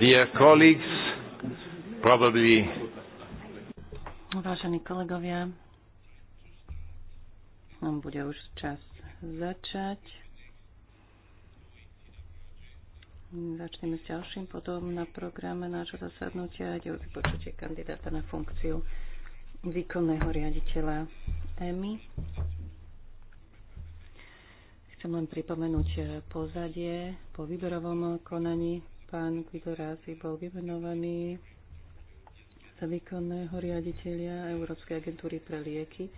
Dear colleagues, probably Vážení kolegovia, nám bude už čas začať. Začneme s ďalším potom na programe nášho zasadnutia. kde o vypočutie kandidáta na funkciu výkonného riaditeľa EMI. Chcem len pripomenúť pozadie. Po výberovom konaní pán Kvigorázi bol vymenovaný za výkonného riaditeľa Európskej agentúry pre lieky.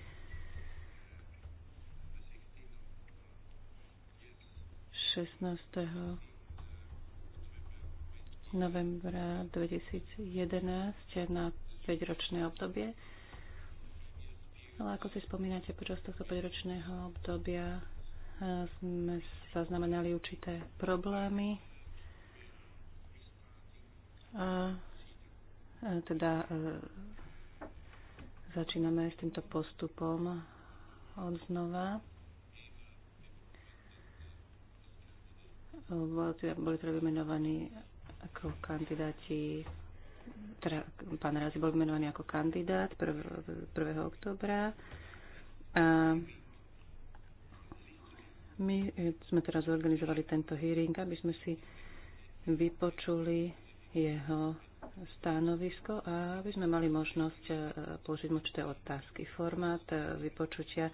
16 novembra 2011 na 5-ročné obdobie. Ale ako si spomínate, počas tohto 5-ročného obdobia sme zaznamenali určité problémy. A teda e, začíname s týmto postupom od znova. Vlastne boli teda vymenovaní ako kandidáti, teda pán Razi bol vymenovaný ako kandidát 1. oktobra. A my eh, sme teraz zorganizovali tento hearing, aby sme si vypočuli jeho stanovisko a aby sme mali možnosť eh, položiť mu určité otázky. Formát eh, vypočutia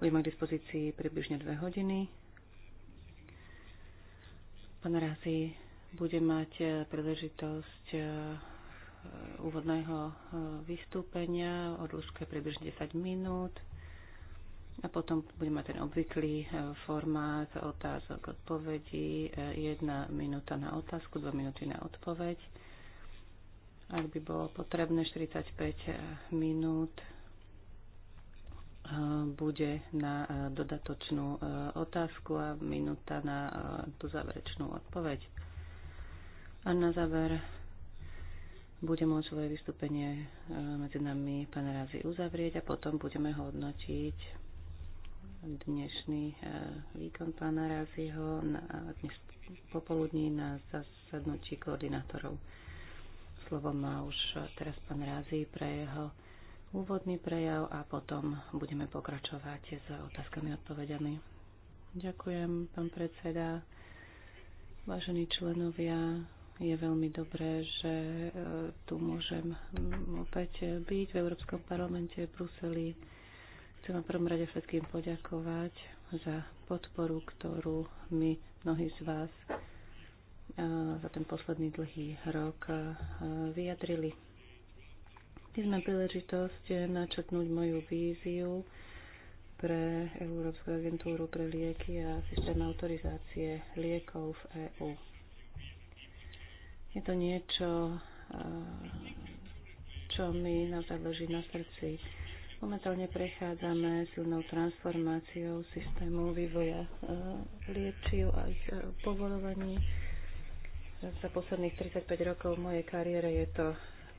bude mať k dispozícii približne dve hodiny. Pán Razi bude mať príležitosť úvodného vystúpenia, úzke približne 10 minút. A potom budeme mať ten obvyklý e, formát otázok, odpovedí. E, jedna minúta na otázku, dva minúty na odpoveď. Ak by bolo potrebné 45 e, minút, bude na dodatočnú otázku a minúta na tú záverečnú odpoveď. A na záver bude môcť svoje vystúpenie medzi nami pán Razi uzavrieť a potom budeme hodnotiť dnešný e, výkon pána Raziho dnes popoludní na zasadnutí koordinátorov. Slovo má už teraz pán Razi pre jeho úvodný prejav a potom budeme pokračovať s otázkami a odpovediami. Ďakujem, pán predseda. Vážení členovia, je veľmi dobré, že e, tu môžem opäť byť v Európskom parlamente v Bruseli Chcem vám prvom rade všetkým poďakovať za podporu, ktorú my, mnohí z vás, eh, za ten posledný dlhý rok eh, vyjadrili. Dnes mám príležitosť načetnúť moju víziu pre Európsku agentúru pre lieky a systém autorizácie liekov v EÚ. Je to niečo, eh, čo mi naozaj leží na srdci Momentálne prechádzame silnou transformáciou systému vývoja e, liečiv a ich e, povolovaní. Za posledných 35 rokov v mojej kariére je to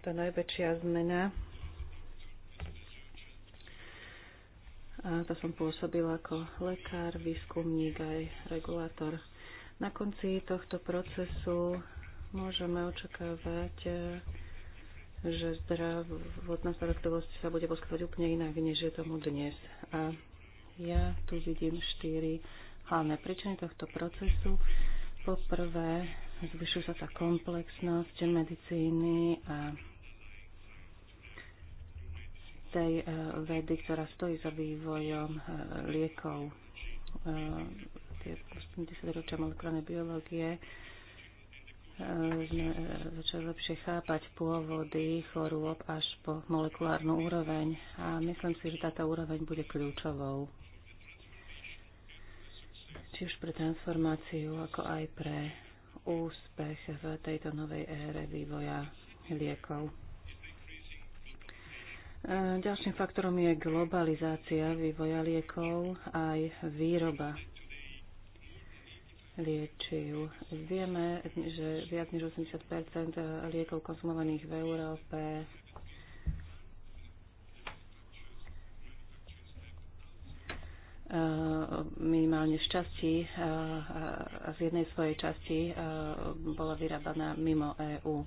tá najväčšia zmena. A to som pôsobil ako lekár, výskumník aj regulátor. Na konci tohto procesu môžeme očakávať e, že zdravotná teda starostlivosť sa bude poskytovať úplne inak, než je tomu dnes. A ja tu vidím štyri hlavné príčiny tohto procesu. Poprvé, zvyšuje sa tá komplexnosť medicíny a tej e, vedy, ktorá stojí za vývojom e, liekov. E, tie 10 ročia molekulárnej biológie sme e, začali lepšie chápať pôvody chorôb až po molekulárnu úroveň a myslím si, že táto úroveň bude kľúčovou či už pre transformáciu, ako aj pre úspech v tejto novej ére vývoja liekov. E, ďalším faktorom je globalizácia vývoja liekov aj výroba liečiv. Vieme, že viac než 80 liekov konzumovaných v Európe minimálne z časti, z jednej svojej časti bola vyrábaná mimo EÚ.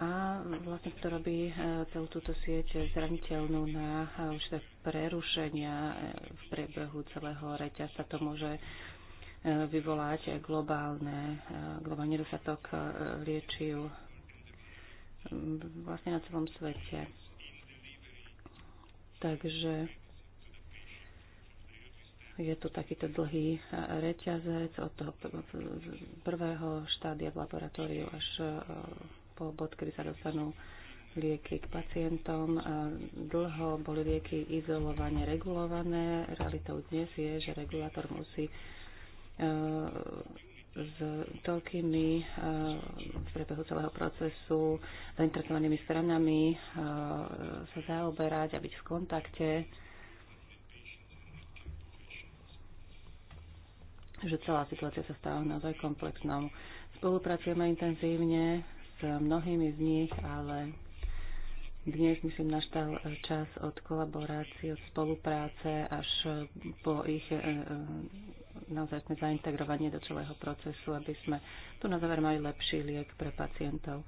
A vlastne to robí e, celú túto sieť zraniteľnú na e, určité prerušenia e, v priebehu celého reťazca. To môže vyvolať globálne, globálny nedostatok e, liečiv vlastne na celom svete. Takže je tu takýto dlhý e, reťazec od toho prvého štádia v laboratóriu až e, po bod, kedy sa dostanú lieky k pacientom. Dlho boli lieky izolovane regulované. Realitou dnes je, že regulátor musí E, s toľkými e, v priebehu celého procesu zainteresovanými stranami e, sa zaoberať a byť v kontakte, že celá situácia sa stáva naozaj komplexnou. Spolupracujeme intenzívne s mnohými z nich, ale dnes myslím naštal e, čas od kolaborácie, od spolupráce až e, po ich e, naozaj sme zaintegrovanie do celého procesu, aby sme tu na záver mali lepší liek pre pacientov.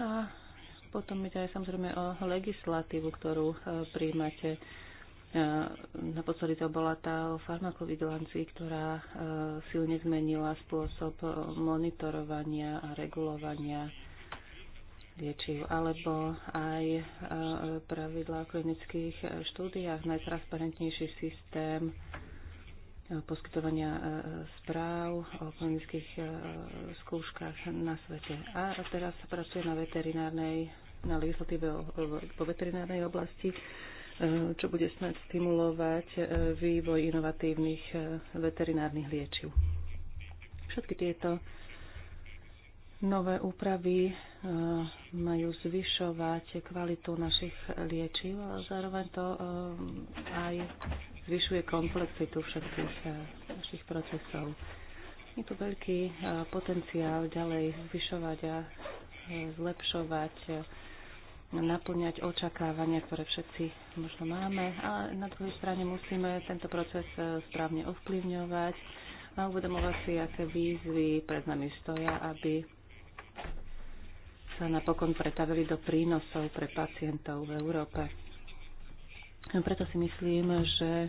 A potom mi aj samozrejme o legislatívu, ktorú príjmate. Naposledy to bola tá o farmakovigilancii, ktorá silne zmenila spôsob monitorovania a regulovania liečiv, alebo aj e, pravidlá v klinických štúdiách, najtransparentnejší systém e, poskytovania e, správ o klinických skúškach na svete. A teraz sa pracuje na veterinárnej, na legislatíve po veterinárnej oblasti, čo bude snať stimulovať vývoj inovatívnych veterinárnych liečiv. Všetky tieto Nové úpravy e, majú zvyšovať kvalitu našich liečiv, a zároveň to e, aj zvyšuje komplexitu všetkých e, našich procesov. Je tu veľký potenciál ďalej zvyšovať a zlepšovať, naplňať očakávania, ktoré všetci možno máme, ale na druhej strane musíme tento proces správne ovplyvňovať a uvedomovať si, aké výzvy pred nami stoja, aby sa napokon pretavili do prínosov pre pacientov v Európe. Preto si myslím, že e,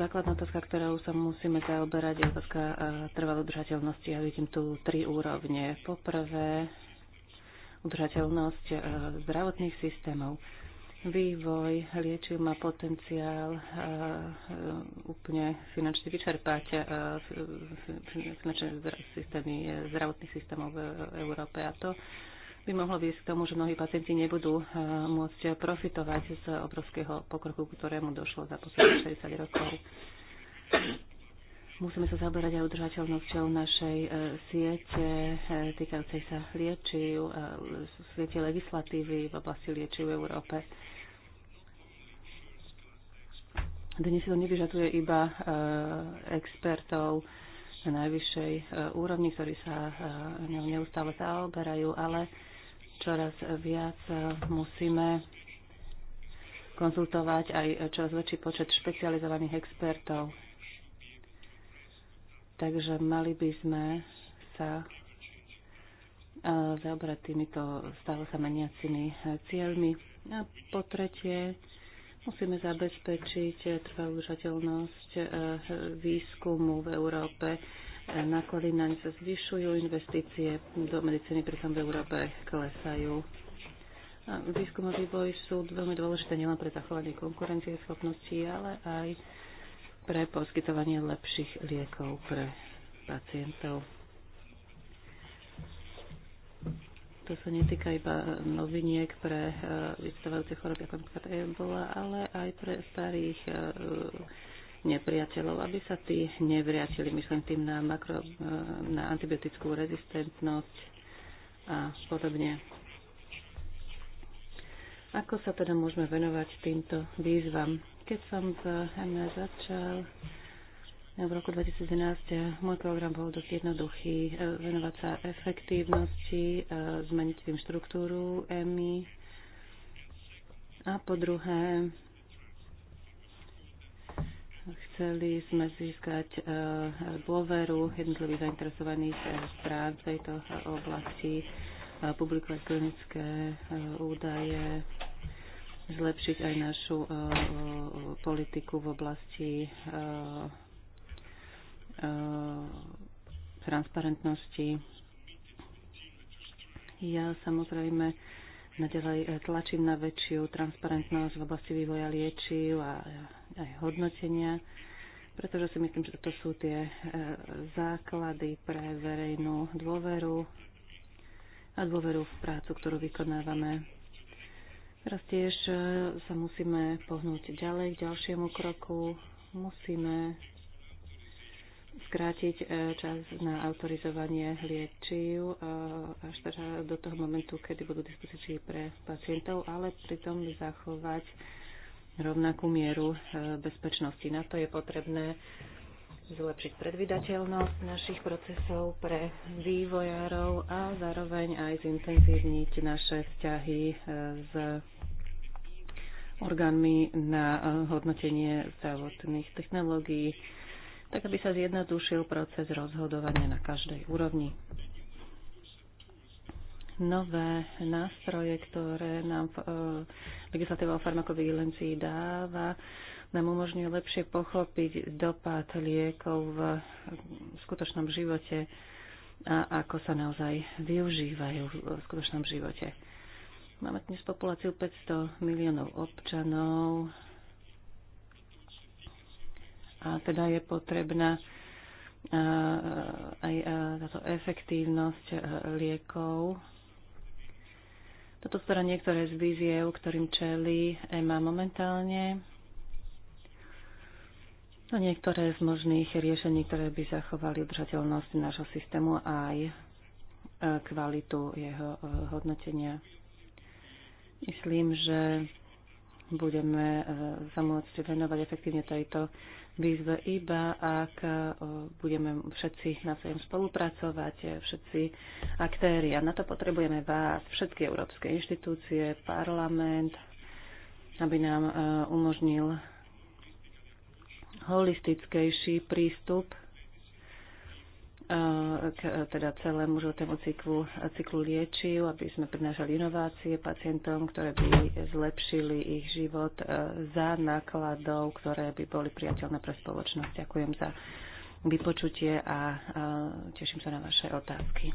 základná otázka, ktorou sa musíme zaoberať, je otázka e, trvalej udržateľnosti. Ja vidím tu tri úrovne. Poprvé, udržateľnosť e, zdravotných systémov vývoj liečiv má potenciál uh, úplne finančne vyčerpať uh, finančné systémy zdravotných systémov v Európe a to by mohlo viesť k tomu, že mnohí pacienti nebudú uh, môcť profitovať z obrovského pokroku, ktorému došlo za posledných 60 rokov. Musíme sa zaberať aj udržateľnosťou našej siete týkajúcej sa liečiv, siete legislatívy v oblasti liečiv v Európe. Dnes si to nevyžaduje iba e, expertov na najvyššej e, úrovni, ktorí sa e, ňou neustále zaoberajú, ale čoraz viac musíme konzultovať aj čoraz väčší počet špecializovaných expertov. Takže mali by sme sa zaoberať týmito stále sa meniacimi cieľmi. A po tretie, Musíme zabezpečiť trvalú udržateľnosť eh, výskumu v Európe. Eh, Náklady naň sa zvyšujú, investície do medicíny pritom v Európe klesajú. Výskum a vývoj sú veľmi dôležité nielen pre zachovanie konkurencie schopnosti, ale aj pre poskytovanie lepších liekov pre pacientov. To sa netýka iba noviniek pre e, vystávajúce choroby, ako napríklad ebola, ale aj pre starých e, nepriateľov, aby sa tí nevriatili, myslím tým na, makro, e, na antibiotickú rezistentnosť a podobne. Ako sa teda môžeme venovať týmto výzvam? Keď som v MR začal, v roku 2011 eh, môj program bol dosť jednoduchý. Eh, venovať sa efektívnosti, eh, zmeniť tým štruktúru EMI a po druhé chceli sme získať dôveru jednotlivých zainteresovaných strán v tejto oblasti, publikovať klinické údaje, zlepšiť aj našu politiku v oblasti Eh, transparentnosti. Ja samozrejme naďalej eh, tlačím na väčšiu transparentnosť v oblasti vývoja liečiv a eh, aj hodnotenia, pretože si myslím, že toto sú tie základy pre verejnú dôveru a dôveru v prácu, ktorú vykonávame. Teraz tiež sa musíme pohnúť ďalej k ďalšiemu kroku. Musíme skrátiť e, čas na autorizovanie liečiv e, až teda do toho momentu, kedy budú dispozícii pre pacientov, ale pritom zachovať rovnakú mieru e, bezpečnosti. Na to je potrebné zlepšiť predvydateľnosť našich procesov pre vývojárov a zároveň aj zintenzívniť naše vzťahy s orgánmi na hodnotenie zdravotných technológií tak aby sa zjednodušil proces rozhodovania na každej úrovni. Nové nástroje, ktoré nám e, legislatíva o farmakovigilencii dáva, nám umožňuje lepšie pochopiť dopad liekov v skutočnom živote a ako sa naozaj využívajú v skutočnom živote. Máme dnes populáciu 500 miliónov občanov, a teda je potrebná aj táto efektívnosť liekov. Toto sú teda niektoré z víziev, ktorým čelí EMA momentálne. No niektoré z možných riešení, ktoré by zachovali udržateľnosť nášho systému a aj e, kvalitu jeho e, hodnotenia. Myslím, že budeme eh, sa môcť venovať efektívne tejto výzve iba, ak eh, budeme všetci na svojom spolupracovať, eh, všetci aktéri. A na to potrebujeme vás, všetky európske inštitúcie, parlament, aby nám umožnil holistickejší prístup Eh, k teda celému životnému cyklu, cyklu liečiv, aby sme prinášali inovácie pacientom, ktoré by zlepšili ich život eh, za nákladov, ktoré by boli priateľné pre spoločnosť. Ďakujem za vypočutie a eh, teším sa na vaše otázky.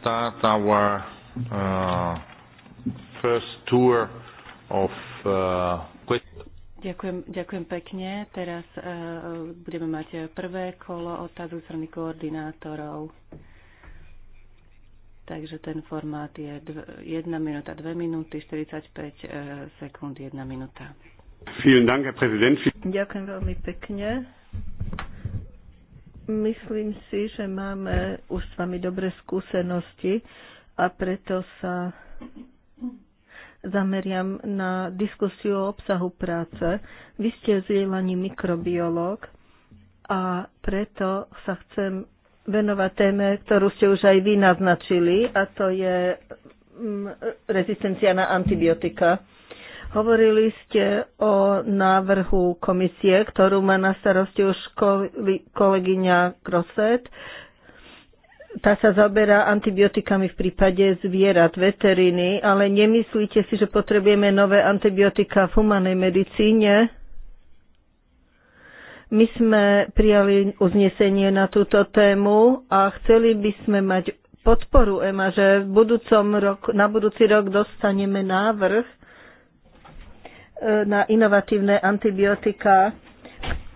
Start our uh, first tour of uh, Ďakujem, ďakujem pekne. Teraz uh, budeme mať prvé kolo otázok strany koordinátorov. Takže ten formát je 1 minúta 2 minúty, 45 uh, e, sekúnd 1 minúta. Ďakujem veľmi pekne. Myslím si, že máme už s vami dobré skúsenosti a preto sa zameriam na diskusiu o obsahu práce. Vy ste vzdelaní mikrobiológ a preto sa chcem venovať téme, ktorú ste už aj vy naznačili, a to je mm, rezistencia na antibiotika. Hovorili ste o návrhu komisie, ktorú má na starosti už kolegyňa Kroset tá sa zaberá antibiotikami v prípade zvierat, veteriny, ale nemyslíte si, že potrebujeme nové antibiotika v humanej medicíne? My sme prijali uznesenie na túto tému a chceli by sme mať podporu EMA, že v budúcom roku, na budúci rok dostaneme návrh e, na inovatívne antibiotika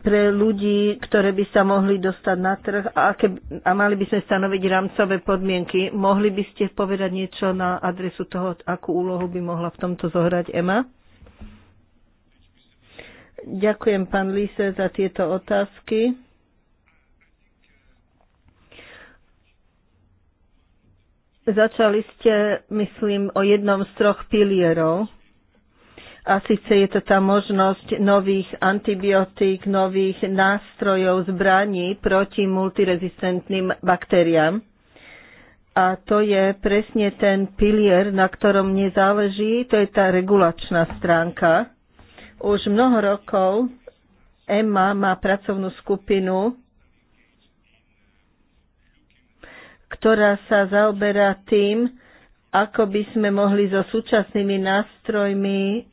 pre ľudí, ktoré by sa mohli dostať na trh a, aké, a mali by sme stanoviť rámcové podmienky. Mohli by ste povedať niečo na adresu toho, akú úlohu by mohla v tomto zohrať EMA? Ďakujem, pán Lise, za tieto otázky. Začali ste, myslím, o jednom z troch pilierov a síce je to tá možnosť nových antibiotík, nových nástrojov zbraní proti multirezistentným baktériám. A to je presne ten pilier, na ktorom mne záleží, to je tá regulačná stránka. Už mnoho rokov EMA má pracovnú skupinu, ktorá sa zaoberá tým, ako by sme mohli so súčasnými nástrojmi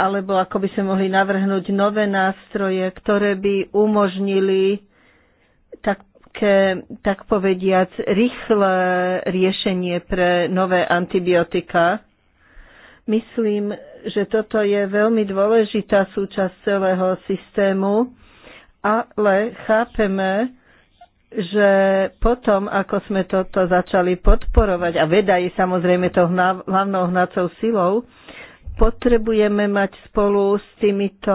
alebo ako by sme mohli navrhnúť nové nástroje, ktoré by umožnili také, tak povediac, rýchle riešenie pre nové antibiotika. Myslím, že toto je veľmi dôležitá súčasť celého systému, ale chápeme, že potom, ako sme toto začali podporovať, a veda je samozrejme to hlavnou hnacou silou, potrebujeme mať spolu s týmito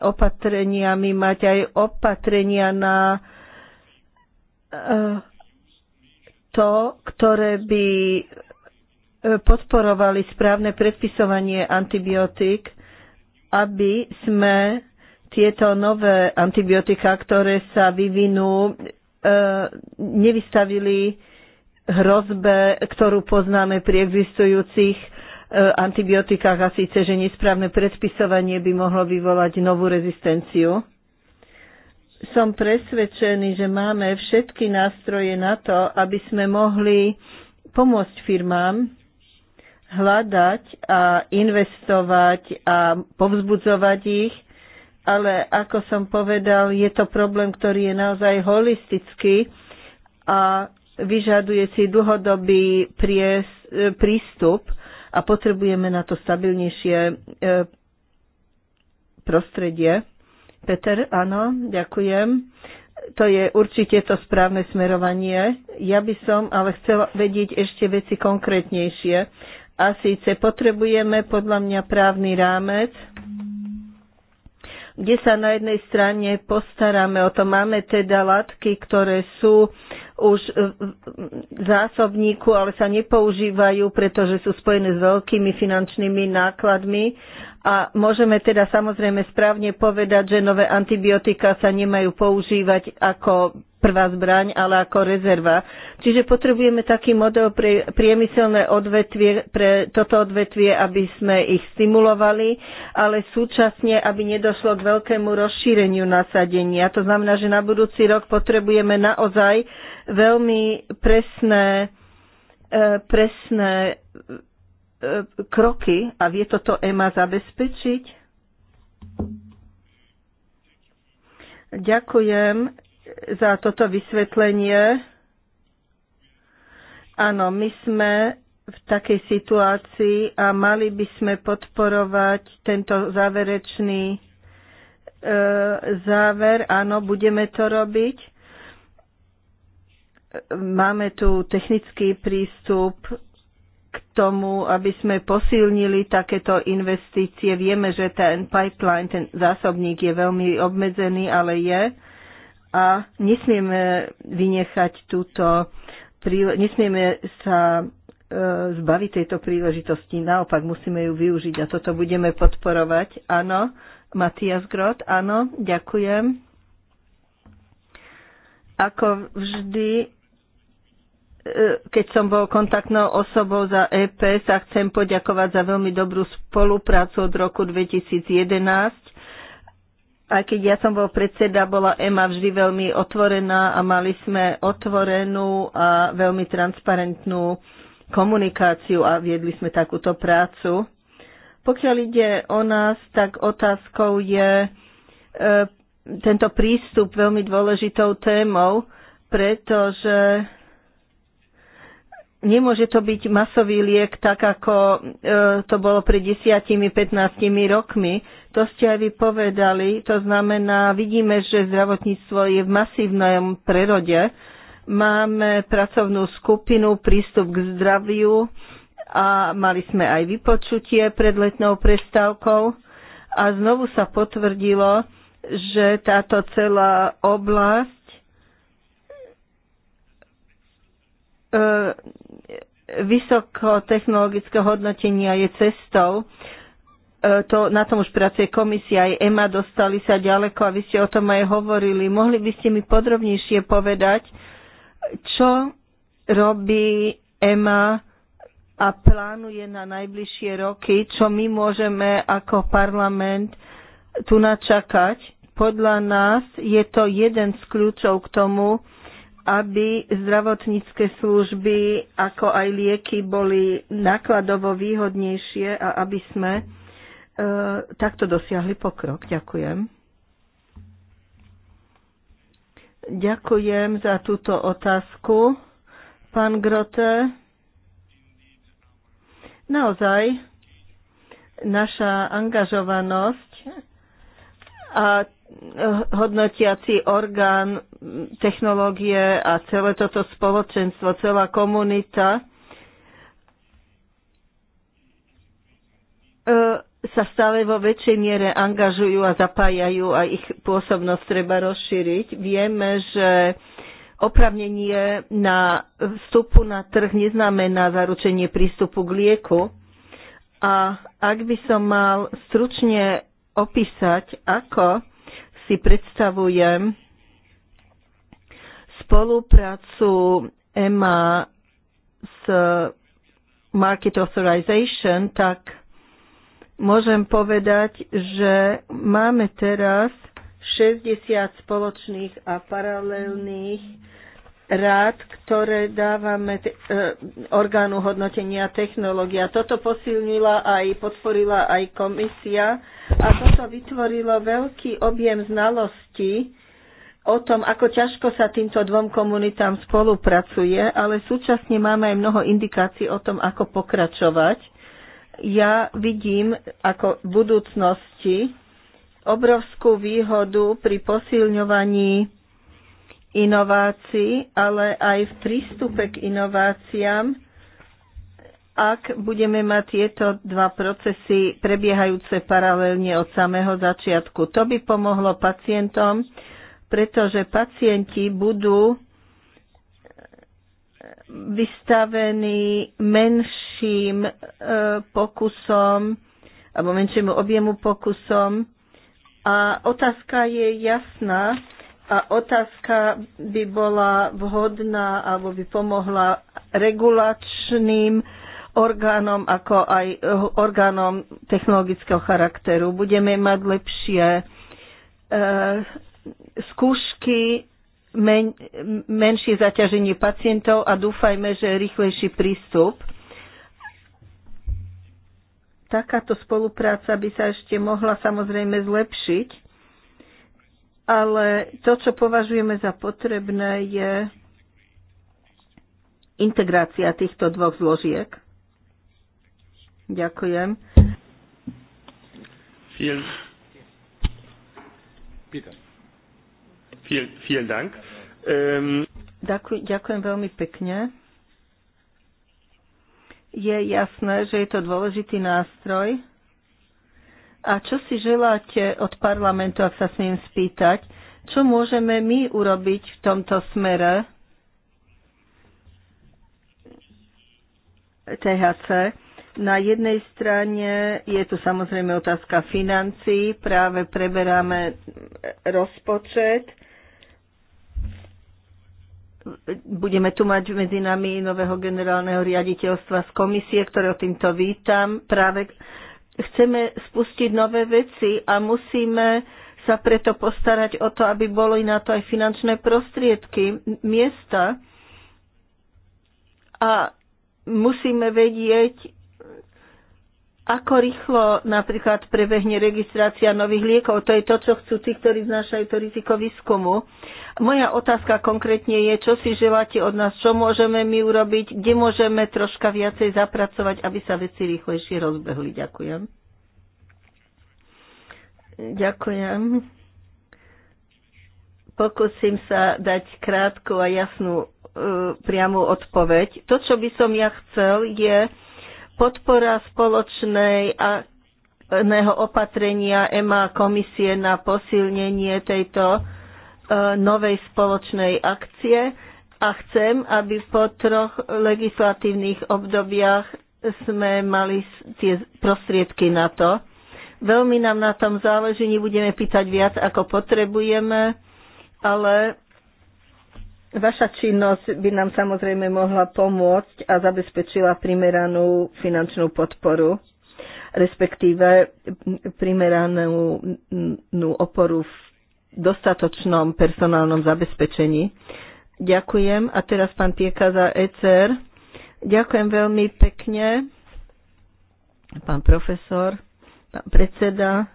opatreniami, mať aj opatrenia na eh, to, ktoré by eh, podporovali správne predpisovanie antibiotík, aby sme tieto nové antibiotika, ktoré sa vyvinú, eh, nevystavili hrozbe, ktorú poznáme pri existujúcich Eh, antibiotikách a síce, že nesprávne predpisovanie by mohlo vyvolať novú rezistenciu. Som presvedčený, že máme všetky nástroje na to, aby sme mohli pomôcť firmám hľadať a investovať a povzbudzovať ich, ale ako som povedal, je to problém, ktorý je naozaj holistický a vyžaduje si dlhodobý eh, prístup a potrebujeme na to stabilnejšie e, prostredie. Peter, áno, ďakujem. To je určite to správne smerovanie. Ja by som ale chcela vedieť ešte veci konkrétnejšie. A síce potrebujeme podľa mňa právny rámec, kde sa na jednej strane postaráme o to. Máme teda látky, ktoré sú už e, v zásobníku, ale sa nepoužívajú, pretože sú spojené s veľkými finančnými nákladmi. A môžeme teda samozrejme správne povedať, že nové antibiotika sa nemajú používať ako prvá zbraň, ale ako rezerva. Čiže potrebujeme taký model pre priemyselné odvetvie, pre toto odvetvie, aby sme ich stimulovali, ale súčasne, aby nedošlo k veľkému rozšíreniu nasadenia. To znamená, že na budúci rok potrebujeme naozaj veľmi presné, e, presné e, kroky a vie toto EMA zabezpečiť? Ďakujem za toto vysvetlenie. Áno, my sme v takej situácii a mali by sme podporovať tento záverečný e, záver. Áno, budeme to robiť. Máme tu technický prístup k tomu, aby sme posilnili takéto investície. Vieme, že ten pipeline, ten zásobník je veľmi obmedzený, ale je a nesmieme vynechať túto, nesmieme sa e, zbaviť tejto príležitosti. Naopak musíme ju využiť a toto budeme podporovať. Áno, Matias Grot, áno, ďakujem. Ako vždy, e, keď som bol kontaktnou osobou za EP, sa chcem poďakovať za veľmi dobrú spoluprácu od roku 2011 aj keď ja som bol predseda, bola EMA vždy veľmi otvorená a mali sme otvorenú a veľmi transparentnú komunikáciu a viedli sme takúto prácu. Pokiaľ ide o nás, tak otázkou je e, tento prístup veľmi dôležitou témou, pretože Nemôže to byť masový liek, tak ako e, to bolo pred 10-15 rokmi. To ste aj vy povedali. To znamená, vidíme, že zdravotníctvo je v masívnom prerode. Máme pracovnú skupinu Prístup k zdraviu a mali sme aj vypočutie pred letnou prestávkou a znovu sa potvrdilo, že táto celá oblasť e, vysokotechnologického hodnotenia je cestou. E, to, na tom už pracuje komisia, aj EMA dostali sa ďaleko a vy ste o tom aj hovorili. Mohli by ste mi podrobnejšie povedať, čo robí EMA a plánuje na najbližšie roky, čo my môžeme ako parlament tu načakať. Podľa nás je to jeden z kľúčov k tomu, aby zdravotnícke služby ako aj lieky boli nákladovo výhodnejšie a aby sme e, takto dosiahli pokrok. Ďakujem. Ďakujem za túto otázku, pán Grote. Naozaj, naša angažovanosť a e, hodnotiaci orgán technológie a celé toto spoločenstvo, celá komunita e, sa stále vo väčšej miere angažujú a zapájajú a ich pôsobnosť treba rozšíriť. Vieme, že opravnenie na vstupu na trh neznamená zaručenie prístupu k lieku. A ak by som mal stručne opísať, ako si predstavujem spoluprácu EMA s Market Authorization, tak môžem povedať, že máme teraz 60 spoločných a paralelných rád, ktoré dávame te, e, orgánu hodnotenia technológia. Toto posilnila aj podporila aj komisia a toto vytvorilo veľký objem znalostí, o tom, ako ťažko sa týmto dvom komunitám spolupracuje, ale súčasne máme aj mnoho indikácií o tom, ako pokračovať. Ja vidím ako v budúcnosti obrovskú výhodu pri posilňovaní inovácií, ale aj v prístupe k inováciám, ak budeme mať tieto dva procesy prebiehajúce paralelne od samého začiatku. To by pomohlo pacientom, pretože pacienti budú vystavení menším e, pokusom alebo menšiemu objemu pokusom. A otázka je jasná a otázka by bola vhodná alebo by pomohla regulačným orgánom ako aj e, orgánom technologického charakteru. Budeme mať lepšie e, skúšky, men, menšie zaťaženie pacientov a dúfajme, že rýchlejší prístup. Takáto spolupráca by sa ešte mohla samozrejme zlepšiť, ale to, čo považujeme za potrebné, je integrácia týchto dvoch zložiek. Ďakujem. Vielen. Peter. Vielen, Dank. Ähm, ďakujem, ďakujem veľmi pekne. Je jasné, že je to dôležitý nástroj. A čo si želáte od parlamentu, ak sa s ním spýtať? Čo môžeme my urobiť v tomto smere? THC. Na jednej strane je tu samozrejme otázka financií, práve preberáme rozpočet budeme tu mať medzi nami nového generálneho riaditeľstva z komisie, o týmto vítam. Práve chceme spustiť nové veci a musíme sa preto postarať o to, aby boli na to aj finančné prostriedky, miesta. A musíme vedieť, ako rýchlo napríklad prebehne registrácia nových liekov? To je to, čo chcú tí, ktorí znášajú to riziko výskumu. Moja otázka konkrétne je, čo si želáte od nás, čo môžeme my urobiť, kde môžeme troška viacej zapracovať, aby sa veci rýchlejšie rozbehli. Ďakujem. Ďakujem. Pokúsim sa dať krátku a jasnú e, priamu odpoveď. To, čo by som ja chcel, je Podpora spoločnej a opatrenia EMA komisie na posilnenie tejto e, novej spoločnej akcie a chcem, aby po troch legislatívnych obdobiach sme mali tie prostriedky na to. Veľmi nám na tom záleží, nebudeme pýtať viac, ako potrebujeme, ale Vaša činnosť by nám samozrejme mohla pomôcť a zabezpečila primeranú finančnú podporu, respektíve primeranú oporu v dostatočnom personálnom zabezpečení. Ďakujem. A teraz pán Pieka za ECR. Ďakujem veľmi pekne, pán profesor, pán predseda,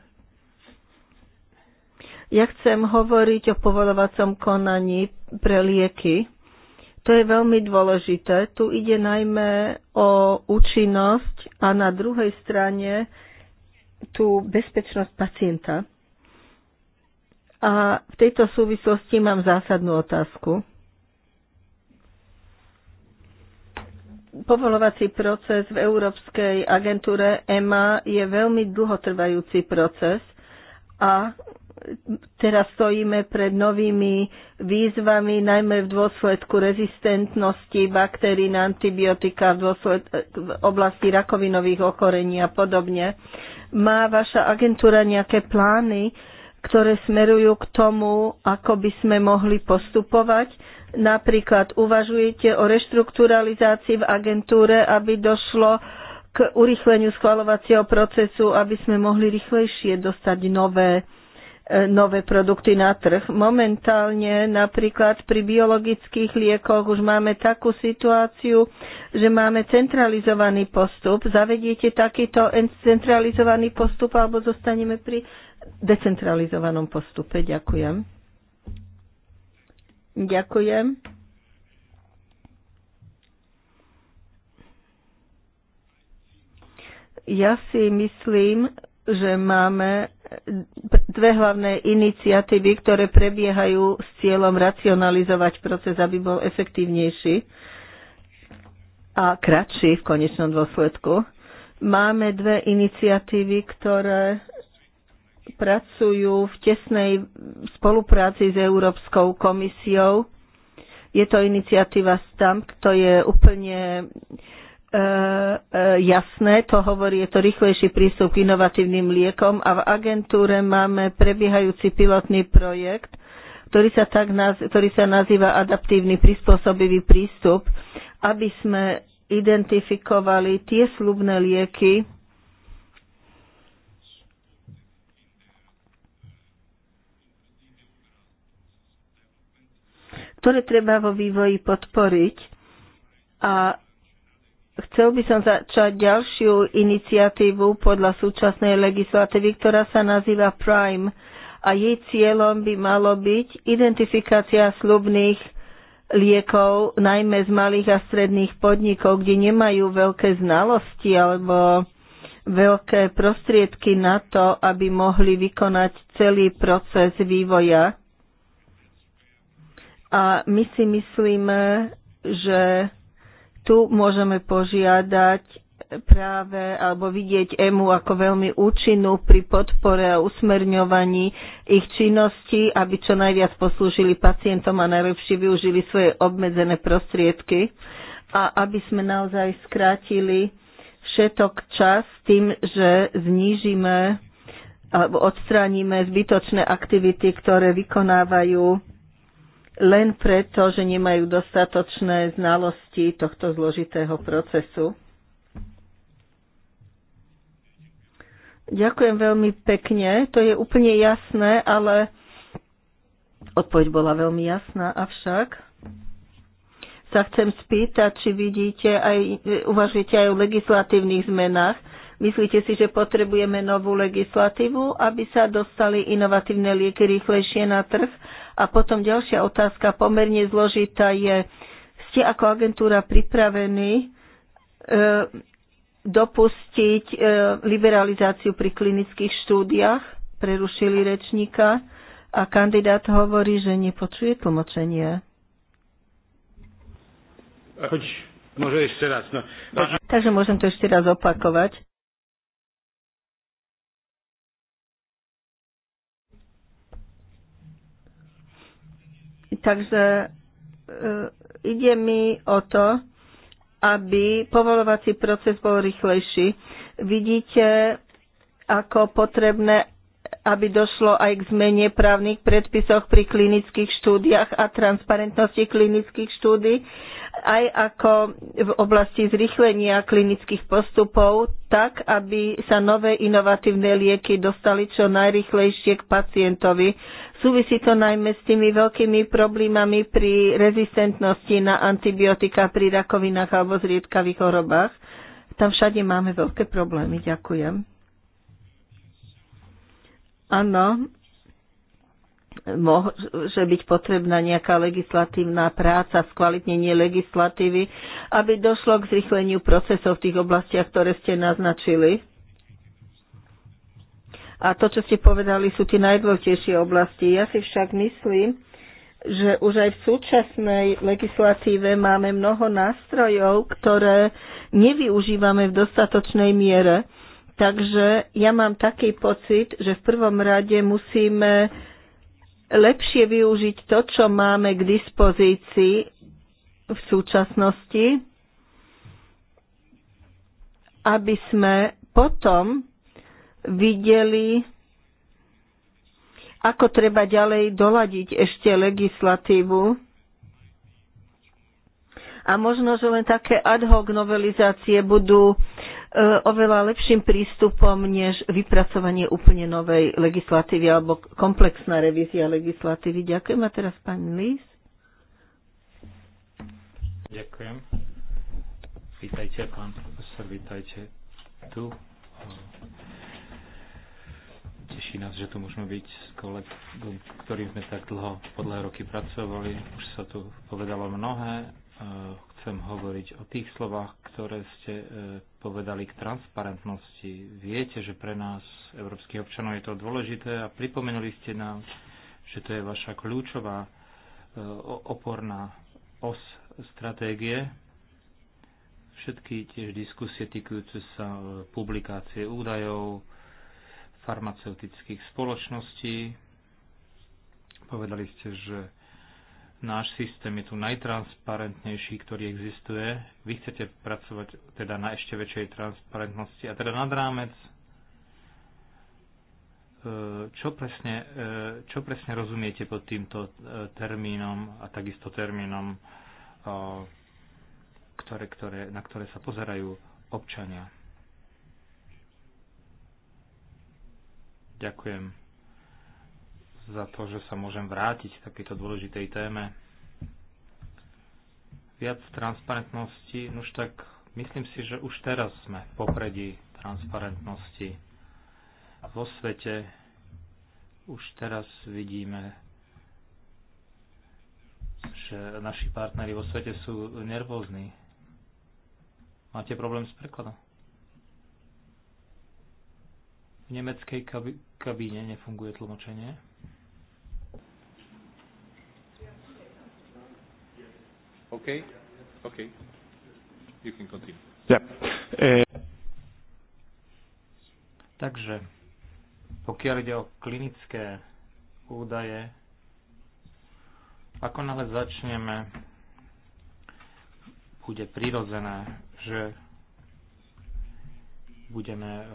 ja chcem hovoriť o povolovacom konaní pre lieky. To je veľmi dôležité. Tu ide najmä o účinnosť a na druhej strane tú bezpečnosť pacienta. A v tejto súvislosti mám zásadnú otázku. Povolovací proces v Európskej agentúre EMA je veľmi dlhotrvajúci proces a teraz stojíme pred novými výzvami, najmä v dôsledku rezistentnosti baktérií na antibiotika, v, dôsledku, v oblasti rakovinových okorení a podobne. Má vaša agentúra nejaké plány, ktoré smerujú k tomu, ako by sme mohli postupovať? Napríklad uvažujete o reštrukturalizácii v agentúre, aby došlo k urýchleniu schvalovacieho procesu, aby sme mohli rýchlejšie dostať nové E, nové produkty na trh. Momentálne napríklad pri biologických liekoch už máme takú situáciu, že máme centralizovaný postup. Zavediete takýto centralizovaný postup alebo zostaneme pri decentralizovanom postupe. Ďakujem. Ďakujem. Ja si myslím, že máme dve hlavné iniciatívy, ktoré prebiehajú s cieľom racionalizovať proces, aby bol efektívnejší a kratší v konečnom dôsledku. Máme dve iniciatívy, ktoré pracujú v tesnej spolupráci s Európskou komisiou. Je to iniciatíva STAMP, to je úplne E, e, jasné, to hovorí, je to rýchlejší prístup k inovatívnym liekom a v agentúre máme prebiehajúci pilotný projekt, ktorý sa, tak naz- ktorý sa nazýva adaptívny prispôsobivý prístup, aby sme identifikovali tie slubné lieky, ktoré treba vo vývoji podporiť a Chcel by som začať ďalšiu iniciatívu podľa súčasnej legislatívy, ktorá sa nazýva Prime a jej cieľom by malo byť identifikácia slubných liekov, najmä z malých a stredných podnikov, kde nemajú veľké znalosti alebo veľké prostriedky na to, aby mohli vykonať celý proces vývoja. A my si myslíme, že tu môžeme požiadať práve alebo vidieť EMU ako veľmi účinnú pri podpore a usmerňovaní ich činnosti, aby čo najviac poslúžili pacientom a najlepšie využili svoje obmedzené prostriedky a aby sme naozaj skrátili všetok čas tým, že znížime alebo odstránime zbytočné aktivity, ktoré vykonávajú len preto, že nemajú dostatočné znalosti tohto zložitého procesu. Ďakujem veľmi pekne, to je úplne jasné, ale odpoveď bola veľmi jasná, avšak sa chcem spýtať, či vidíte aj, uvažujete aj o legislatívnych zmenách. Myslíte si, že potrebujeme novú legislatívu, aby sa dostali inovatívne lieky rýchlejšie na trh a potom ďalšia otázka, pomerne zložitá je, ste ako agentúra pripravení e, dopustiť e, liberalizáciu pri klinických štúdiách? Prerušili rečníka a kandidát hovorí, že nepočuje tlmočenie. môže ešte raz. No. Takže môžem to ešte raz opakovať. Takže e, ide mi o to, aby povolovací proces bol rýchlejší. Vidíte, ako potrebné aby došlo aj k zmene právnych predpisoch pri klinických štúdiách a transparentnosti klinických štúdí, aj ako v oblasti zrychlenia klinických postupov, tak, aby sa nové inovatívne lieky dostali čo najrychlejšie k pacientovi. Súvisí to najmä s tými veľkými problémami pri rezistentnosti na antibiotika pri rakovinách alebo zriedkavých chorobách. Tam všade máme veľké problémy. Ďakujem. Áno, môže byť potrebná nejaká legislatívna práca, skvalitnenie legislatívy, aby došlo k zrychleniu procesov v tých oblastiach, ktoré ste naznačili. A to, čo ste povedali, sú tie najdôležitejšie oblasti. Ja si však myslím, že už aj v súčasnej legislatíve máme mnoho nástrojov, ktoré nevyužívame v dostatočnej miere Takže ja mám taký pocit, že v prvom rade musíme lepšie využiť to, čo máme k dispozícii v súčasnosti, aby sme potom videli, ako treba ďalej doladiť ešte legislatívu. A možno, že len také ad hoc novelizácie budú E, oveľa lepším prístupom, než vypracovanie úplne novej legislatívy alebo komplexná revízia legislatívy. Ďakujem. A teraz pán Lís. Ďakujem. Vítajte, pán profesor, vítajte tu. Teší nás, že tu môžeme byť s kolegom, ktorým sme tak dlho podľa roky pracovali. Už sa tu povedalo mnohé Eh, chcem hovoriť o tých slovách, ktoré ste eh, povedali k transparentnosti. Viete, že pre nás, európskych občanov, je to dôležité a pripomenuli ste nám, že to je vaša kľúčová eh, oporná os stratégie. Všetky tiež diskusie týkajúce sa publikácie údajov, farmaceutických spoločností. Povedali ste, že Náš systém je tu najtransparentnejší, ktorý existuje. Vy chcete pracovať teda na ešte väčšej transparentnosti. A teda nad rámec, e, čo presne, e, čo presne rozumiete pod týmto e, termínom a takisto termínom, ktoré, ktoré, na ktoré sa pozerajú občania? Ďakujem za to, že sa môžem vrátiť k takejto dôležitej téme. Viac transparentnosti, už tak myslím si, že už teraz sme v popredí transparentnosti. A vo svete už teraz vidíme, že naši partnery vo svete sú nervózni. Máte problém s prekladom? V nemeckej kabíne nefunguje tlmočenie. Okay? Okay. You can continue. Yeah. Uh, Takže, pokiaľ ide o klinické údaje, ako náhle začneme, bude prirodzené, že budeme uh,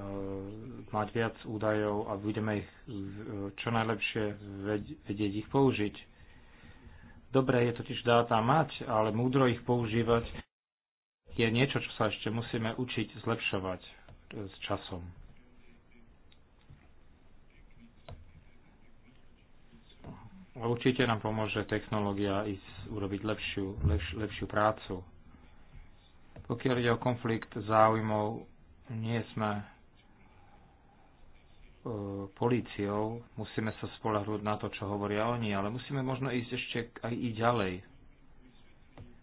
mať viac údajov a budeme ich uh, čo najlepšie vedieť ich použiť Dobré je totiž dáta mať, ale múdro ich používať je niečo, čo sa ešte musíme učiť zlepšovať e, s časom. Určite nám pomôže technológia ísť urobiť lepšiu, lepš, lepšiu prácu. Pokiaľ ide o konflikt záujmov, nie sme E, políciou, musíme sa spolahnúť na to, čo hovoria oni, ale musíme možno ísť ešte aj i ďalej.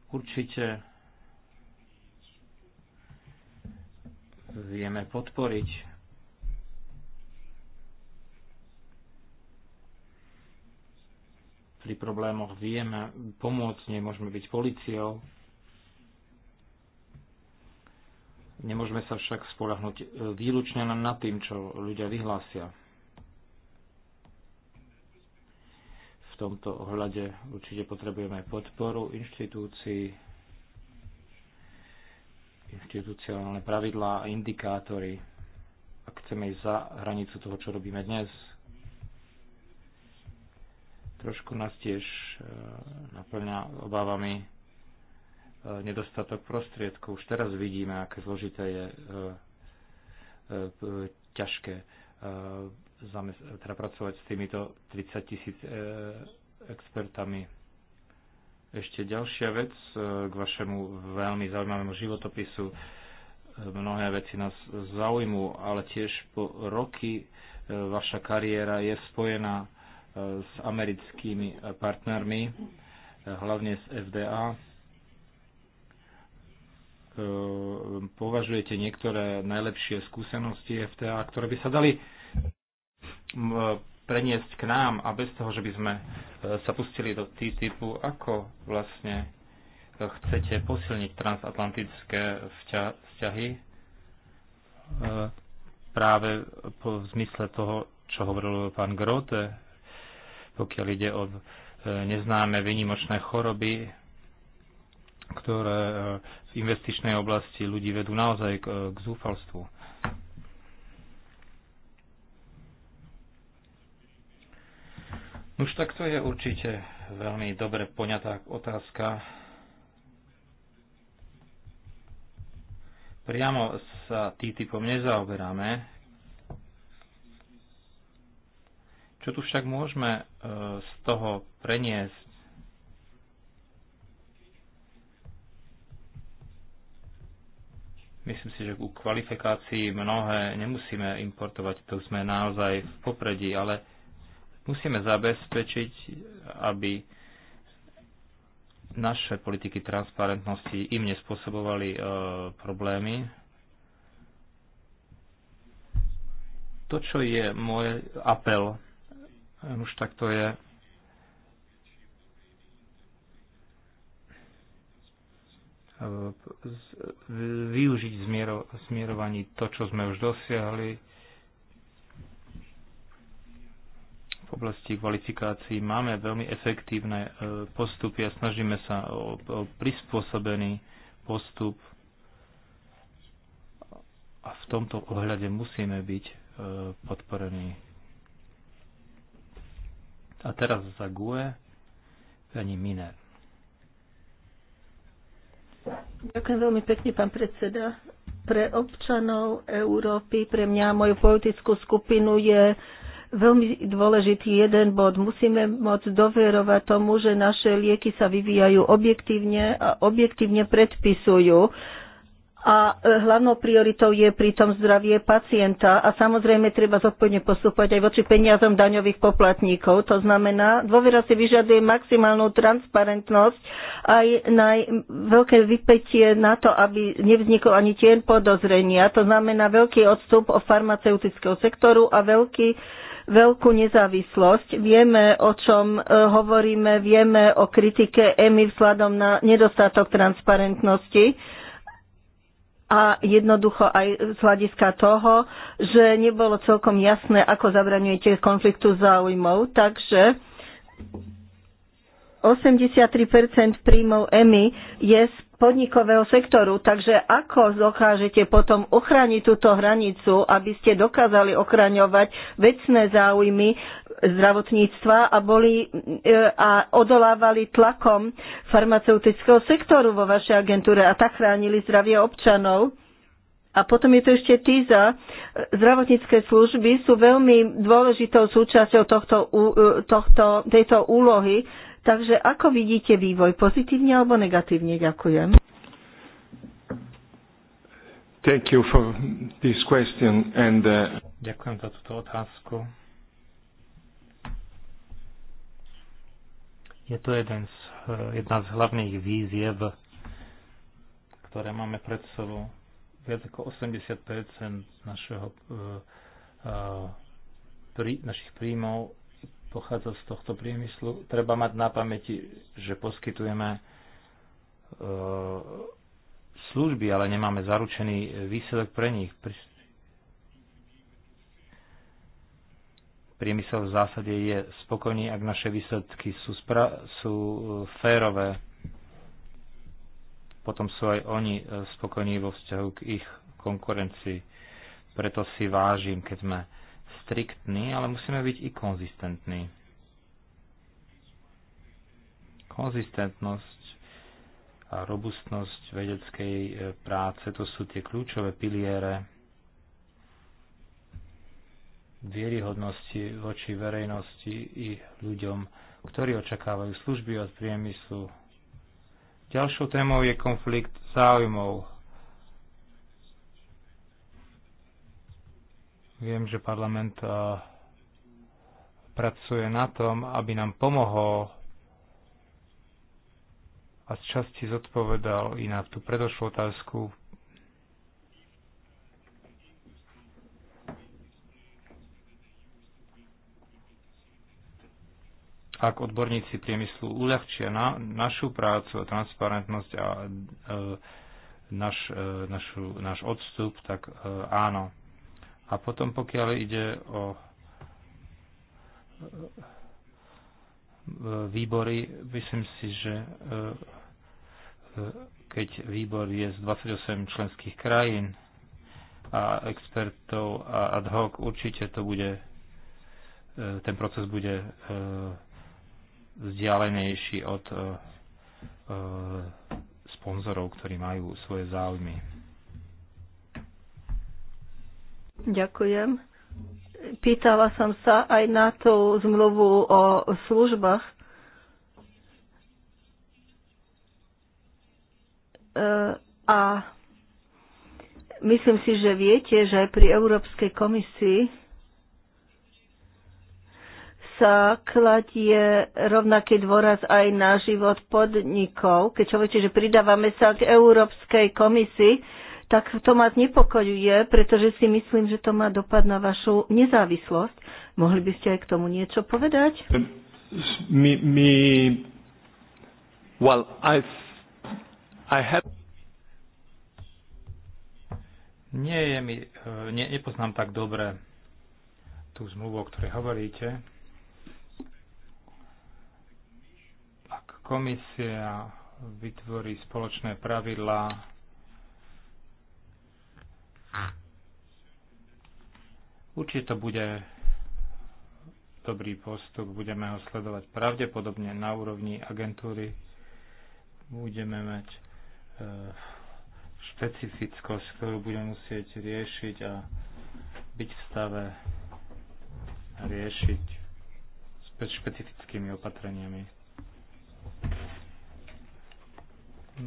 Určite vieme podporiť pri problémoch vieme pomôcť, nemôžeme byť policiou, Nemôžeme sa však spolahnuť e, výlučne len na tým, čo ľudia vyhlásia. V tomto ohľade určite potrebujeme podporu inštitúcií, inštitúciálne pravidlá a indikátory, ak chceme ísť za hranicu toho, čo robíme dnes. Trošku nás tiež e, naplňa obávami nedostatok prostriedkov. Už teraz vidíme, aké zložité je e, e, ťažké e, teda pracovať s týmito 30 tisíc expertami. Ešte ďalšia vec k vašemu veľmi zaujímavému životopisu. Mnohé veci nás zaujímu, ale tiež po roky vaša kariéra je spojená s americkými partnermi, hlavne s FDA Eh, považujete niektoré najlepšie skúsenosti FTA, ktoré by sa dali eh, preniesť k nám a bez toho, že by sme eh, sa pustili do TTIPu, ako vlastne chcete posilniť transatlantické vzťahy práve po zmysle toho, čo hovoril pán Grote, pokiaľ ide o neznáme vynimočné choroby, ktoré investičnej oblasti ľudí vedú naozaj k, k zúfalstvu. Už takto je určite veľmi dobre poňatá otázka. Priamo sa TTIPom nezaoberáme. Čo tu však môžeme e, z toho preniesť Myslím si, že u kvalifikácií mnohé nemusíme importovať, to sme naozaj v popredí, ale musíme zabezpečiť, aby naše politiky transparentnosti im nespôsobovali e, problémy. To, čo je môj apel, už tak to je využiť zmiero, zmierovaní to, čo sme už dosiahli v oblasti kvalifikácií. Máme veľmi efektívne e, postupy a snažíme sa o, o prispôsobený postup a v tomto ohľade musíme byť e, podporení. A teraz za GUE pani Miner. Ďakujem veľmi pekne, pán predseda. Pre občanov Európy, pre mňa a moju politickú skupinu je veľmi dôležitý jeden bod. Musíme môcť doverovať tomu, že naše lieky sa vyvíjajú objektívne a objektívne predpisujú a e, hlavnou prioritou je pritom zdravie pacienta a samozrejme treba zodpovedne postupovať aj voči peniazom daňových poplatníkov. To znamená, dôvera si vyžaduje maximálnu transparentnosť aj naj veľké vypetie na to, aby nevznikol ani tieň podozrenia. To znamená veľký odstup od farmaceutického sektoru a veľký veľkú nezávislosť. Vieme, o čom e, hovoríme, vieme o kritike EMI vzhľadom na nedostatok transparentnosti a jednoducho aj z hľadiska toho, že nebolo celkom jasné, ako zabraňujete konfliktu záujmov. Takže 83% príjmov EMI je z podnikového sektoru. Takže ako dokážete potom ochrániť túto hranicu, aby ste dokázali ochraňovať vecné záujmy zdravotníctva a, boli, e, a odolávali tlakom farmaceutického sektoru vo vašej agentúre a tak chránili zdravie občanov? A potom je tu ešte TISA. Zdravotnícke služby sú veľmi dôležitou súčasťou tohto, e, tohto, tejto úlohy Takže ako vidíte vývoj, pozitívne alebo negatívne? Ďakujem. Thank you for this question and, uh... Ďakujem za túto otázku. Je to jeden z, jedna z hlavných výziev, ktoré máme pred sebou. Viac ako 80 našeho, uh, eh, eh, pri, našich príjmov pochádza z tohto priemyslu. Treba mať na pamäti, že poskytujeme e, služby, ale nemáme zaručený výsledok pre nich. Priemysel v zásade je spokojný, ak naše výsledky sú, spra- sú e, férové. Potom sú aj oni e, spokojní vo vzťahu k ich konkurencii. Preto si vážim, keď sme striktní, ale musíme byť i konzistentní. Konzistentnosť a robustnosť vedeckej e, práce, to sú tie kľúčové piliere vieryhodnosti voči verejnosti i ľuďom, ktorí očakávajú služby od priemyslu. Ďalšou témou je konflikt záujmov Viem, že parlament pracuje na tom, aby nám pomohol a z časti zodpovedal i na tú predošlú otázku. Ak odborníci priemyslu uľahčia na, našu prácu a transparentnosť a e, naš, e, našu, náš odstup, tak e, áno, a potom, pokiaľ ide o e, výbory, myslím si, že e, e, keď výbor je z 28 členských krajín a expertov a ad hoc, určite to bude, ten proces bude vzdialenejší od sponzorov, ktorí majú svoje záujmy. Ďakujem. Pýtala som sa aj na tú zmluvu o službách. E, a myslím si, že viete, že pri Európskej komisii sa kladie rovnaký dôraz aj na život podnikov. Keď hovoríte, že pridávame sa k Európskej komisii, tak to ma znepokojuje, pretože si myslím, že to má dopad na vašu nezávislosť. Mohli by ste aj k tomu niečo povedať? My, um, my, well, I have... Nie je mi, eh, ne, nepoznám tak dobre tú zmluvu, o ktorej hovoríte. Ak komisia vytvorí spoločné pravidlá Určite to bude dobrý postup, budeme ho sledovať pravdepodobne na úrovni agentúry. Budeme mať e, špecifickosť, ktorú budeme musieť riešiť a byť v stave riešiť s špecifickými opatreniami.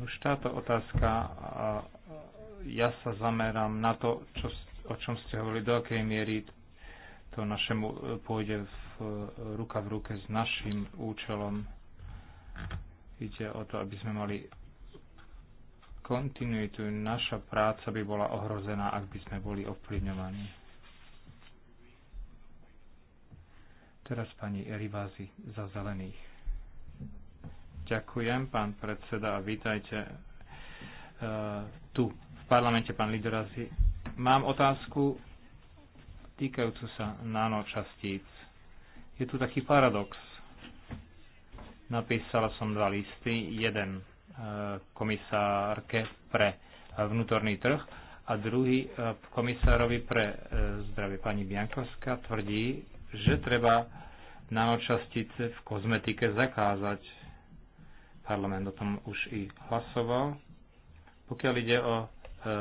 Už táto otázka ja sa zamerám na to, čo, o čom ste hovorili, do akej miery to našemu e, pôjde v, e, ruka v ruke s našim účelom. Ide o to, aby sme mali kontinuitu. Naša práca by bola ohrozená, ak by sme boli ovplyvňovaní. Teraz pani Erivázy za zelených. Ďakujem, pán predseda, a vítajte e, tu parlamente, pán Lidorazi. Mám otázku týkajúcu sa nanočastíc. Je tu taký paradox. Napísala som dva listy. Jeden e, komisárke pre vnútorný trh a druhý e, komisárovi pre e, zdravie. Pani Biankovská tvrdí, že treba nanočastice v kozmetike zakázať. Parlament o tom už i hlasoval. Pokiaľ ide o E,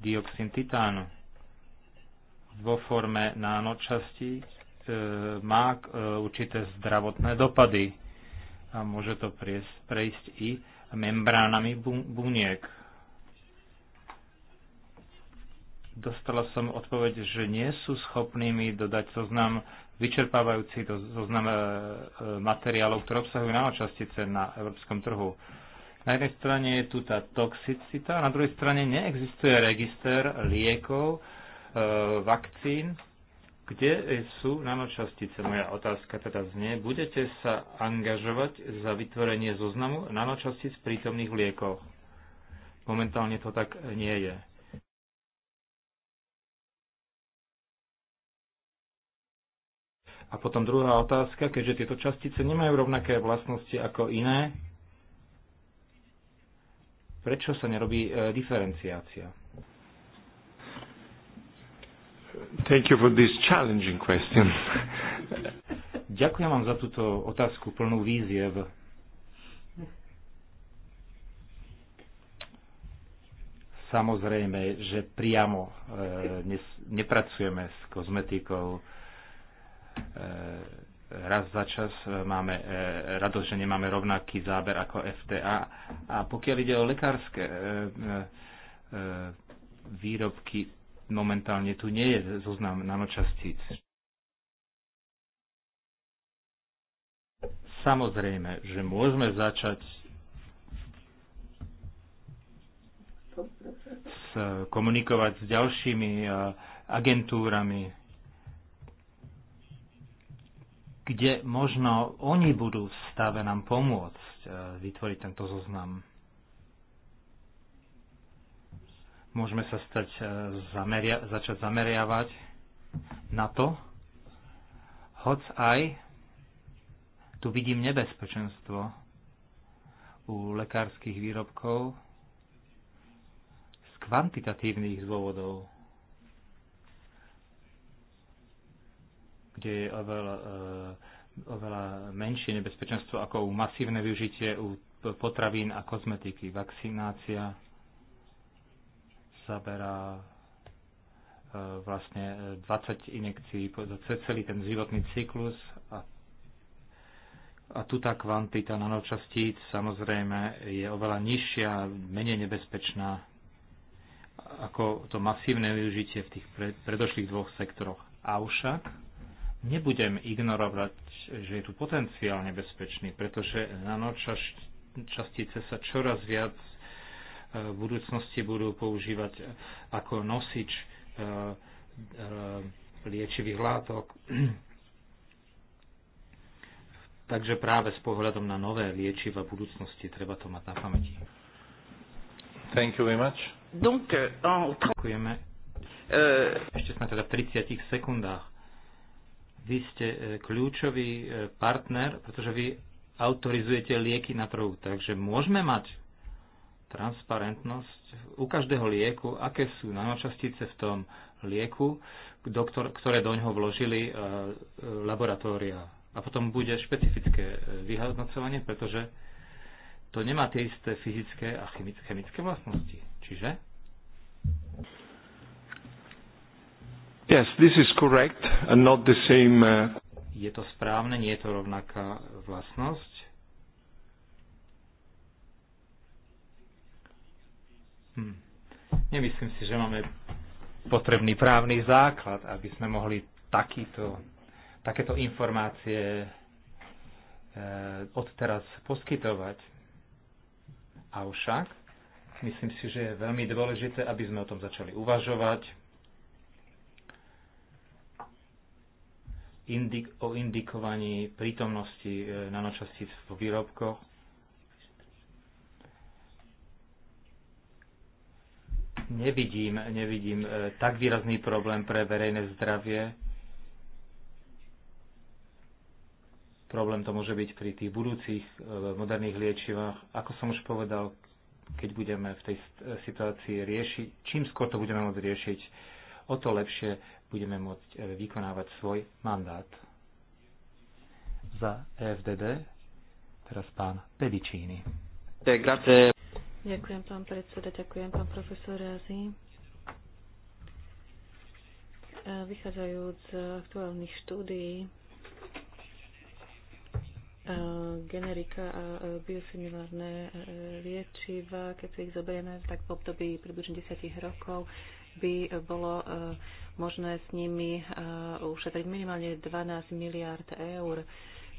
dioxín titánu vo forme nánočasti e, má e, určité zdravotné dopady a môže to prejsť i membránami buniek. Dostala som odpoveď, že nie sú schopní dodať zoznam vyčerpávajúci zoznam materiálov, ktoré obsahujú nanočastice na európskom trhu. Na jednej strane je tu tá toxicita, na druhej strane neexistuje register liekov, e, vakcín, kde sú nanočastice? Moja otázka teda znie, budete sa angažovať za vytvorenie zoznamu nanočastíc prítomných liekov? Momentálne to tak nie je. A potom druhá otázka, keďže tieto častice nemajú rovnaké vlastnosti ako iné, Prečo sa nerobí e, diferenciácia? Thank you for this challenging question. Ďakujem vám za túto otázku plnú výziev. Samozrejme, že priamo e, ne, nepracujeme s kozmetikou. E, raz za čas e, máme e, radosť, že nemáme rovnaký záber ako FDA. A pokiaľ ide o lekárske e, výrobky, momentálne tu nie je zoznam nanočastíc. Samozrejme, že môžeme začať s, komunikovať s ďalšími agentúrami, kde možno oni budú v stave nám pomôcť e, vytvoriť tento zoznam. Môžeme sa stať, e, zameria, začať zameriavať na to, hoc aj tu vidím nebezpečenstvo u lekárskych výrobkov z kvantitatívnych dôvodov kde je oveľa, eh, oveľa menšie nebezpečenstvo ako u masívne využitie u potravín a kozmetiky. Vakcinácia zaberá eh, vlastne 20 eh, inekcií za celý ten životný cyklus a, a tu tá kvantita nanočastíc samozrejme je oveľa nižšia, menej nebezpečná ako to masívne využitie v tých predošlých dvoch sektoroch. Avšak Nebudem ignorovať, že je tu potenciál nebezpečný, pretože nanočastice sa čoraz viac e, v budúcnosti budú používať ako nosič e, e, liečivých látok. Takže práve s pohľadom na nové liečiva budúcnosti treba to mať na pamäti. Thank you very much. Donc, euh, en... Uh... Ešte sme teda v 30 sekundách. Vy ste e, kľúčový e, partner, pretože vy autorizujete lieky na trhu. Takže môžeme mať transparentnosť u každého lieku, aké sú nanočastice v tom lieku, doktor, ktoré do ňoho vložili e, laboratória. A potom bude špecifické vyhodnocovanie, pretože to nemá tie isté fyzické a chemické vlastnosti. Čiže Yes, this is correct and not the same. Uh... Je to správne, nie je to rovnaká vlastnosť. Hm. Nemyslím si, že máme potrebný právny základ, aby sme mohli takýto, takéto informácie e, odteraz poskytovať. Avšak myslím si, že je veľmi dôležité, aby sme o tom začali uvažovať, indik- o indikovaní prítomnosti e, nanočastíc v výrobkoch. Nevidím, nevidím e, tak výrazný problém pre verejné zdravie. Problém to môže byť pri tých budúcich e, moderných liečivách. Ako som už povedal, keď budeme v tej situácii riešiť, čím skôr to budeme môcť riešiť, o to lepšie budeme môcť eh, vykonávať svoj mandát. Za EFDD teraz pán Pedicini. Ďakujem pán predseda, ďakujem pán profesor Razi. Eh, vychádzajúc z aktuálnych štúdií, eh, generika a biosimilárne liečiva, keď si ich zoberieme tak v období približne 10 rokov, by bolo e, možné s nimi e, ušetriť minimálne 12 miliard eur.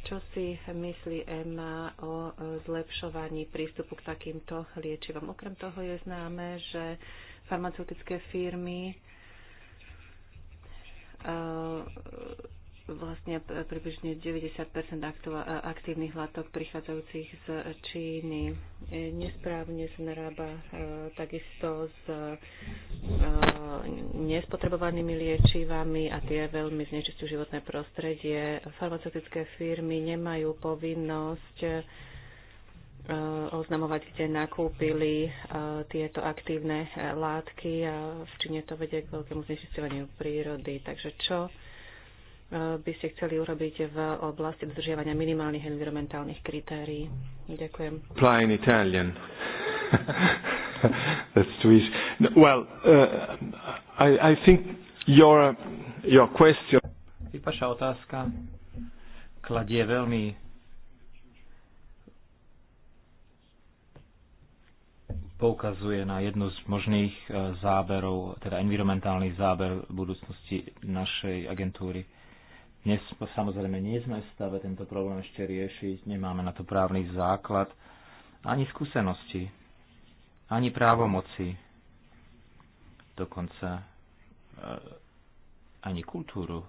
Čo si myslí EMA o e, zlepšovaní prístupu k takýmto liečivom? Okrem toho je známe, že farmaceutické firmy vlastne približne 90 aktívnych látok prichádzajúcich z Číny. E, nesprávne sa narába e, takisto s e, nespotrebovanými liečivami a tie veľmi znečistujú životné prostredie. Farmaceutické firmy nemajú povinnosť oznamovať, kde nakúpili tieto aktívne látky a v Číne to vedie k veľkému znečistovaniu prírody. Takže čo by ste chceli urobiť v oblasti dodržiavania minimálnych environmentálnych kritérií. Ďakujem. Apply in Italian. That's too no, easy. Well, uh, I, I think your, your question... Vypaša otázka kladie veľmi poukazuje na jednu z možných e, záberov, teda environmentálny záber budúcnosti našej agentúry dnes samozrejme nie sme v stave tento problém ešte riešiť, nemáme na to právny základ, ani skúsenosti, ani právomoci, dokonca e, ani kultúru.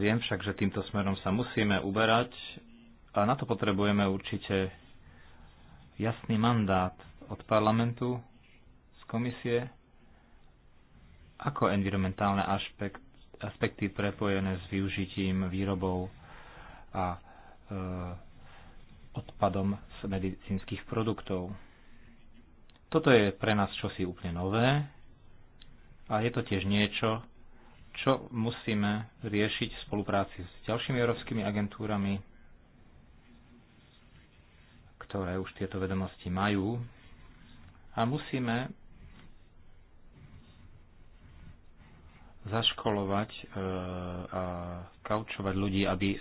Viem však, že týmto smerom sa musíme uberať a na to potrebujeme určite jasný mandát od parlamentu, z komisie, ako environmentálne aspekt, aspekty prepojené s využitím výrobov a e, odpadom z medicínskych produktov. Toto je pre nás čosi úplne nové a je to tiež niečo, čo musíme riešiť v spolupráci s ďalšími európskymi agentúrami, ktoré už tieto vedomosti majú. A musíme zaškolovať e, a kaučovať ľudí, aby e,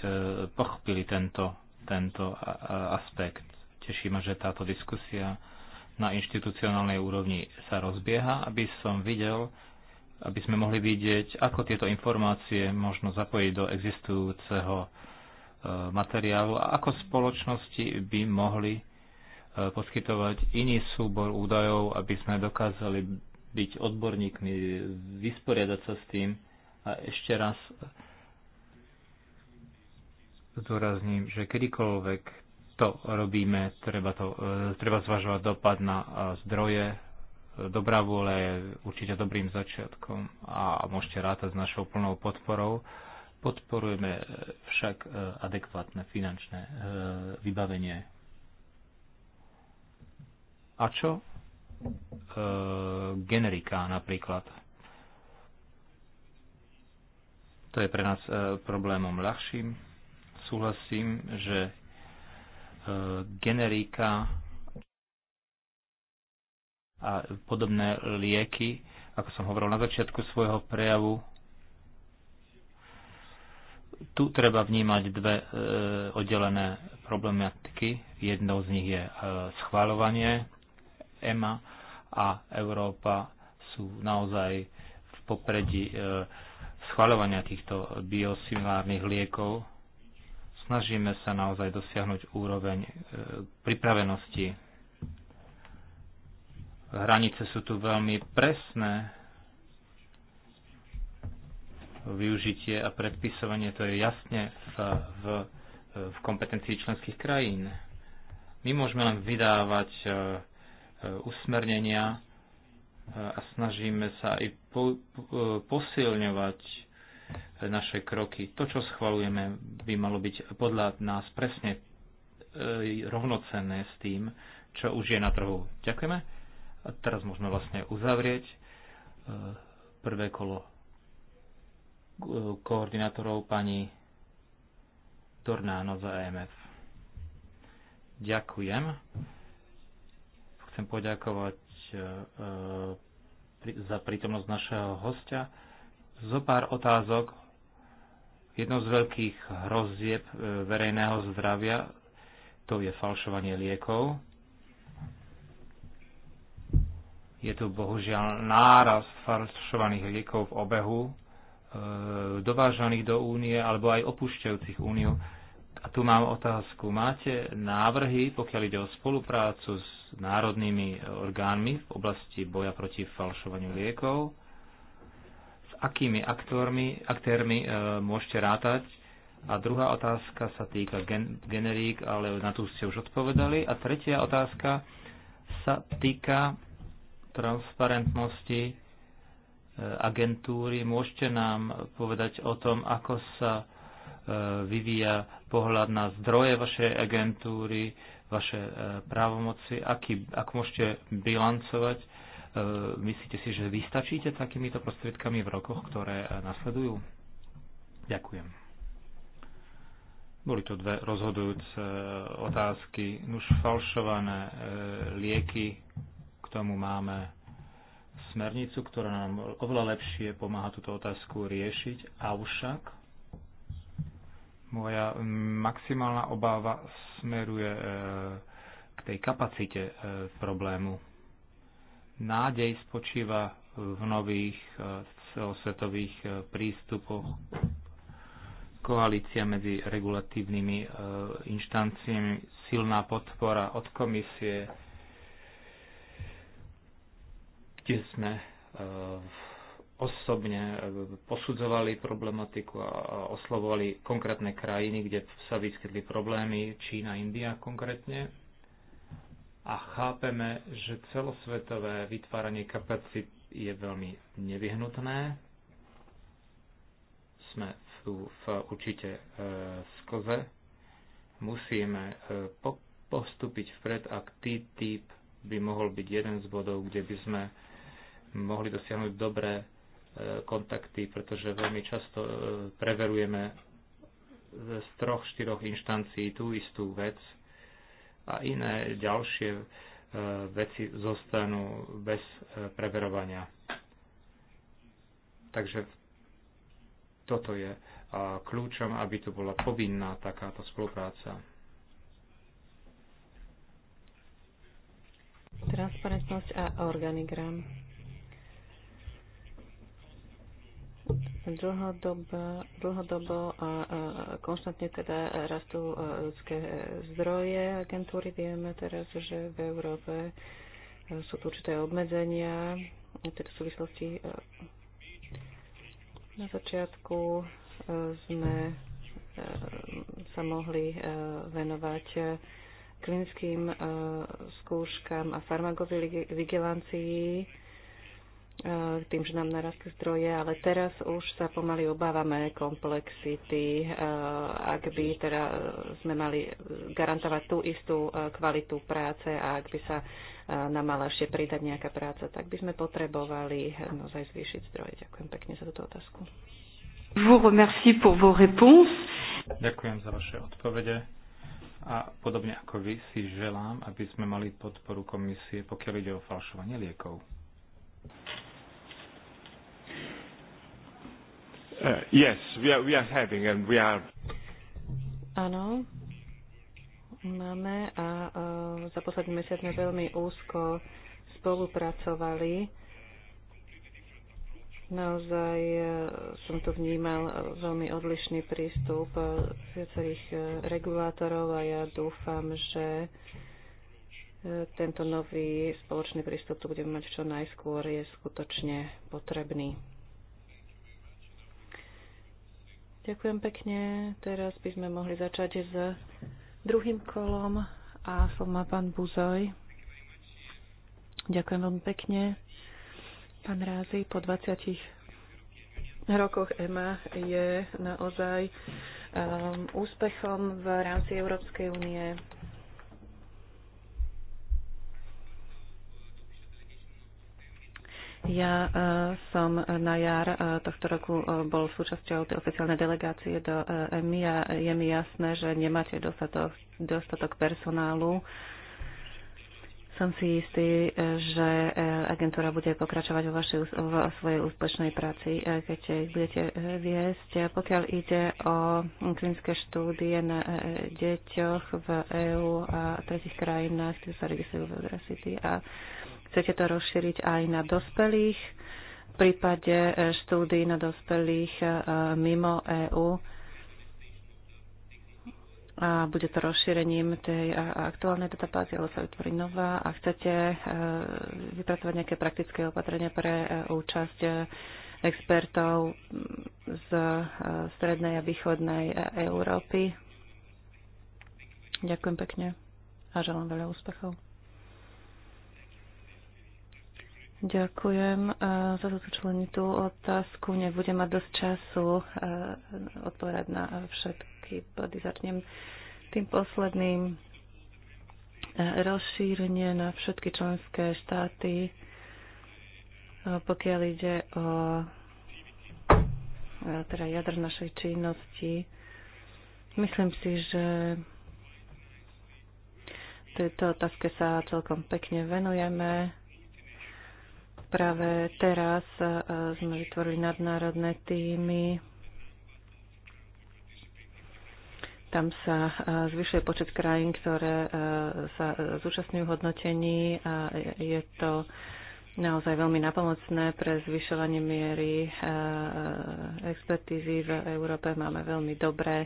pochopili tento, tento aspekt. Teší ma, že táto diskusia na inštitucionálnej úrovni sa rozbieha, aby som videl, aby sme mohli vidieť, ako tieto informácie možno zapojiť do existujúceho e, materiálu a ako spoločnosti by mohli poskytovať iný súbor údajov, aby sme dokázali byť odborníkmi, vysporiadať sa s tým. A ešte raz zdôrazním, že kedykoľvek to robíme, treba, to, e, treba zvažovať dopad na e, zdroje. Dobrá vôľa je určite dobrým začiatkom a môžete rátať s našou plnou podporou. Podporujeme však e, adekvátne finančné vybavenie. A čo E, generika napríklad. To je pre nás e, problémom ľahším. Súhlasím, že e, generika a podobné lieky, ako som hovoril na začiatku svojho prejavu, tu treba vnímať dve e, oddelené problematiky. Jednou z nich je e, schváľovanie EMA a Európa sú naozaj v popredí e, schvaľovania týchto biosimilárnych liekov. Snažíme sa naozaj dosiahnuť úroveň e, pripravenosti. Hranice sú tu veľmi presné. Využitie a predpisovanie to je jasne v, v, v kompetencii členských krajín. My môžeme len vydávať e, Eh, usmernenia eh, a snažíme sa aj po, posilňovať eh, naše kroky. To, čo schvalujeme, by malo byť podľa nás presne rovnocenné s tým, čo už je na trhu. Ďakujeme. A teraz môžeme vlastne uzavrieť prvé kolo koordinátorov pani Tornáno za EMF. Ďakujem. Chcem poďakovať e, e, za prítomnosť našeho hostia. Zo pár otázok. Jednou z veľkých hrozieb e, verejného zdravia to je falšovanie liekov. Je tu bohužiaľ nárast falšovaných liekov v obehu, dovážaných do únie alebo aj opúšťajúcich úniu. A tu mám otázku. Máte návrhy, pokiaľ ide o spoluprácu s národnými e, orgánmi v oblasti boja proti falšovaniu liekov. S akými aktormi, aktérmi e, môžete rátať? A druhá otázka sa týka gen, generík, ale na tú ste už odpovedali. A tretia otázka sa týka transparentnosti e, agentúry. Môžete nám povedať o tom, ako sa e, vyvíja pohľad na zdroje vašej agentúry, vaše e, právomoci, aký, ak môžete bilancovať. E, myslíte si, že vystačíte takýmito prostriedkami v rokoch, ktoré e, nasledujú? Ďakujem. Boli to dve rozhodujúce otázky. Už falšované lieky, k tomu máme smernicu, ktorá nám oveľa lepšie pomáha túto otázku riešiť, avšak moja maximálna obáva smeruje e, k tej kapacite e, problému. Nádej spočíva v nových e, celosvetových prístupoch koalícia medzi regulatívnymi inštanciami, silná podpora od komisie, kde sme v osobne e, posudzovali problematiku a oslovovali konkrétne krajiny, kde sa vyskytli problémy, Čína, India konkrétne. A chápeme, že celosvetové vytváranie kapacit je veľmi nevyhnutné. Sme tu v, určite e, skoze. Musíme e, po, postúpiť vpred, ak T-typ by mohol byť jeden z bodov, kde by sme mohli dosiahnuť dobré kontakty, pretože veľmi často e, preverujeme z troch, štyroch inštancií tú istú vec a iné ďalšie e, veci zostanú bez e, preverovania. Takže toto je kľúčom, aby tu bola povinná takáto spolupráca. Transparentnosť a organigram. dlhodobo, dlhodobo a, konštantne teda rastú e, ľudské zdroje agentúry. Vieme teraz, že v Európe e, sú tu určité obmedzenia, teda v súvislosti e, na začiatku sme sa mohli venovať klinickým skúškam a farmakovigilancii Eh, tým, že nám narastú zdroje, ale teraz už sa pomaly obávame komplexity, eh, ak by teda eh, sme mali garantovať tú istú kvalitu práce a ak by sa nám mala ešte pridať nejaká práca, tak by sme potrebovali naozaj zvýšiť zdroje. Ďakujem pekne za túto otázku. Ďakujem za vaše odpovede a podobne ako vy si želám, aby sme mali podporu komisie, pokiaľ ide o falšovanie liekov. Uh, yes, we are, we are having and we are... Áno, máme a uh, za posledný mesiac sme veľmi úzko spolupracovali. Naozaj uh, som tu vnímal e, veľmi odlišný prístup uh, viacerých uh, regulátorov a ja dúfam, že tento nový spoločný prístup tu budeme mať čo najskôr, je skutočne potrebný. Ďakujem pekne. Teraz by sme mohli začať s druhým kolom a som má pán Buzoj. Ďakujem veľmi pekne. Pán Rázi, po 20 rokoch EMA je naozaj um, úspechom v rámci Európskej únie Ja e, som na jar e, tohto roku e, bol súčasťou tej oficiálnej delegácie do EMI a je mi jasné, že nemáte dostatok, dostatok personálu. Som si istý, že agentúra bude pokračovať vo, vašej, vo svojej úspešnej práci, keď ich budete viesť. Pokiaľ ide o klinické štúdie na deťoch v EÚ a tretich krajinách, ktoré sa registrujú v Eurocity a Chcete to rozšíriť aj na dospelých? V prípade e, štúdií na dospelých e, e, mimo EÚ a bude to rozšírením tej aktuálnej databázy, alebo sa vytvorí nová a chcete vypracovať nejaké praktické opatrenia pre účasť expertov z strednej a východnej Európy. Ďakujem pekne a želám veľa úspechov. Ďakujem eh, za túto členitú otázku. Nebudem mať dosť času eh, odpovedať na všetky body. Začnem tým posledným eh, rozšírenie na všetky členské štáty, pokiaľ ide o teda jadr našej činnosti. Myslím si, že tejto otázke sa celkom pekne venujeme práve teraz e, e, sme vytvorili nadnárodné týmy. Tam sa e, zvyšuje počet krajín, ktoré sa zúčastňujú v hodnotení a je to naozaj veľmi napomocné pre zvyšovanie miery expertízy v Európe. Máme veľmi dobré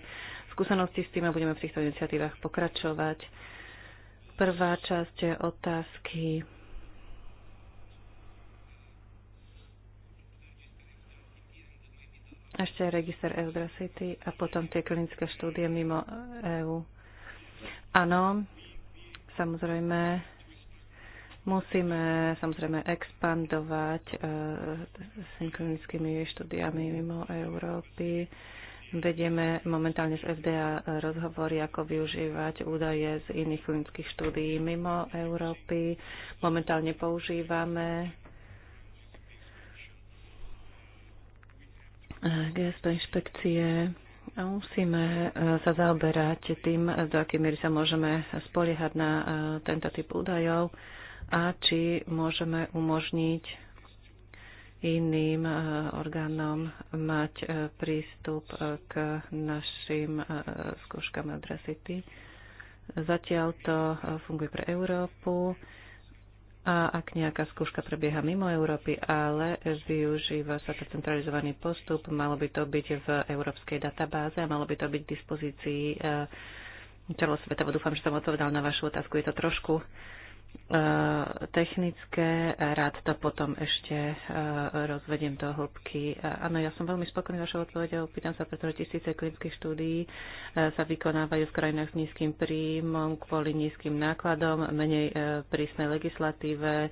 skúsenosti s tým a budeme v týchto iniciatívach pokračovať. Prvá časť je otázky ešte register Eudracity a potom tie klinické štúdie mimo EÚ. Áno, samozrejme, musíme samozrejme expandovať e, s klinickými štúdiami mimo Európy. Vedieme momentálne z FDA rozhovory, ako využívať údaje z iných klinických štúdií mimo Európy. Momentálne používame gesto inšpekcie a musíme e, sa zaoberať tým, do akej miery sa môžeme spoliehať na e, tento typ údajov a či môžeme umožniť iným e, orgánom mať prístup k našim skúškam adresity. Zatiaľ to funguje pre Európu a ak nejaká skúška prebieha mimo Európy, ale využíva sa to centralizovaný postup, malo by to byť v európskej databáze a malo by to byť k dispozícii eh, celosvetovo. Dúfam, že som odpovedal na vašu otázku. Je to trošku E, technické, rád to potom ešte e, rozvediem do hĺbky. E, áno, ja som veľmi spokojný vašou odpovedou, pýtam sa, pretože tisíce klinických štúdií sa vykonávajú v krajinách s nízkym príjmom kvôli nízkym nákladom, menej prísnej legislatíve,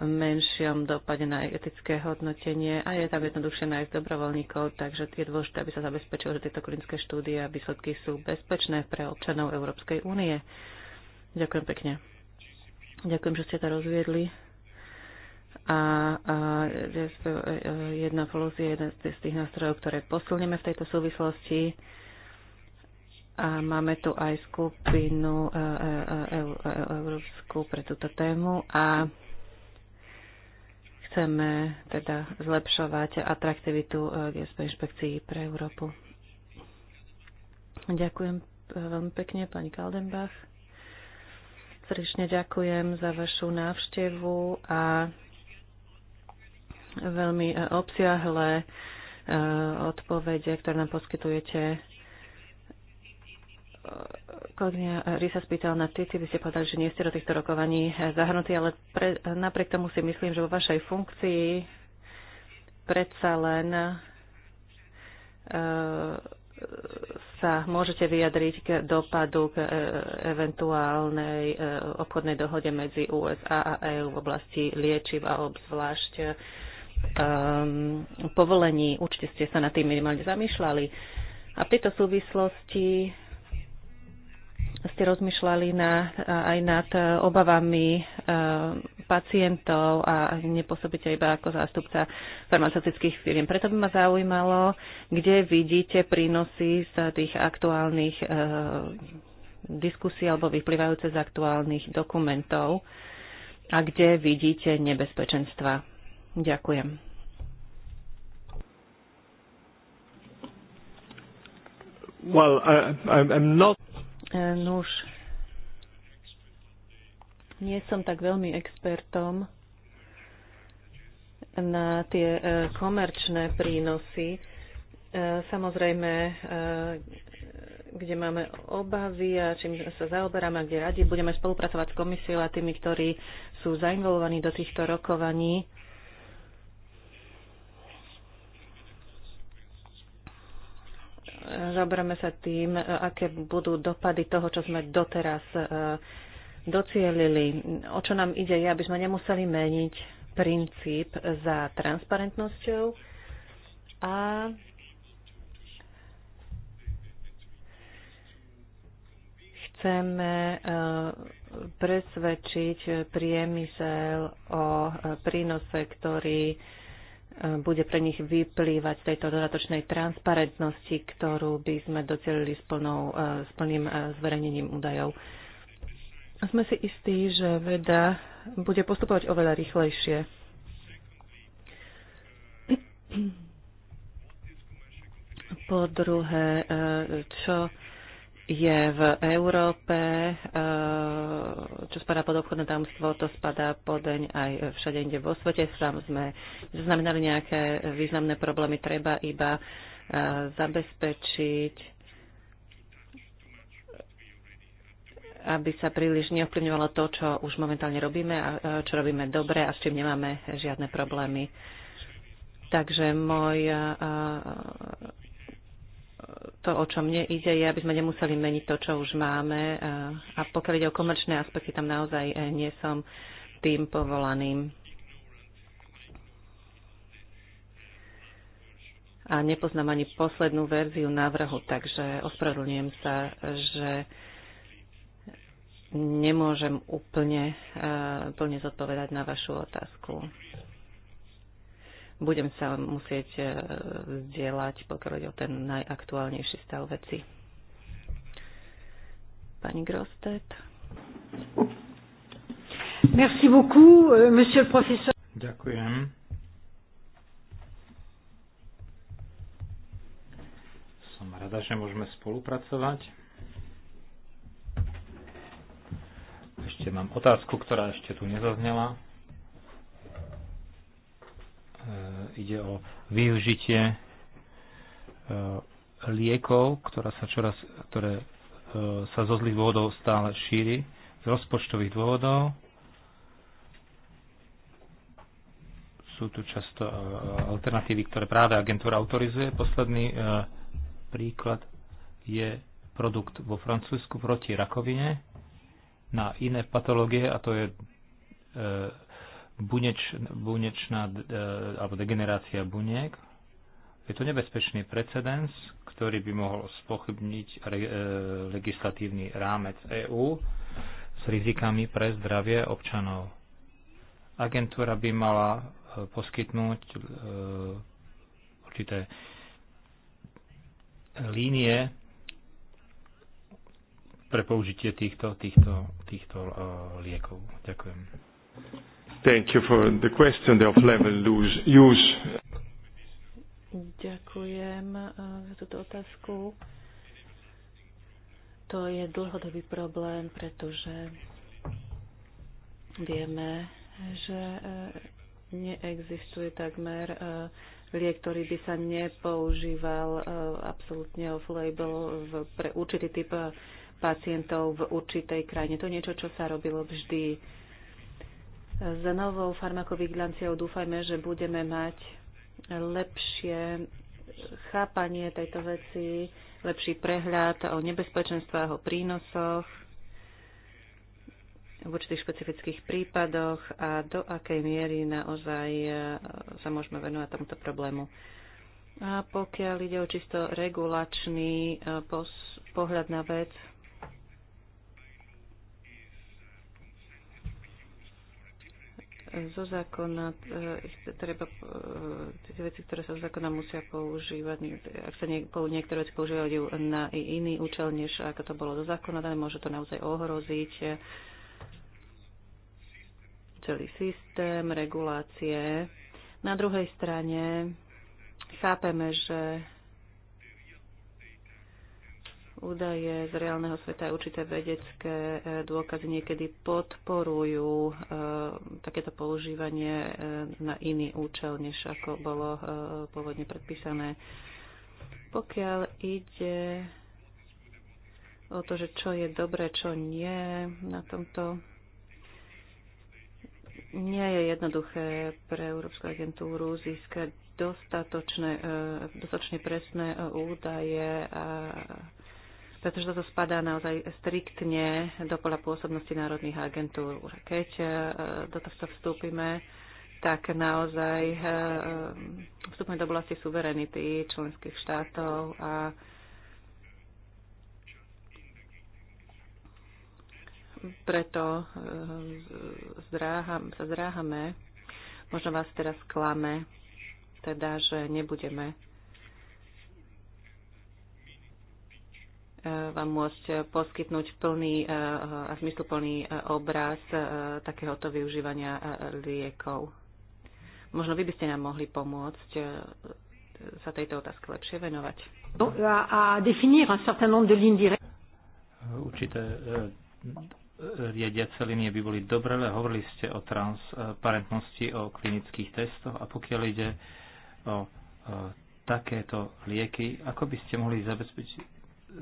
menšom dopade na etické hodnotenie a je tam jednoduchšie nájsť dobrovoľníkov, takže je dôležité, aby sa zabezpečilo, že tieto klinické štúdie a výsledky sú bezpečné pre občanov Európskej únie. Ďakujem pekne. Ďakujem, že ste to rozviedli. A, a e, e, jedna polozie, je jeden z tých nástrojov, ktoré posilneme v tejto súvislosti. A máme tu aj skupinu e, európsku pre túto tému a chceme teda zlepšovať atraktivitu GSP inšpekcií pre Európu. Ďakujem veľmi pekne, pani Kaldenbach srdečne ďakujem za vašu návštevu a veľmi e, obsiahlé e, odpovede, ktoré nám poskytujete. E, kolegyňa Risa spýtal na TTIP, vy ste povedali, že nie ste do týchto rokovaní zahrnutí, ale pre, napriek tomu si myslím, že vo vašej funkcii predsa len uh, sa môžete vyjadriť k dopadu k e, eventuálnej e, obchodnej dohode medzi USA a EU v oblasti liečiv a obzvlášť e, um, povolení. Určite ste sa na tým minimálne zamýšľali. A v tejto súvislosti ste rozmýšľali na, aj nad e, obavami e, pacientov a nepôsobíte iba ako zástupca farmaceutických firiem. Preto by ma zaujímalo, kde vidíte prínosy z tých aktuálnych e, diskusí alebo vyplývajúce z aktuálnych dokumentov a kde vidíte nebezpečenstva. Ďakujem. Well, I, I'm not E, nuž, nie som tak veľmi expertom na tie e, komerčné prínosy. E, samozrejme, kde máme obavy a čím sa zaoberáme a kde radi budeme spolupracovať s komisiou a tými, ktorí sú zainvolovaní do týchto rokovaní, Zaoberáme sa tým, e, aké budú dopady toho, čo sme doteraz e, docielili. O čo nám ide je, aby sme nemuseli meniť princíp za transparentnosťou a chceme e, presvedčiť priemysel o prínose, ktorý bude pre nich vyplývať z tejto dodatočnej transparentnosti, ktorú by sme docelili s, plnou, e, s plným e, zverejnením údajov. A sme si istí, že veda bude postupovať oveľa rýchlejšie. Po druhé, e, čo je v Európe, eh, čo spadá pod obchodné tajomstvo, to spadá podeň aj všade inde vo svete. Tam sme zaznamenali nejaké významné problémy. Treba iba eh, zabezpečiť, aby sa príliš neovplyvňovalo to, čo už momentálne robíme a eh, čo robíme dobre a s čím nemáme žiadne problémy. Takže môj to, o čo mne ide, je, aby sme nemuseli meniť to, čo už máme. Eh, a pokiaľ ide o komerčné aspekty, tam naozaj eh, nie som tým povolaným. A nepoznám ani poslednú verziu návrhu, takže ospravedlňujem sa, že nemôžem úplne, úplne eh, zodpovedať na vašu otázku budem sa musieť e, vzdielať, pokiaľ ide o ten najaktuálnejší stav veci. Pani Grostet. Merci beaucoup, e, monsieur le professeur. Ďakujem. Som rada, že môžeme spolupracovať. Ešte mám otázku, ktorá ešte tu nezaznela. E, ide o využitie e, liekov, ktorá sa čoraz, ktoré e, sa zo zlých dôvodov stále šíri, z rozpočtových dôvodov. Sú tu často alternatívy, ktoré práve agentúra autorizuje. Posledný príklad je produkt vo Francúzsku proti rakovine na iné patológie, a to je buneč, bunečná, e, alebo degenerácia buniek. Je to nebezpečný precedens, ktorý by mohol spochybniť re, e, legislatívny rámec EÚ s rizikami pre zdravie občanov. Agentúra by mala e, poskytnúť e, určité línie pre použitie týchto, týchto, týchto e, liekov. Ďakujem. Thank you for the question of level use. Ďakujem eh, za túto otázku. To je dlhodobý problém, pretože vieme, že eh, neexistuje takmer eh, liek, ktorý by sa nepoužíval absolútne off-label pre určitý typ pacientov v určitej krajine. To je niečo, čo sa robilo vždy s novou farmakovigilanciou dúfajme, že budeme mať lepšie chápanie tejto veci, lepší prehľad o nebezpečenstvách, o prínosoch v určitých špecifických prípadoch a do akej miery naozaj e, sa môžeme venovať tomuto problému. A pokiaľ ide o čisto regulačný e, pohľad na vec, zo zákona, eh, treba, eh, tie veci, ktoré sa zo zákona musia používať, ak sa niektoré veci používajú na iný účel, než ako to bolo zo zákona, dané, môže to naozaj ohroziť eh, celý systém, regulácie. Na druhej strane chápeme, že údaje z reálneho sveta a určité vedecké e, dôkazy niekedy podporujú e, takéto používanie e, na iný účel, než ako bolo pôvodne predpísané. Pokiaľ ide o to, že čo je dobré, čo nie na tomto nie je jednoduché pre Európsku agentúru získať dostatočné, dostatočne presné údaje a pretože toto spadá naozaj striktne do pola pôsobnosti národných agentúr. Keď e, do tohto vstúpime, tak naozaj e, e, vstúpime do oblasti suverenity členských štátov a preto zdráham, sa zdráhame, možno vás teraz klame, teda, že nebudeme vám môcť poskytnúť plný eh, eh, a zmysluplný eh, obraz takéhoto využívania liekov. Možno vy by ste nám mohli pomôcť sa tejto otázke lepšie venovať. Určité riadiace linie by boli dobré, ale hovorili ste o transparentnosti, o klinických testoch a pokiaľ ide o takéto lieky, ako by ste mohli zabezpečiť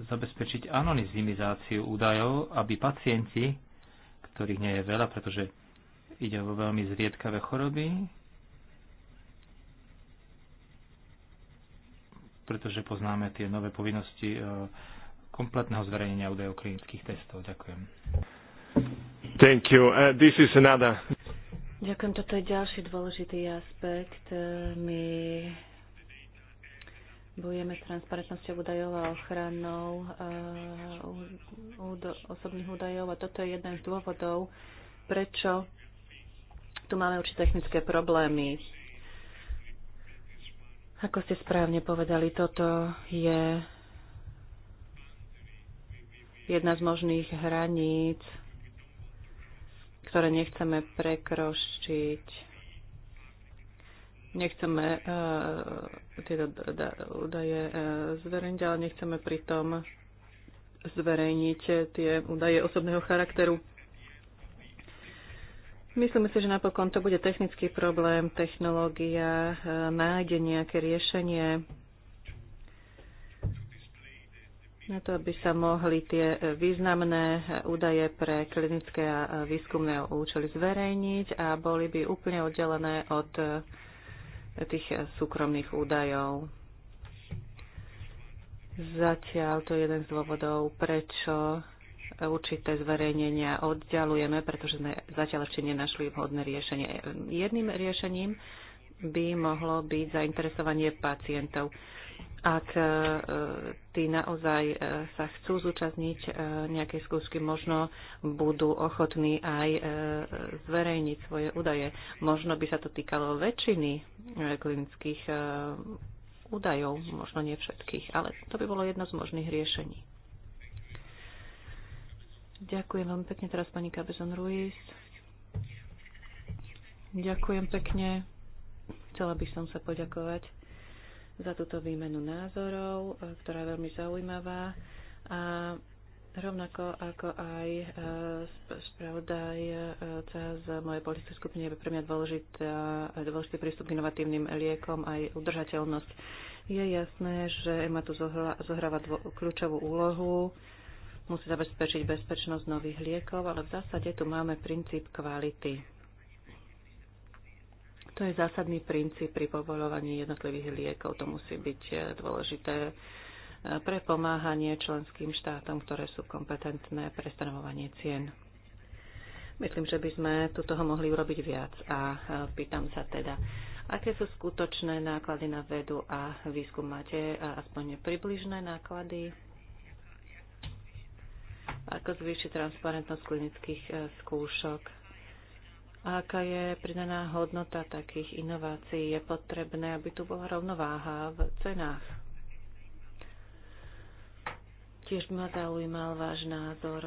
zabezpečiť anonymizáciu údajov, aby pacienti, ktorých nie je veľa, pretože ide o veľmi zriedkavé choroby, pretože poznáme tie nové povinnosti e, kompletného zverejnenia údajov klinických testov. Ďakujem. Thank you. Uh, this is another. Ďakujem, toto je ďalší dôležitý aspekt. E, my Bojujeme s transparentnosťou údajov a ochranou eh, osobných údajov a toto je jeden z dôvodov, prečo tu máme určite technické problémy. Ako ste správne povedali, toto je jedna z možných hraníc, ktoré nechceme prekrošiť. Nechceme eh, tieto údaje eh, zverejniť, ale nechceme pritom zverejniť eh, tie údaje osobného charakteru. Myslíme si, že napokon to bude technický problém, technológia nájde nejaké riešenie na to, aby sa mohli tie významné údaje pre klinické a výskumné účely zverejniť a boli by úplne oddelené od tých súkromných údajov. Zatiaľ to je jeden z dôvodov, prečo určité zverejnenia oddialujeme, pretože sme zatiaľ ešte nenašli vhodné riešenie. Jedným riešením by mohlo byť zainteresovanie pacientov ak e, tí naozaj e, sa chcú zúčastniť e, nejakej skúšky, možno budú ochotní aj zverejniť svoje údaje. Možno by sa to týkalo väčšiny klinických údajov, možno nie všetkých, ale to by bolo jedno z možných riešení. Ďakujem veľmi pekne teraz pani Cabezon Ruiz. Ďakujem pekne. Chcela by som sa poďakovať za túto výmenu názorov, e, ktorá je veľmi zaujímavá a rovnako ako aj e, spravodajca e, z mojej politickej skupiny je pre mňa dôležitá, dôležitý prístup k inovatívnym liekom aj udržateľnosť. Je jasné, že EMA tu zohráva dvo, kľúčovú úlohu, musí zabezpečiť bezpečnosť nových liekov, ale v zásade tu máme princíp kvality to je zásadný princíp pri povolovaní jednotlivých liekov. To musí byť eh, dôležité eh, pre pomáhanie členským štátom, ktoré sú kompetentné pre stanovovanie cien. Myslím, že by sme tu toho mohli urobiť viac a eh, pýtam sa teda, aké sú skutočné náklady na vedu a výskum? Máte aspoň približné náklady? Ako zvýšiť transparentnosť klinických skúšok? a aká je pridaná hodnota takých inovácií. Je potrebné, aby tu bola rovnováha v cenách. Tiež ma zaujímal váš názor,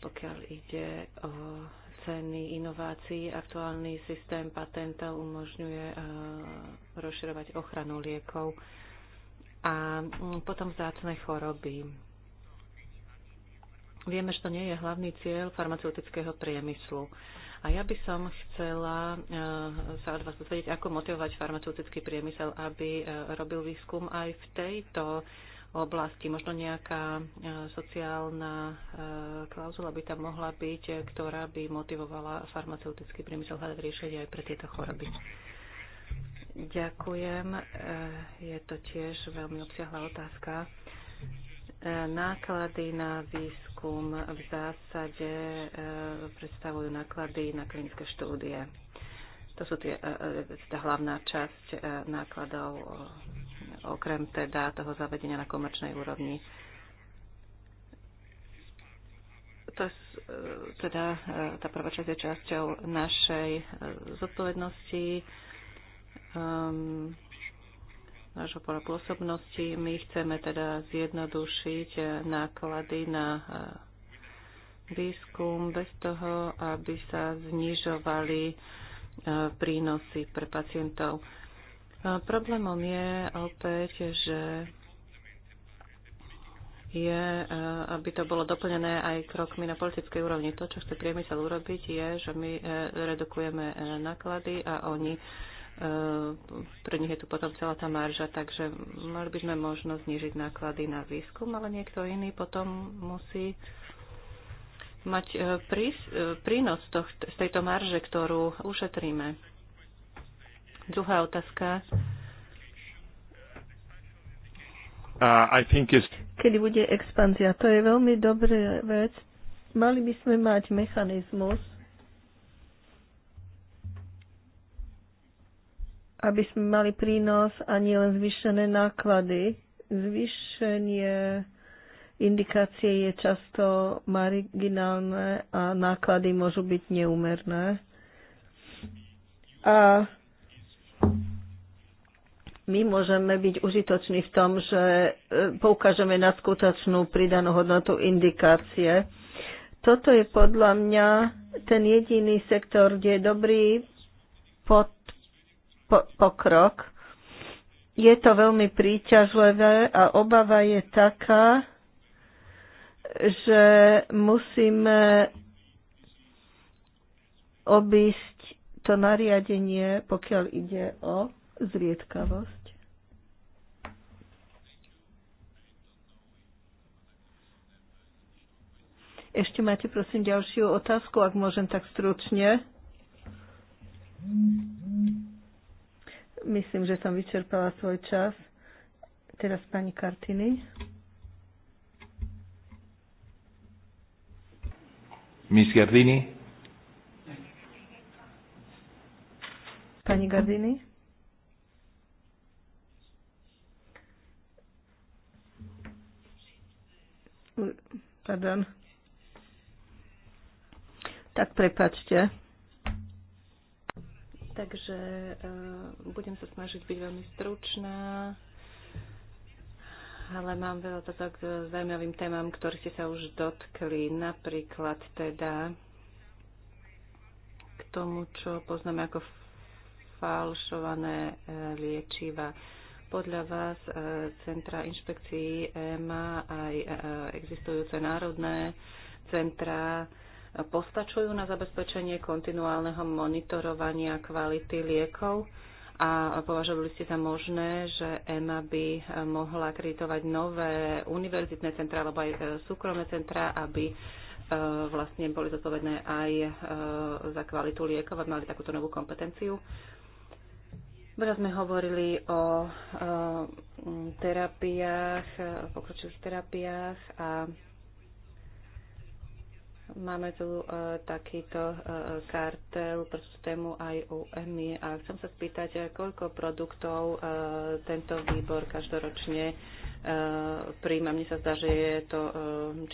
pokiaľ ide o ceny inovácií. Aktuálny systém patentov umožňuje eh, rozširovať ochranu liekov a mm, potom vzácne choroby. Vieme, že to nie je hlavný cieľ farmaceutického priemyslu. A ja by som chcela eh, sa od vás dozvedieť, ako motivovať farmaceutický priemysel, aby eh, robil výskum aj v tejto oblasti. Možno nejaká eh, sociálna klauzula by tam mohla byť, ktorá by motivovala farmaceutický priemysel hľadať riešenie aj pre tieto choroby. Ďakujem. Je to tiež veľmi obsiahla otázka. Náklady na výskum v zásade e, predstavujú náklady na klinické štúdie. To sú tie, e, e, tá hlavná časť nákladov, okrem teda toho zavedenia na komerčnej úrovni. To, teda tá prvá časť je časťou našej zodpovednosti. Um, nášho pola pôsobnosti. My chceme teda zjednodušiť eh, náklady na eh, výskum bez toho, aby sa znižovali eh, prínosy pre pacientov. Problémom je opäť, že je, aby to bolo doplnené aj krokmi na politickej úrovni. To, čo chce priemysel urobiť, je, že my redukujeme náklady a oni pre nich je tu potom celá tá marža, takže mali by sme možno znižiť náklady na výskum, ale niekto iný potom musí mať e, prís, e, prínos z tejto marže, ktorú ušetríme. Druhá otázka. Uh, I think is... Kedy bude expanzia? To je veľmi dobrá vec. Mali by sme mať mechanizmus, aby sme mali prínos a nielen zvýšené náklady. Zvýšenie indikácie je často marginálne a náklady môžu byť neúmerné. A my môžeme byť užitoční v tom, že e, poukážeme na skutočnú pridanú hodnotu indikácie. Toto je podľa mňa ten jediný sektor, kde je dobrý pod pokrok. Je to veľmi príťažlivé a obava je taká, že musíme obísť to nariadenie, pokiaľ ide o zriedkavosť. Ešte máte, prosím, ďalšiu otázku, ak môžem tak stručne. Mm-hmm. Myslím, že som vyčerpala svoj čas. Teraz pani Kartiny. Miss Gardini. Pani Gardini. Pardon. Tak prepačte. Takže eh, budem sa snažiť byť veľmi stručná, ale mám veľa toto k eh, zaujímavým témam, ktoré ste sa už dotkli. Napríklad teda k tomu, čo poznáme ako falšované eh, liečiva. Podľa vás Centra inšpekcií e má aj existujúce národné centra postačujú na zabezpečenie kontinuálneho monitorovania kvality liekov a považovali ste za možné, že EMA by mohla kreditovať nové univerzitné centrá alebo aj e, súkromné centrá, aby e, vlastne boli zodpovedné aj e, za kvalitu liekov a mali takúto novú kompetenciu. Veľa sme hovorili o terapiách, pokročilých terapiách a Máme tu e, takýto e, kartel pre tému aj u EMI a chcem sa spýtať, e, koľko produktov tento výbor každoročne príjma. Mne sa zdá, že je to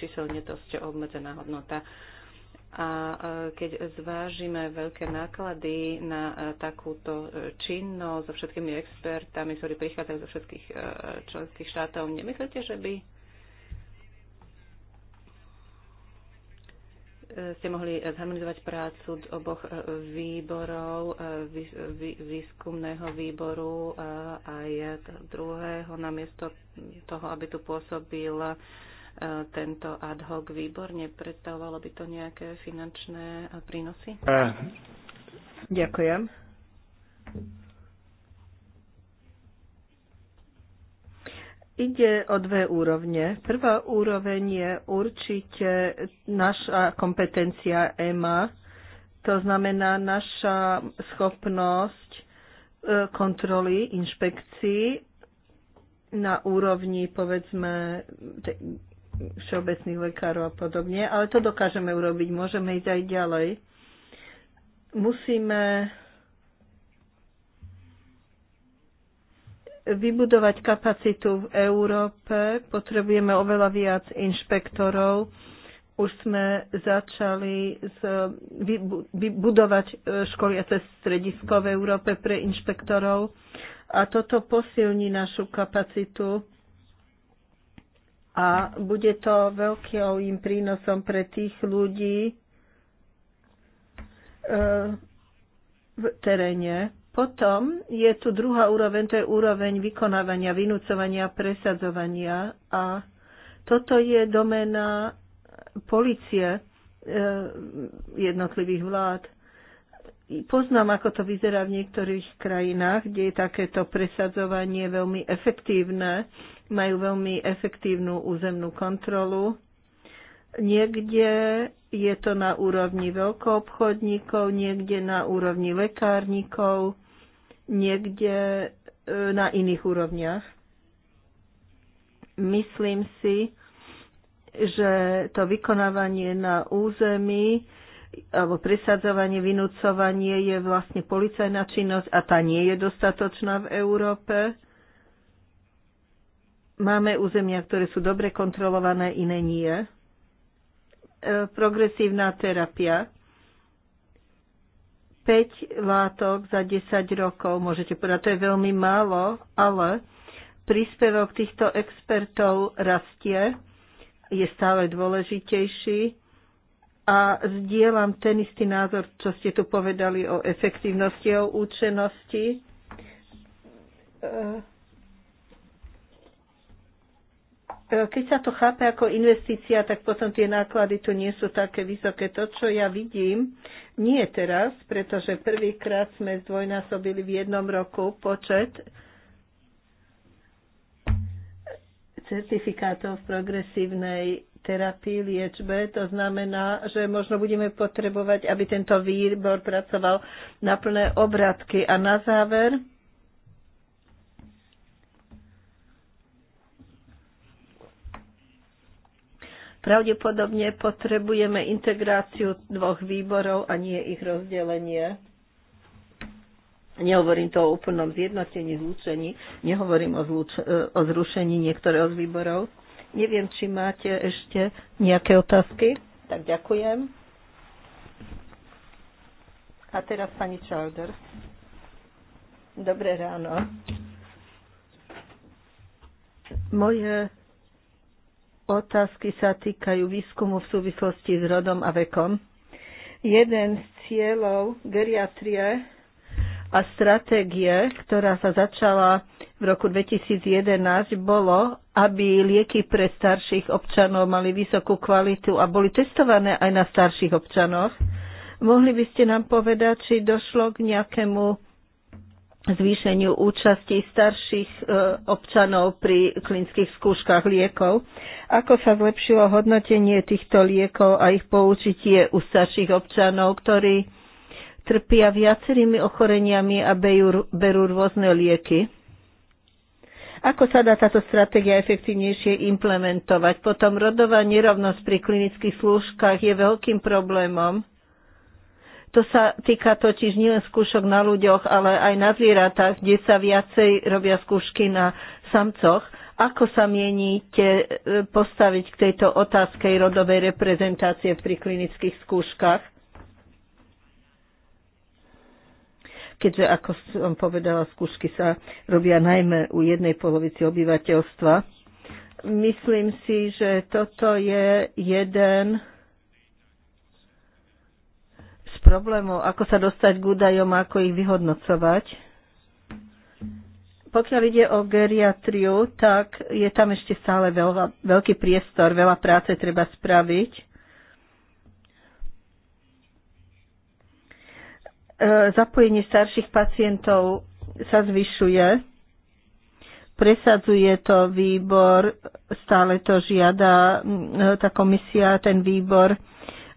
číselne dosť obmedzená hodnota. A keď zvážime veľké náklady na takúto činnosť so všetkými expertami, ktorí prichádzajú zo všetkých členských štátov, nemyslíte, že by ste mohli zharmonizovať prácu oboch e, výborov, e, výskumného výboru a e, aj druhého, namiesto toho, aby tu pôsobil tento ad hoc výbor? Nepredstavovalo by to nejaké finančné prínosy? Ďakujem. Ide o dve úrovne. Prvá úroveň je určite naša kompetencia EMA, to znamená naša schopnosť e, kontroly, inšpekcií na úrovni, povedzme, všeobecných lekárov a podobne, ale to dokážeme urobiť, môžeme ísť aj ďalej. Musíme vybudovať kapacitu v Európe. Potrebujeme oveľa viac inšpektorov. Už sme začali z, vybudovať e, školiace stredisko v Európe pre inšpektorov a toto posilní našu kapacitu a bude to veľkým prínosom pre tých ľudí e, v teréne. Potom je tu druhá úroveň, to je úroveň vykonávania, vynúcovania, presadzovania a toto je domena policie e, jednotlivých vlád. Poznám, ako to vyzerá v niektorých krajinách, kde je takéto presadzovanie veľmi efektívne, majú veľmi efektívnu územnú kontrolu. Niekde je to na úrovni veľkoobchodníkov, niekde na úrovni lekárnikov, niekde e, na iných úrovniach. Myslím si, že to vykonávanie na území alebo presadzovanie, vynúcovanie je vlastne policajná činnosť a tá nie je dostatočná v Európe. Máme územia, ktoré sú dobre kontrolované, iné nie. E, progresívna terapia. 5 látok za 10 rokov. Môžete povedať, to je veľmi málo, ale príspevok týchto expertov rastie, je stále dôležitejší a zdieľam ten istý názor, čo ste tu povedali o efektívnosti, o účenosti. E, E, keď sa to chápe ako investícia, tak potom tie náklady tu nie sú také vysoké. To, čo ja vidím, nie teraz, pretože prvýkrát sme zdvojnásobili v jednom roku počet certifikátov v progresívnej terapii, liečbe. To znamená, že možno budeme potrebovať, aby tento výbor pracoval na plné obratky. A na záver, Pravdepodobne potrebujeme integráciu dvoch výborov a nie ich rozdelenie. Nehovorím to o úplnom zjednotení, zlúčení, nehovorím o, zlúč- e, o zrušení niektorého z výborov. Neviem, či máte ešte nejaké otázky. Tak ďakujem. A teraz pani Čalder. Dobré ráno. Moje otázky sa týkajú výskumu v súvislosti s rodom a vekom. Jeden z cieľov geriatrie a stratégie, ktorá sa začala v roku 2011, bolo, aby lieky pre starších občanov mali vysokú kvalitu a boli testované aj na starších občanoch. Mohli by ste nám povedať, či došlo k nejakému zvýšeniu účasti starších e, občanov pri klinických skúškach liekov. Ako sa zlepšilo hodnotenie týchto liekov a ich použitie u starších občanov, ktorí trpia viacerými ochoreniami a berú, berú rôzne lieky? Ako sa dá táto stratégia efektívnejšie implementovať? Potom rodová nerovnosť pri klinických slúžkach je veľkým problémom to sa týka totiž nielen skúšok na ľuďoch, ale aj na zvieratách, kde sa viacej robia skúšky na samcoch. Ako sa mieníte e, postaviť k tejto otázke rodovej reprezentácie pri klinických skúškach? Keďže, ako som povedala, skúšky sa robia najmä u jednej polovici obyvateľstva. Myslím si, že toto je jeden problémov, ako sa dostať k údajom, ako ich vyhodnocovať. Pokiaľ ide o geriatriu, tak je tam ešte stále veľa, veľký priestor, veľa práce treba spraviť. E, zapojenie starších pacientov sa zvyšuje presadzuje to výbor, stále to žiada e, tá komisia, ten výbor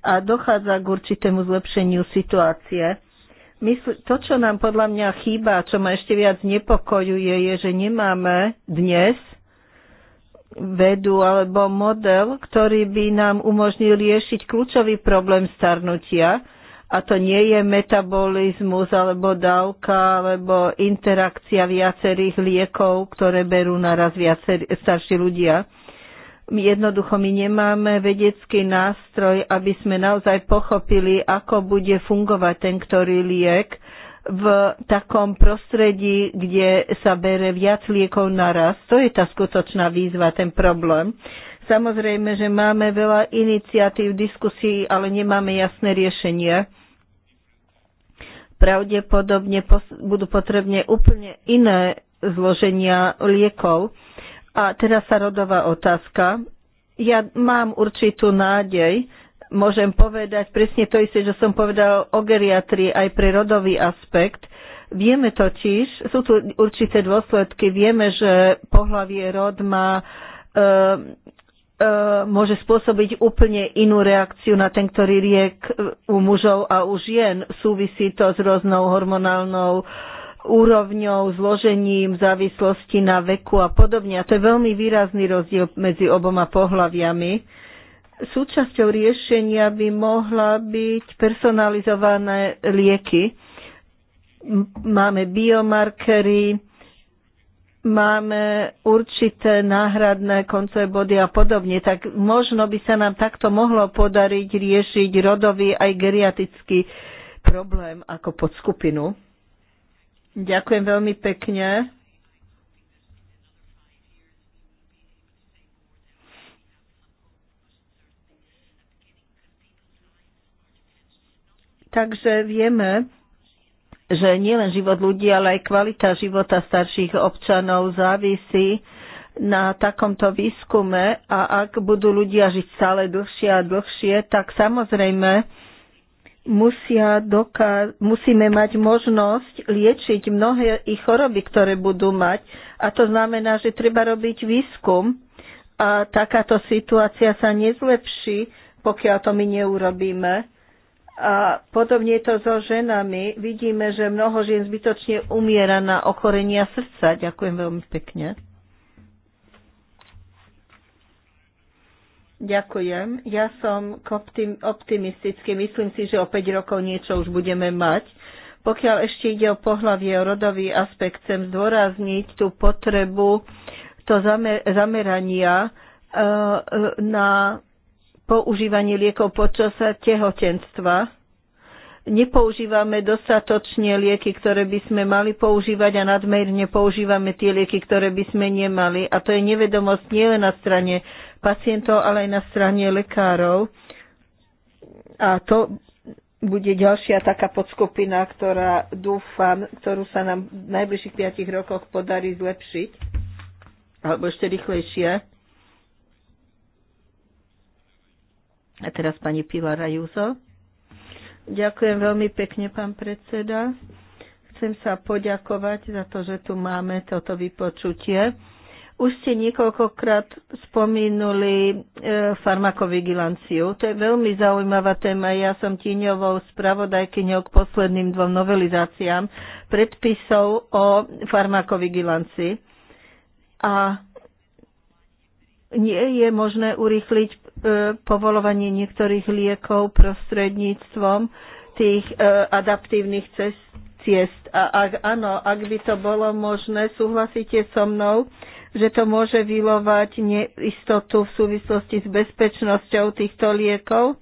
a dochádza k určitému zlepšeniu situácie. Mysl- to, čo nám podľa mňa chýba, čo ma ešte viac nepokojuje, je, že nemáme dnes vedu alebo model, ktorý by nám umožnil riešiť kľúčový problém starnutia. A to nie je metabolizmus alebo dávka alebo interakcia viacerých liekov, ktoré berú naraz viacerí starší ľudia. Jednoducho my nemáme vedecký nástroj, aby sme naozaj pochopili, ako bude fungovať ten ktorý liek v takom prostredí, kde sa bere viac liekov naraz. To je tá skutočná výzva, ten problém. Samozrejme, že máme veľa iniciatív, diskusí, ale nemáme jasné riešenie. Pravdepodobne budú potrebné úplne iné zloženia liekov a teraz sa rodová otázka. Ja mám určitú nádej, môžem povedať presne to isté, že som povedal o geriatrii aj pre rodový aspekt. Vieme totiž, sú tu určité dôsledky, vieme, že pohlavie rod má, e, e, môže spôsobiť úplne inú reakciu na ten, ktorý riek u mužov a u žien. Súvisí to s rôznou hormonálnou e, úrovňou, zložením, závislosti na veku a podobne. A to je veľmi výrazný rozdiel medzi oboma pohľaviami. Súčasťou riešenia by mohla byť personalizované lieky. Máme biomarkery, máme určité náhradné koncové body a podobne, tak možno by sa nám takto mohlo podariť riešiť rodový aj geriatický problém ako podskupinu. Ďakujem veľmi pekne. Takže vieme, že nielen život ľudí, ale aj kvalita života starších občanov závisí na takomto výskume a ak budú ľudia žiť stále dlhšie a dlhšie, tak samozrejme musia doká- musíme mať možnosť liečiť mnohé ich choroby, ktoré budú mať. A to znamená, že treba robiť výskum a takáto situácia sa nezlepší, pokiaľ to my neurobíme. A podobne je to so ženami. Vidíme, že mnoho žien zbytočne umiera na ochorenia srdca. Ďakujem veľmi pekne. Ďakujem. Ja som optimistický. Myslím si, že o 5 rokov niečo už budeme mať. Pokiaľ ešte ide o pohlavie, o rodový aspekt, chcem zdôrazniť tú potrebu to zamer- zamerania e, e, na používanie liekov počas tehotenstva. Nepoužívame dostatočne lieky, ktoré by sme mali používať a nadmerne používame tie lieky, ktoré by sme nemali. A to je nevedomosť nielen na strane pacientov, ale aj na strane lekárov. A to bude ďalšia taká podskupina, ktorá dúfam, ktorú sa nám v najbližších 5 rokoch podarí zlepšiť, alebo ešte rýchlejšie. A teraz pani Pivara Ajuzo. Ďakujem veľmi pekne, pán predseda. Chcem sa poďakovať za to, že tu máme toto vypočutie. Už ste niekoľkokrát spomínuli e, farmakovigilanciu. To je veľmi zaujímavá téma. Ja som tíňovou spravodajkyňou k posledným dvom novelizáciám predpisov o farmakovigilancii. A nie je možné urýchliť e, povolovanie niektorých liekov prostredníctvom tých e, adaptívnych cest, ciest. A ak áno, ak by to bolo možné, súhlasíte so mnou, že to môže vylovať neistotu v súvislosti s bezpečnosťou týchto liekov.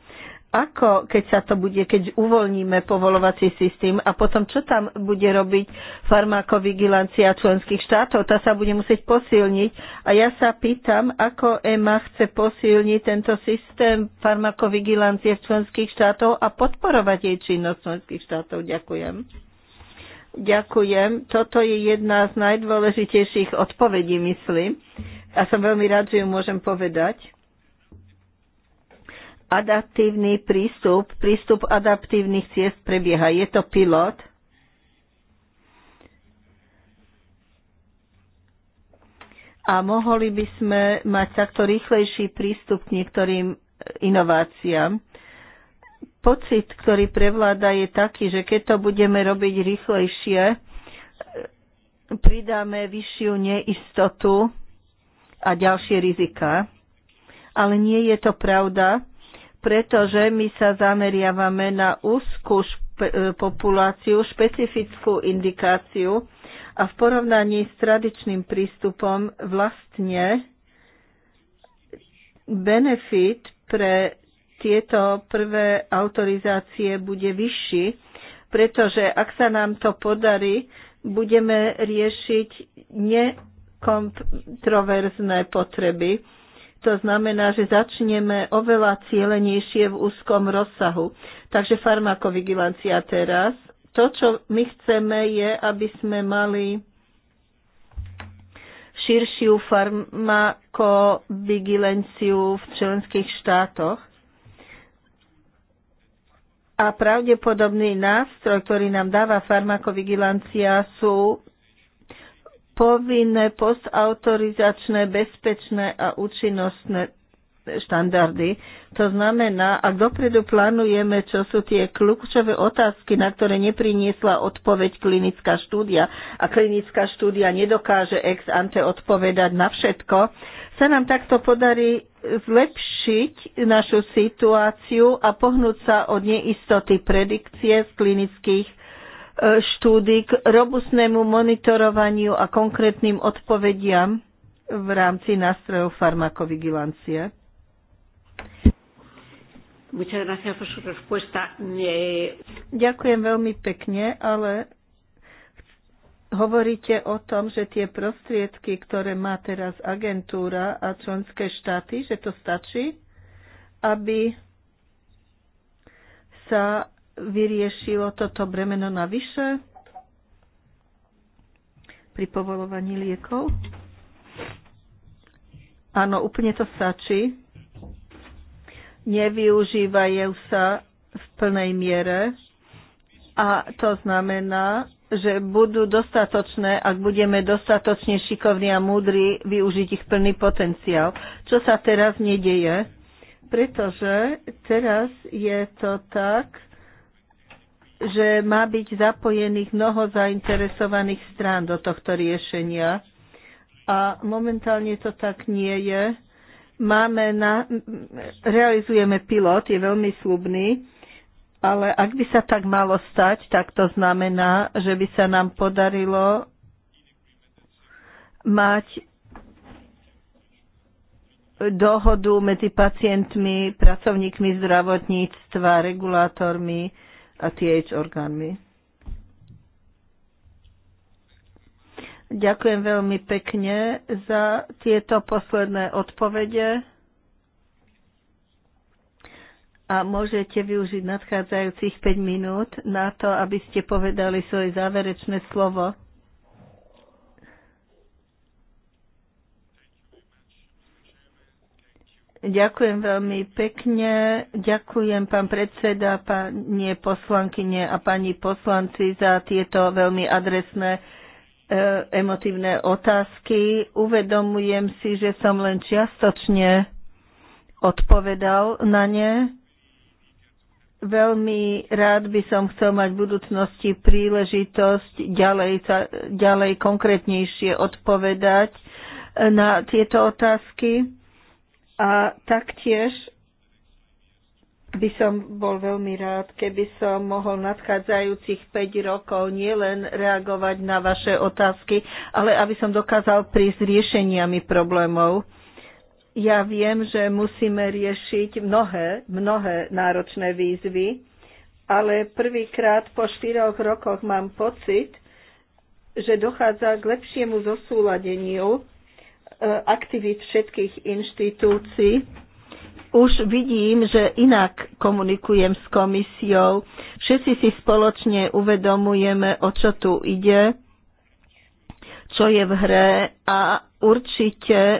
Ako, keď sa to bude, keď uvoľníme povolovací systém a potom čo tam bude robiť farmakovigilancia členských štátov, tá sa bude musieť posilniť. A ja sa pýtam, ako EMA chce posilniť tento systém farmakovigilancie v členských štátov a podporovať jej činnosť členských štátov. Ďakujem. Ďakujem. Toto je jedna z najdôležitejších odpovedí, myslím. A som veľmi rád, že ju môžem povedať. Adaptívny prístup, prístup adaptívnych ciest prebieha. Je to pilot. A mohli by sme mať takto rýchlejší prístup k niektorým inováciám pocit, ktorý prevláda, je taký, že keď to budeme robiť rýchlejšie, pridáme vyššiu neistotu a ďalšie rizika. Ale nie je to pravda, pretože my sa zameriavame na úzkú špe- e, populáciu, špecifickú indikáciu a v porovnaní s tradičným prístupom vlastne benefit pre tieto prvé autorizácie bude vyšší, pretože ak sa nám to podarí, budeme riešiť nekontroverzné potreby. To znamená, že začneme oveľa cielenejšie v úzkom rozsahu. Takže farmakovigilancia teraz. To, čo my chceme, je, aby sme mali širšiu farmakovigilenciu v členských štátoch a pravdepodobný nástroj, ktorý nám dáva farmakovigilancia, sú povinné postautorizačné, bezpečné a účinnostné štandardy. To znamená, ak dopredu plánujeme, čo sú tie kľúčové otázky, na ktoré nepriniesla odpoveď klinická štúdia a klinická štúdia nedokáže ex ante odpovedať na všetko, sa nám takto podarí zlepšiť našu situáciu a pohnúť sa od neistoty predikcie z klinických e, štúdí k robustnému monitorovaniu a konkrétnym odpovediam v rámci nástrojov farmakovigilancie. Ďakujem veľmi pekne, ale hovoríte o tom, že tie prostriedky, ktoré má teraz agentúra a členské štáty, že to stačí, aby sa vyriešilo toto bremeno navyše pri povolovaní liekov? Áno, úplne to stačí nevyužívajú sa v plnej miere a to znamená, že budú dostatočné, ak budeme dostatočne šikovní a múdri využiť ich plný potenciál, čo sa teraz nedeje, pretože teraz je to tak, že má byť zapojených mnoho zainteresovaných strán do tohto riešenia a momentálne to tak nie je Máme na, realizujeme pilot, je veľmi slubný, ale ak by sa tak malo stať, tak to znamená, že by sa nám podarilo mať dohodu medzi pacientmi, pracovníkmi zdravotníctva, regulátormi a TH orgánmi. Ďakujem veľmi pekne za tieto posledné odpovede a môžete využiť nadchádzajúcich 5 minút na to, aby ste povedali svoje záverečné slovo. Ďakujem veľmi pekne. Ďakujem pán predseda, pani poslankyne a pani poslanci za tieto veľmi adresné E, emotívne otázky. Uvedomujem si, že som len čiastočne odpovedal na ne. Veľmi rád by som chcel mať v budúcnosti príležitosť ďalej, ďalej konkrétnejšie odpovedať e, na tieto otázky. A taktiež by som bol veľmi rád, keby som mohol nadchádzajúcich 5 rokov nielen reagovať na vaše otázky, ale aby som dokázal prísť riešeniami problémov. Ja viem, že musíme riešiť mnohé, mnohé náročné výzvy, ale prvýkrát po 4 rokoch mám pocit, že dochádza k lepšiemu zosúladeniu eh, aktivít všetkých inštitúcií už vidím, že inak komunikujem s komisiou. Všetci si spoločne uvedomujeme, o čo tu ide, čo je v hre a určite e,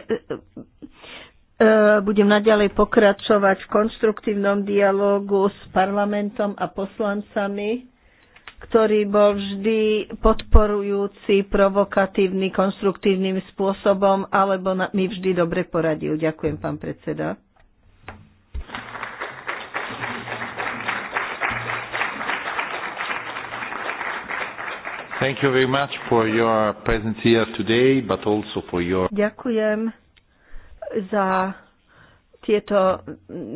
budem naďalej pokračovať v konštruktívnom dialogu s parlamentom a poslancami, ktorý bol vždy podporujúci, provokatívny, konstruktívnym spôsobom, alebo mi vždy dobre poradil. Ďakujem, pán predseda. Thank you very much for your presence here today, but also for your... Ďakujem za tieto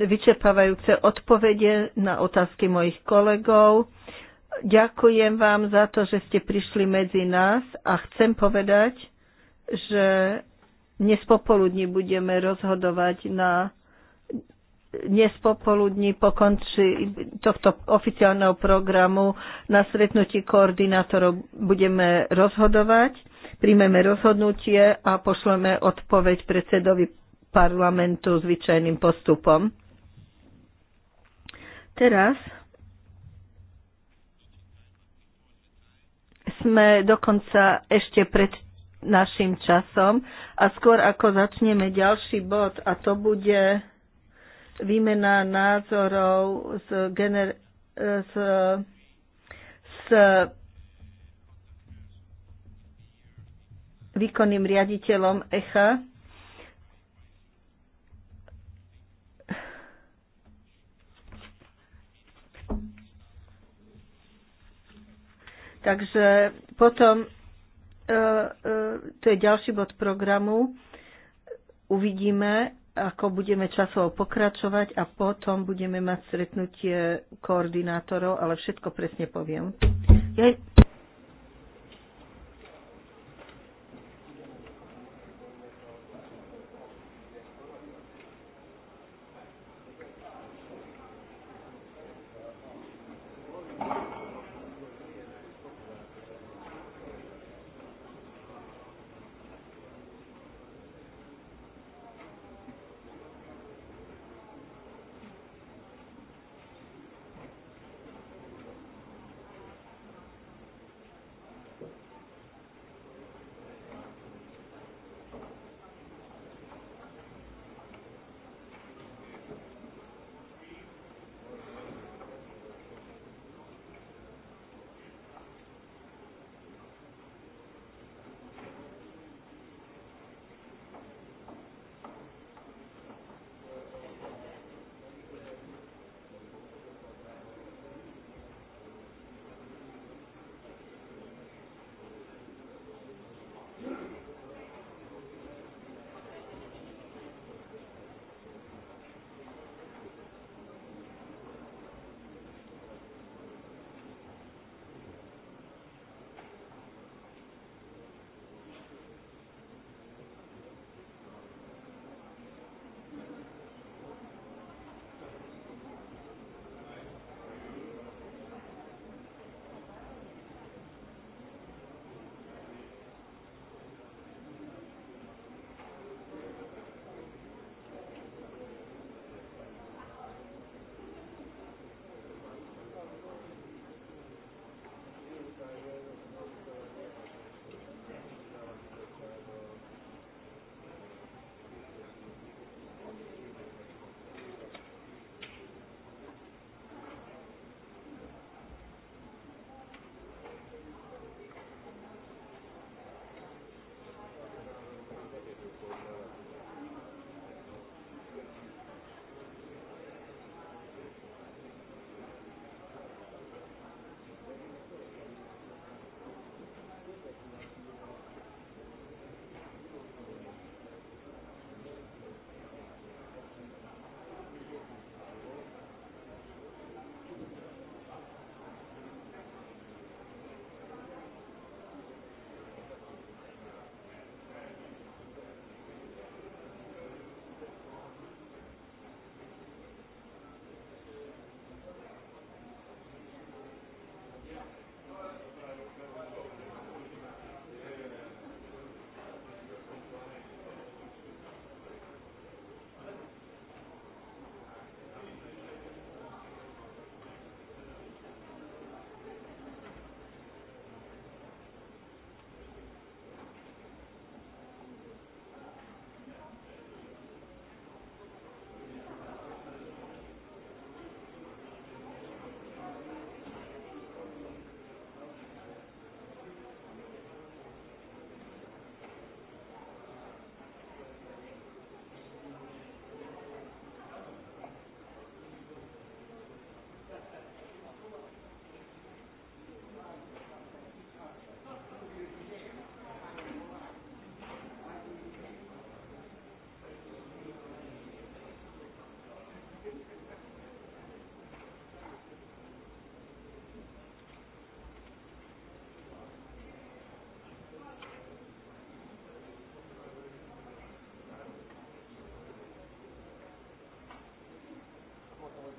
vyčerpávajúce odpovede na otázky mojich kolegov. Ďakujem vám za to, že ste prišli medzi nás a chcem povedať, že dnes popoludní budeme rozhodovať na dnes popoludní po konci tohto oficiálneho programu na stretnutí koordinátorov budeme rozhodovať, príjmeme rozhodnutie a pošleme odpoveď predsedovi parlamentu zvyčajným postupom. Teraz sme dokonca ešte pred našim časom a skôr ako začneme ďalší bod a to bude výmena názorov s, gener- s, s výkonným riaditeľom ECHA. Takže potom, e, e, to je ďalší bod programu, uvidíme, ako budeme časovo pokračovať a potom budeme mať stretnutie koordinátorov, ale všetko presne poviem. Ja...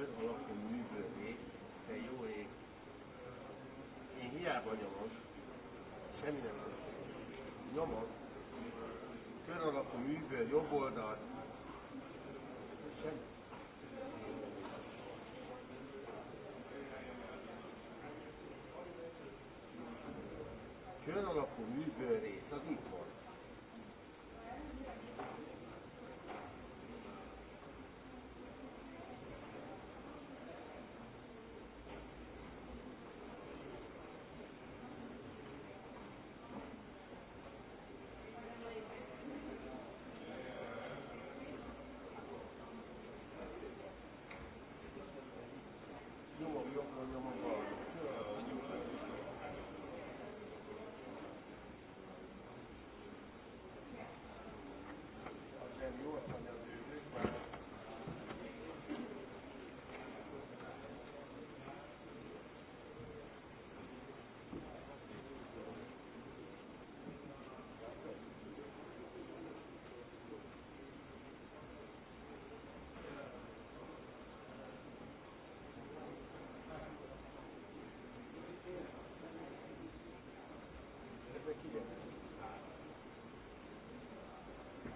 göndör, alapú művölés, de jó ég. Én hiába nyomom, semmi nem történik. Nyomom, kör alapú művöl, jobb oldalt, semmi. Kör alapú művölés, az itt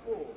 Cool.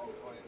Oh quiet.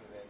of it.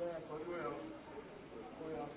Yeah, but well, well.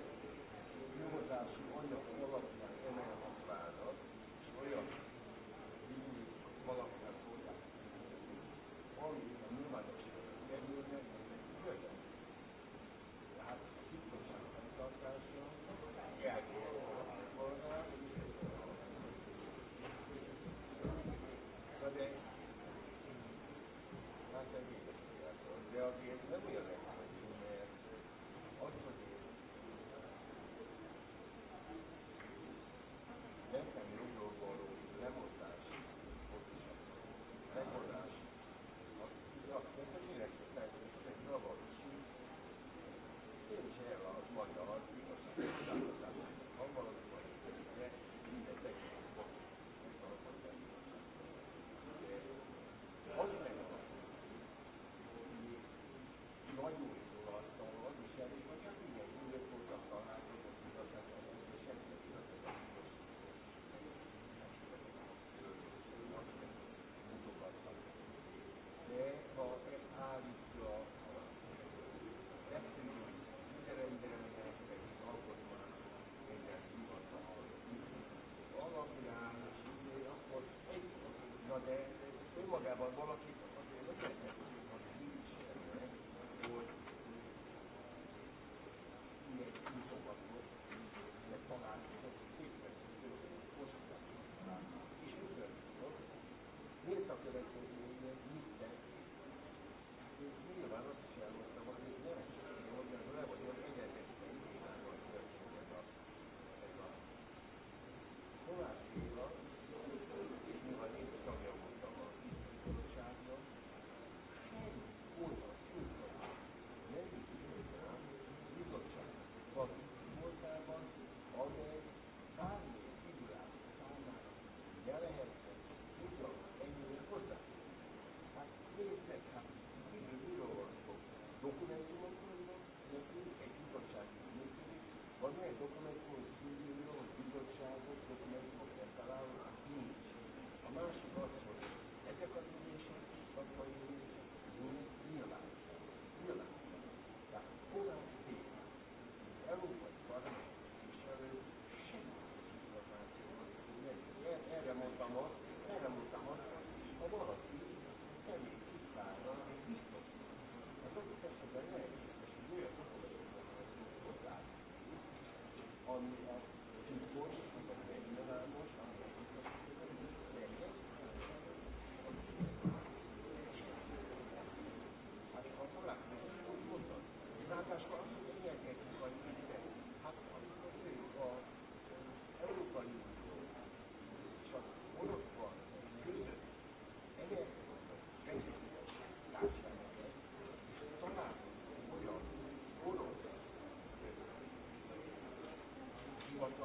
magából valaki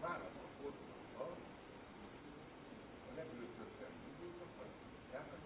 Válaszok voltak a repülőtől felindultak, vagy járnak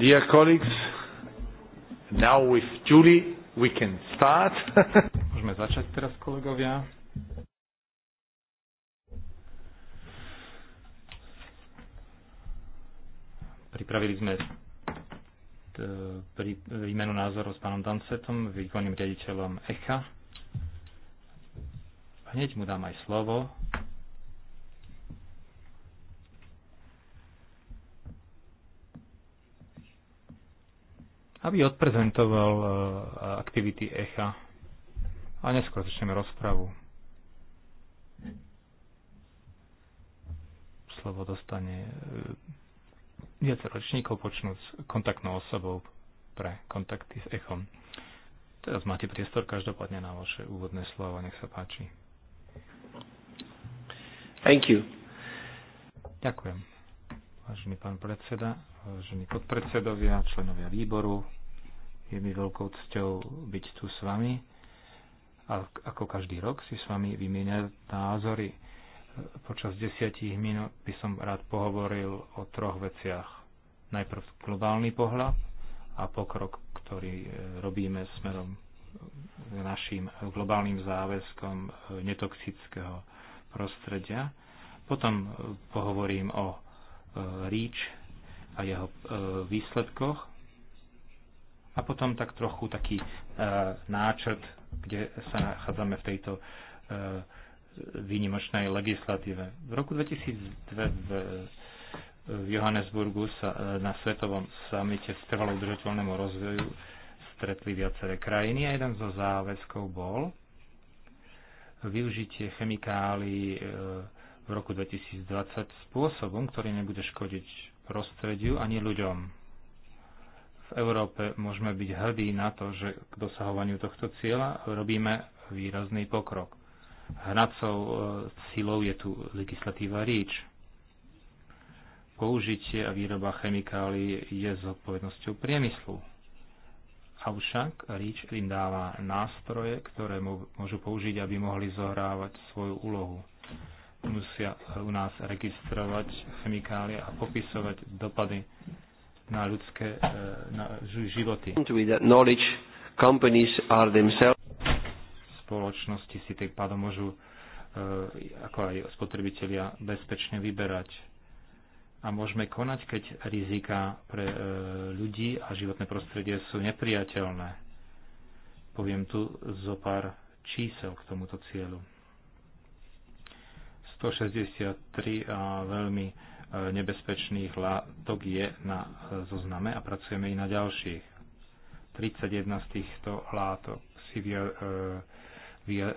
Dear colleagues, now with Julie we can start. Môžeme začať teraz, kolegovia. Pripravili sme pri výmenu názorov s pánom Dancetom, výkonným riaditeľom ECHA. Hneď mu dám aj slovo, aby odprezentoval e, aktivity ECHA a neskôr začneme rozpravu. Slovo dostane e, viac ročníkov s kontaktnou osobou pre kontakty s ECHOM. Teraz máte priestor každopádne na vaše úvodné slovo, nech sa páči. Thank you. Ďakujem. Vážený pán predseda, vážení podpredsedovia, členovia výboru, je mi veľkou cťou byť tu s vami a ako každý rok si s vami vymieňať názory. Počas desiatich minút by som rád pohovoril o troch veciach. Najprv globálny pohľad a pokrok, ktorý e, robíme smerom našim globálnym záväzkom e, netoxického prostredia. Potom e, pohovorím o REACH a jeho výsledkoch a potom tak trochu taký e, náčrt, kde sa nachádzame v tejto e, výnimočnej legislatíve. V roku 2002 v, v Johannesburgu sa e, na svetovom samite s trvalo udržateľnému rozvoju stretli viaceré krajiny a jeden zo záväzkov bol využitie chemikálií e, v roku 2020 spôsobom, ktorý nebude škodiť prostrediu ani ľuďom. V Európe môžeme byť hrdí na to, že k dosahovaniu tohto cieľa robíme výrazný pokrok. Hnacou e, silou je tu legislatíva REACH. Použitie a výroba chemikálií je zodpovednosťou priemyslu. Avšak REACH im dáva nástroje, ktoré môžu použiť, aby mohli zohrávať svoju úlohu. Musia u nás registrovať chemikálie a popisovať dopady na ľudské e, na životy. Spoločnosti si tým pádom môžu e, ako aj spotrebitelia bezpečne vyberať. A môžeme konať, keď rizika pre e, ľudí a životné prostredie sú nepriateľné. Poviem tu zo pár čísel k tomuto cieľu. 163 a veľmi nebezpečných látok je na zozname a pracujeme i na ďalších. 31 z týchto látok si vy, e, vy, e,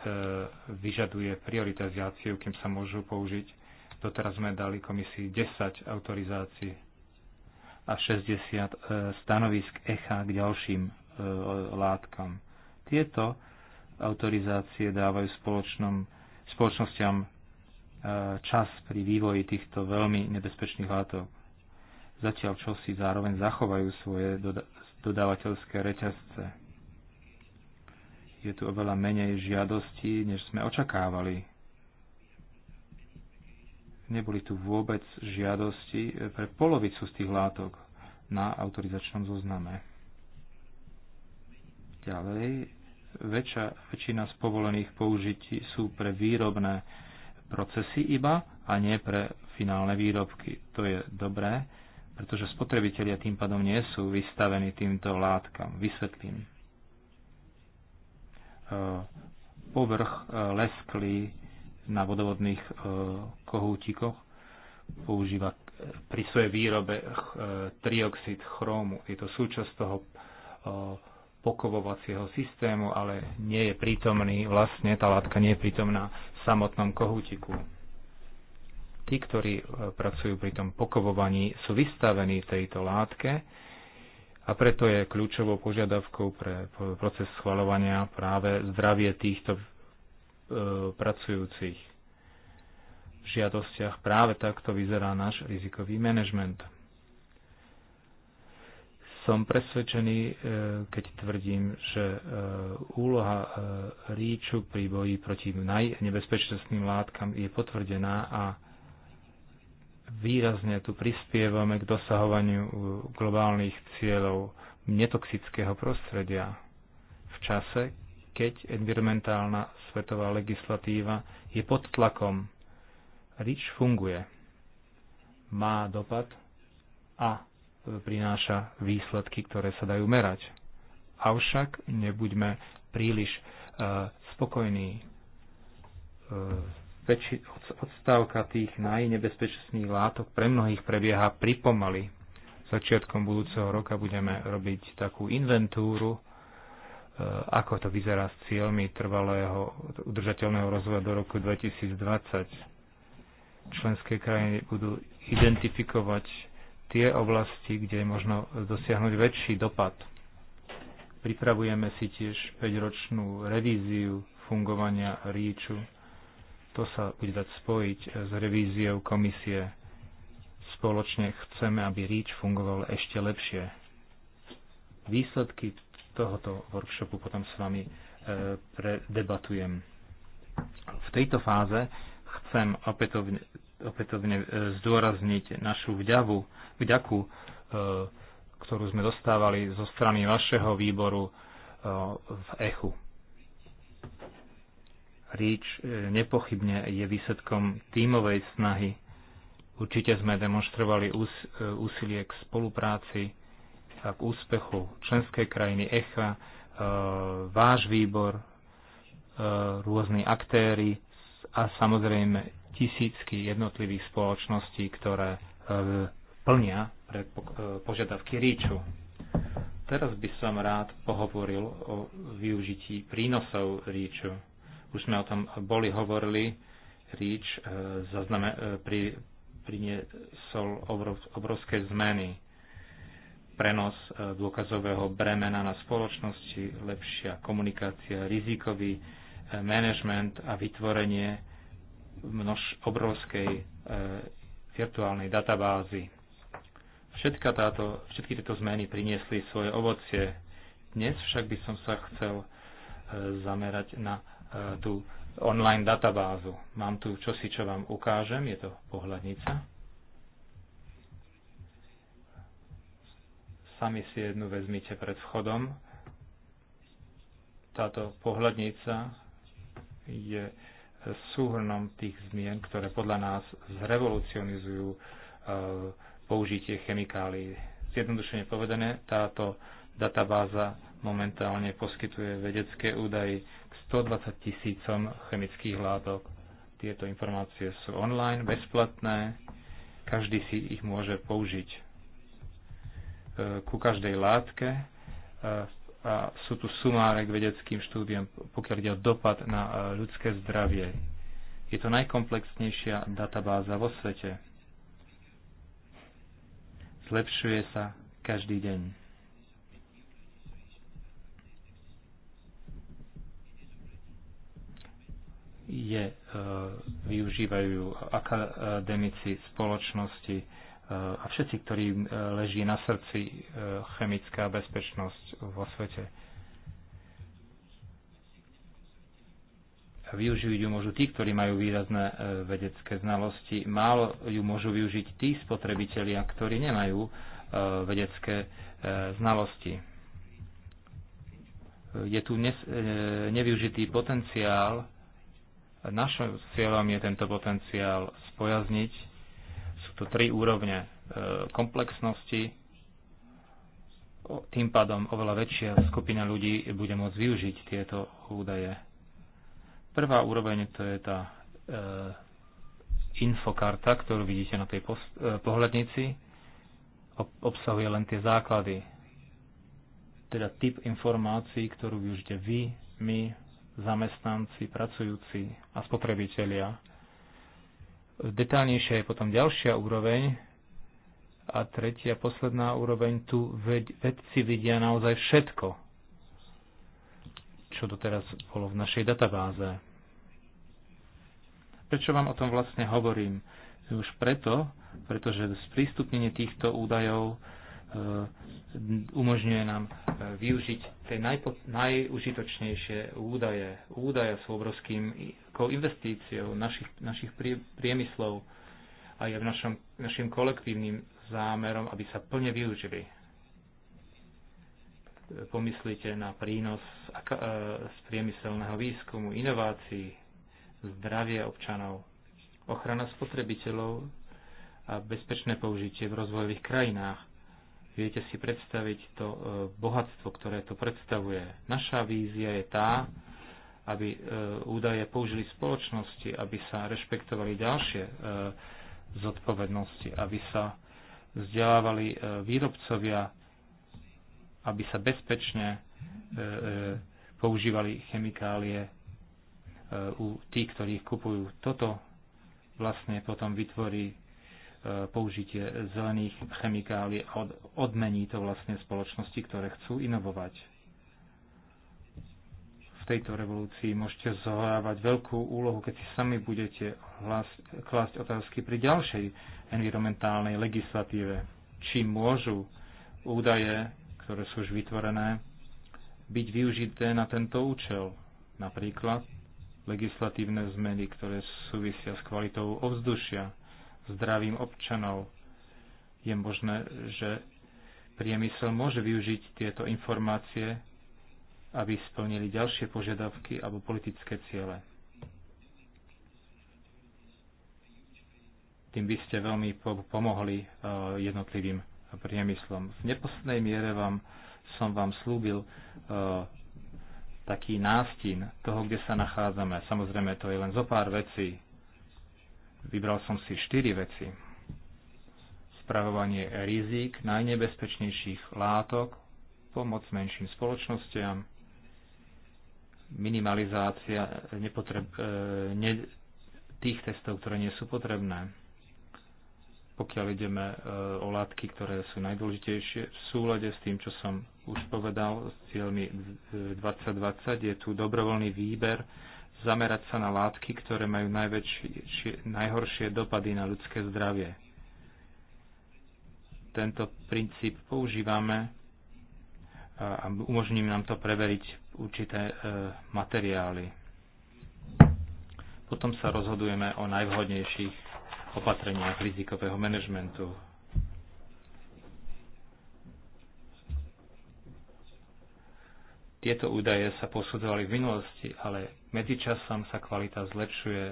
vyžaduje prioritizáciu, kým sa môžu použiť. Doteraz sme dali komisii 10 autorizácií a 60 e, stanovisk ECHA k ďalším látkam. Tieto autorizácie dávajú spoločnom, spoločnosťam čas pri vývoji týchto veľmi nebezpečných látok. Zatiaľ čo si zároveň zachovajú svoje dodávateľské reťazce. Je tu oveľa menej žiadosti, než sme očakávali. Neboli tu vôbec žiadosti eh, pre polovicu z tých látok na autorizačnom zozname. Ďalej, väčša, väčšina z povolených použití sú pre výrobné procesy iba a nie pre finálne výrobky. To je dobré, pretože spotrebitelia tým pádom nie sú vystavení týmto látkam. Vysvetlím. E, povrch e, lesklý na vodovodných e, kohútikoch používa pri svojej výrobe trioxid chrómu. Je to súčasť toho pokovovacieho systému, ale nie je prítomný, vlastne tá látka nie je prítomná samotnom kohútiku. Tí, ktorí e, pracujú pri tom pokovovaní, sú vystavení tejto látke a preto je kľúčovou požiadavkou pre proces schvalovania práve zdravie týchto e, pracujúcich. V žiadostiach práve takto vyzerá náš rizikový manažment som presvedčený, e, keď tvrdím, že e, úloha e, ríču pri boji proti najnebezpečnostným látkam je potvrdená a výrazne tu prispievame k dosahovaniu globálnych cieľov netoxického prostredia v čase, keď environmentálna svetová legislatíva je pod tlakom. Rič funguje, má dopad a prináša výsledky, ktoré sa dajú merať. Avšak nebuďme príliš e, spokojní. E, väčši odstávka tých najnebezpečných látok pre mnohých prebieha pripomaly. Začiatkom budúceho roka budeme robiť takú inventúru, e, ako to vyzerá s cieľmi trvalého udržateľného rozvoja do roku 2020. Členské krajiny budú identifikovať tie oblasti, kde je možno dosiahnuť väčší dopad. Pripravujeme si tiež 5-ročnú revíziu fungovania ríču. To sa bude dať spojiť s revíziou komisie. Spoločne chceme, aby ríč fungoval ešte lepšie. Výsledky tohoto workshopu potom s vami e, predebatujem. V tejto fáze chcem opätovne opätovne e, zdôrazniť našu vďavu, vďaku, e, ktorú sme dostávali zo strany vašeho výboru e, v ECHU. Ríč nepochybne je výsledkom tímovej snahy. Určite sme demonstrovali ús, úsilie k spolupráci a k úspechu členskej krajiny ECHA, váš výbor, rôzni aktéry a samozrejme tisícky jednotlivých spoločností, ktoré e, plnia e, požiadavky ríču. Teraz by som rád pohovoril o využití prínosov ríču. Už sme o tom boli hovorili. Ríč e, zazname, pri, priniesol obrov, obrovské zmeny. Prenos dôkazového bremena na spoločnosti, lepšia komunikácia, rizikový manažment a vytvorenie množ obrovskej e, virtuálnej databázy. Všetka táto, všetky tieto zmeny priniesli svoje ovocie. Dnes však by som sa chcel e, zamerať na e, tú online databázu. Mám tu čosi, čo vám ukážem, je to pohľadnica. Sami si jednu vezmite pred vchodom. Táto pohľadnica je súhrnom tých zmien, ktoré podľa nás zrevolucionizujú e, použitie chemikálií. Zjednodušene povedané, táto databáza momentálne poskytuje vedecké údaje k 120 tisícom chemických látok. Tieto informácie sú online, bezplatné, každý si ich môže použiť. E, ku každej látke e, a sú tu sumáre k vedeckým štúdiam, pokiaľ ide o dopad na e, ľudské zdravie. Je to najkomplexnejšia databáza vo svete. Zlepšuje sa každý deň. Je, e, využívajú akademici, spoločnosti, a všetci, ktorým e, leží na srdci e, chemická bezpečnosť vo svete. Využiť ju môžu tí, ktorí majú výrazné e, vedecké znalosti. Málo ju môžu využiť tí spotrebitelia, ktorí nemajú vedecké znalosti. Je tu nevyužitý potenciál. Našim cieľom je tento potenciál spojazniť sú to tri úrovne e, komplexnosti, tým pádom oveľa väčšia skupina ľudí bude môcť využiť tieto údaje. Prvá úroveň to je tá e, infokarta, ktorú vidíte na tej e, pohľadnici. obsahuje len tie základy, teda typ informácií, ktorú využite vy, my, zamestnanci, pracujúci a spotrebitelia Detálnejšia je potom ďalšia úroveň a tretia, posledná úroveň. Tu ved, vedci vidia naozaj všetko, čo doteraz bolo v našej databáze. Prečo vám o tom vlastne hovorím? Už preto, pretože sprístupnenie týchto údajov E, umožňuje nám e, využiť tie najpo, najužitočnejšie údaje. Údaje sú obrovským investíciou našich, našich priemyslov a je v našom, našim kolektívnym zámerom, aby sa plne využili. Pomyslite na prínos e, z priemyselného výskumu, inovácií, zdravie občanov, ochrana spotrebiteľov a bezpečné použitie v rozvojových krajinách Viete si predstaviť to e, bohatstvo, ktoré to predstavuje. Naša vízia je tá, aby e, údaje použili spoločnosti, aby sa rešpektovali ďalšie e, zodpovednosti, aby sa vzdelávali výrobcovia, aby sa bezpečne používali chemikálie u tých, ktorí ich kupujú. Toto vlastne potom vytvorí použitie zelených chemikálií a odmení to vlastne spoločnosti, ktoré chcú inovovať. V tejto revolúcii môžete zohrávať veľkú úlohu, keď si sami budete klásť otázky pri ďalšej environmentálnej legislatíve. Či môžu údaje, ktoré sú už vytvorené, byť využité na tento účel. Napríklad legislatívne zmeny, ktoré súvisia s kvalitou ovzdušia, zdravím občanov. Je možné, že priemysel môže využiť tieto informácie, aby splnili ďalšie požiadavky alebo politické ciele. Tým by ste veľmi pomohli e, jednotlivým priemyslom. V neposlednej miere vám, som vám slúbil e, taký nástin toho, kde sa nachádzame. Samozrejme, to je len zo pár vecí. Vybral som si štyri veci. Spravovanie rizik najnebezpečnejších látok, pomoc menším spoločnostiam, minimalizácia nepotreb, e, ne, tých testov, ktoré nie sú potrebné. Pokiaľ ideme e, o látky, ktoré sú najdôležitejšie, v súlade s tým, čo som už povedal, s cieľmi 2020 e, je tu dobrovoľný výber zamerať sa na látky, ktoré majú najväčšie, najhoršie dopady na ľudské zdravie. Tento princíp používame a umožní nám to preveriť určité e, materiály. Potom sa rozhodujeme o najvhodnejších opatreniach rizikového manažmentu. Tieto údaje sa posudzovali v minulosti, ale Medzičasom sa kvalita zlepšuje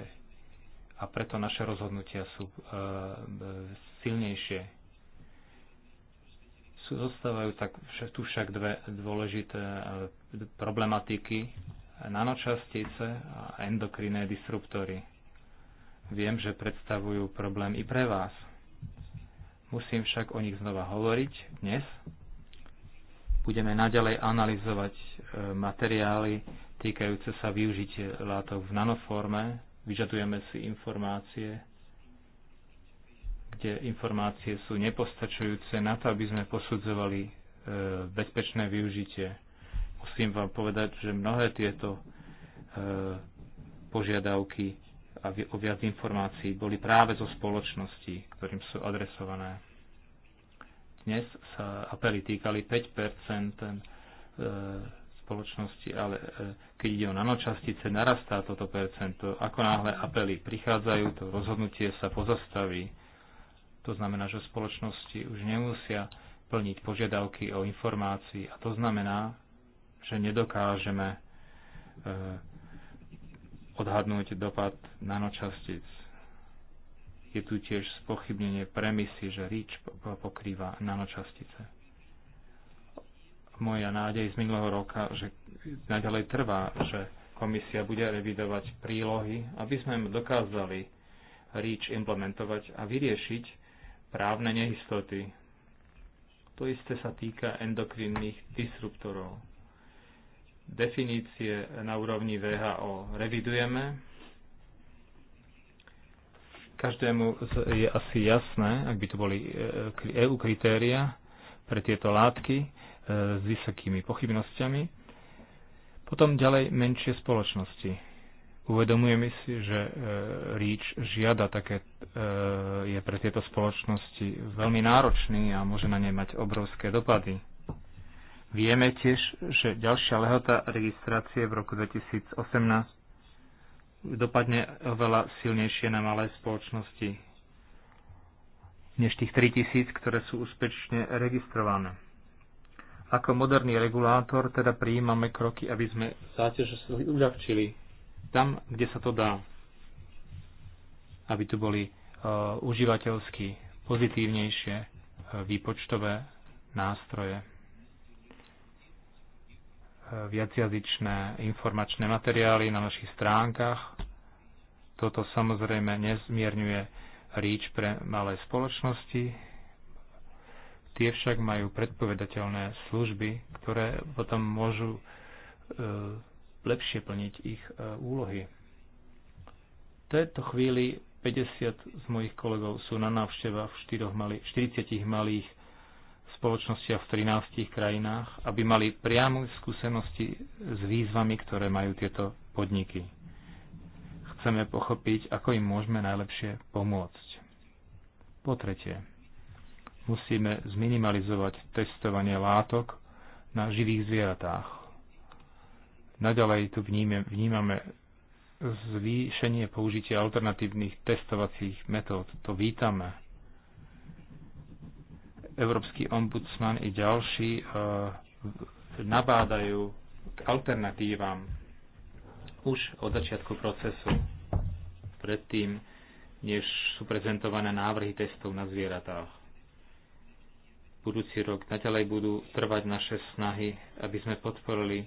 a preto naše rozhodnutia sú e, e silnejšie. Sú, zostávajú tak, tu však dve dôležité e, problematiky nanočastice a endokrinné disruptory. Viem, že predstavujú problém i pre vás. Musím však o nich znova hovoriť dnes. Budeme naďalej analyzovať e, materiály týkajúce sa využitie látok v nanoforme. Vyžadujeme si informácie, kde informácie sú nepostačujúce na to, aby sme posudzovali e, bezpečné využitie. Musím vám povedať, že mnohé tieto e, požiadavky a o viac informácií boli práve zo spoločností, ktorým sú adresované. Dnes sa apely týkali 5 spoločnosti, ale e, keď ide o nanočastice, narastá toto percento. Ako náhle apely prichádzajú, to rozhodnutie sa pozastaví. To znamená, že spoločnosti už nemusia plniť požiadavky o informácii a to znamená, že nedokážeme e, odhadnúť dopad nanočastíc. Je tu tiež spochybnenie premisy, že REACH pokrýva nanočastice moja nádej z minulého roka, že naďalej trvá, že komisia bude revidovať prílohy, aby sme dokázali REACH implementovať a vyriešiť právne neistoty. To isté sa týka endokrinných disruptorov. Definície na úrovni VHO revidujeme. Každému je asi jasné, ak by to boli EU e, e kritéria, pre tieto látky e, s vysokými pochybnosťami. Potom ďalej menšie spoločnosti. Uvedomujeme si, že e, ríč žiada také, e, je pre tieto spoločnosti veľmi náročný a môže na ne mať obrovské dopady. Vieme tiež, že ďalšia lehota registrácie v roku 2018 dopadne oveľa silnejšie na malé spoločnosti, než tých 3000, ktoré sú úspešne registrované. Ako moderný regulátor teda prijímame kroky, aby sme záťaž uľahčili tam, kde sa to dá, aby tu boli uh, užívateľsky pozitívnejšie uh, výpočtové nástroje e, viacjazyčné informačné materiály na našich stránkach. Toto samozrejme nezmierňuje REACH pre malé spoločnosti. Tie však majú predpovedateľné služby, ktoré potom môžu e, lepšie plniť ich e, úlohy. V tejto chvíli 50 z mojich kolegov sú na návšteva v 4 mali, 40 malých spoločnostiach v 13 krajinách, aby mali priamu skúsenosti s výzvami, ktoré majú tieto podniky chceme pochopiť, ako im môžeme najlepšie pomôcť. Po tretie, musíme zminimalizovať testovanie látok na živých zvieratách. Naďalej tu vnímame, vnímame zvýšenie použitia alternatívnych testovacích metód. To vítame. Európsky ombudsman i ďalší e, nabádajú k alternatívam už od začiatku procesu predtým, než sú prezentované návrhy testov na zvieratách. Budúci rok naďalej budú trvať naše snahy, aby sme podporili e,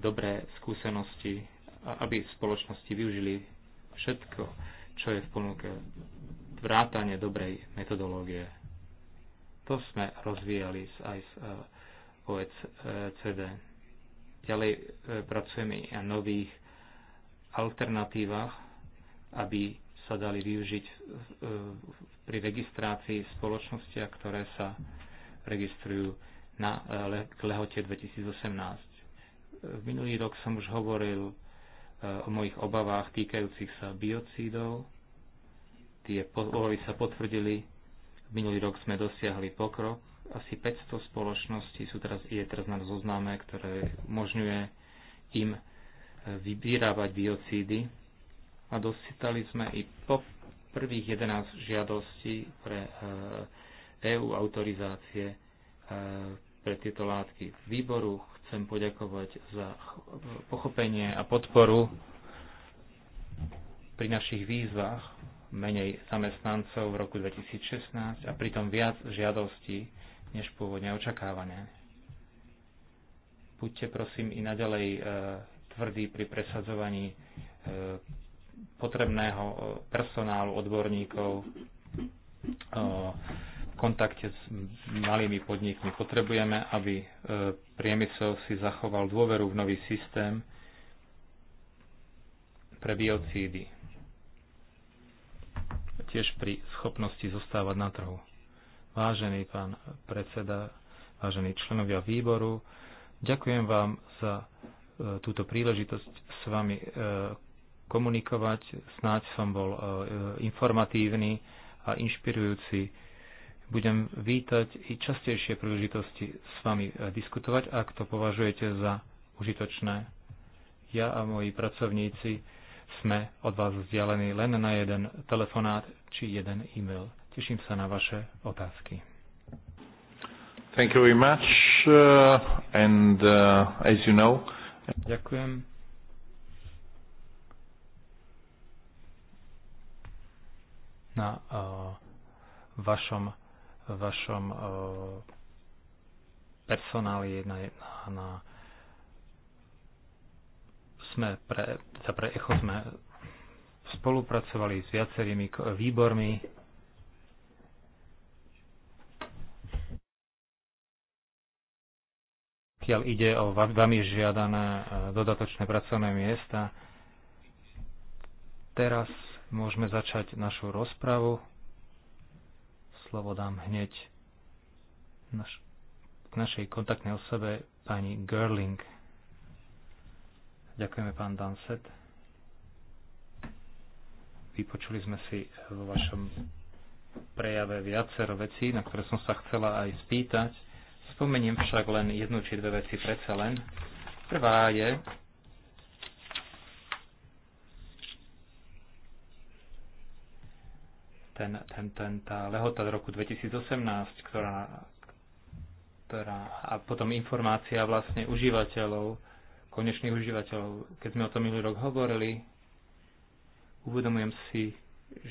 dobré skúsenosti a aby spoločnosti využili všetko, čo je v ponuke vrátane dobrej metodológie. To sme rozvíjali aj z e, OECD. Ďalej e, pracujeme na nových alternatívach aby sa dali využiť e, pri registrácii spoločnosti, ktoré sa registrujú na e, lehote 2018. V minulý rok som už hovoril e, o mojich obavách týkajúcich sa biocídov. Tie obavy sa potvrdili. Minulý rok sme dosiahli pokrok. Asi 500 spoločností sú teraz, je teraz na zozname, ktoré umožňuje im vybírávať biocídy a dostali sme i po prvých 11 žiadostí pre EU e autorizácie e, pre tieto látky. Výboru chcem poďakovať za pochopenie a podporu pri našich výzvach menej zamestnancov v roku 2016 a pritom viac žiadostí než pôvodne očakávané. Buďte prosím i naďalej e, tvrdí pri presadzovaní potrebného eh, personálu, odborníkov eh, v kontakte s malými podnikmi. Potrebujeme, aby eh, priemysel si zachoval dôveru v nový systém pre biocídy. Tiež pri schopnosti zostávať na trhu. Vážený pán predseda, vážení členovia výboru, ďakujem vám za túto príležitosť s vami komunikovať. Snáď som bol e, e, informatívny a inšpirujúci. Budem vítať i častejšie príležitosti s vami e, diskutovať, ak to považujete za užitočné. Ja a moji pracovníci sme od vás vzdialení len na jeden telefonát či jeden e-mail. Teším sa na vaše otázky. Thank you very much. Uh, and uh, as you know, Ďakujem. na uh, vašom, vašom uh, personáli, na, na, na sme pre, sa pre ECHO sme spolupracovali s viacerými výbormi. Kiaľ ide o vami žiadané eh, dodatočné pracovné miesta, teraz Môžeme začať našu rozpravu. Slovo dám hneď naš, k našej kontaktnej osobe pani Gerling. Ďakujeme, pán Danset. Vypočuli sme si vo vašom prejave viacero vecí, na ktoré som sa chcela aj spýtať. Spomeniem však len jednu či dve veci predsa len. Prvá je, ten, ten, ten, tá lehota z roku 2018, ktorá, ktorá a potom informácia vlastne užívateľov, konečných užívateľov. Keď sme o tom minulý rok hovorili, uvedomujem si,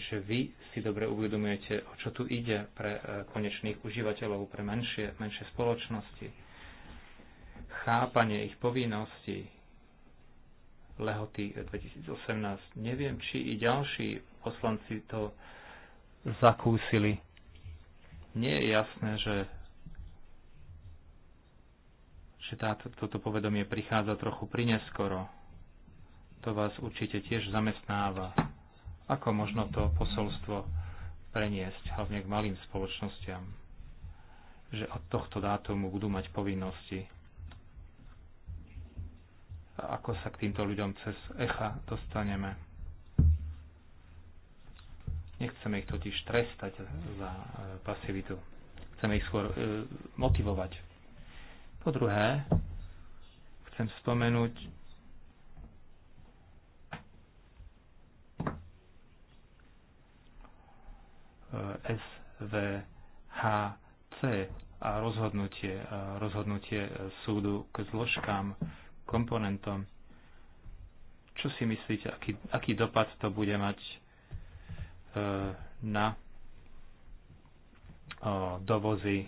že vy si dobre uvedomujete, o čo tu ide pre e, konečných užívateľov, pre menšie, menšie spoločnosti. Chápanie ich povinností, lehoty 2018. Neviem, či i ďalší poslanci to zakúsili. Nie je jasné, že, že táto, toto povedomie prichádza trochu prineskoro. To vás určite tiež zamestnáva. Ako možno to posolstvo preniesť hlavne k malým spoločnostiam, že od tohto dátumu budú mať povinnosti. A ako sa k týmto ľuďom cez echa dostaneme? Nechceme ich totiž trestať za e, pasivitu. Chceme ich skôr e, motivovať. Po druhé, chcem spomenúť e, SVHC a rozhodnutie, rozhodnutie súdu k zložkám, komponentom. Čo si myslíte, aký, aký dopad to bude mať E, na dovozy e,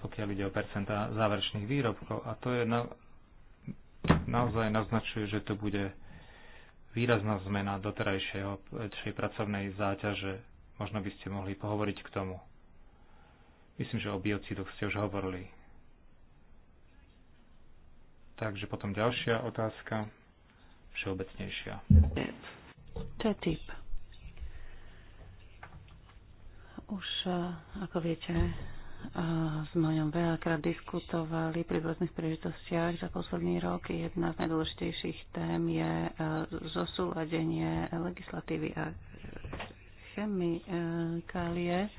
pokiaľ ide o percenta záverečných výrobkov. A to je na, naozaj naznačuje, že to bude výrazná zmena doterajšej pracovnej záťaže. Možno by ste mohli pohovoriť k tomu. Myslím, že o biocidoch ste už hovorili. Takže potom ďalšia otázka všeobecnejšia. typ. Už, e, ako viete, e, s mojom veľakrát diskutovali pri rôznych príležitostiach za posledný rok. Jedna z najdôležitejších tém je e, zosúladenie legislatívy a chemikálie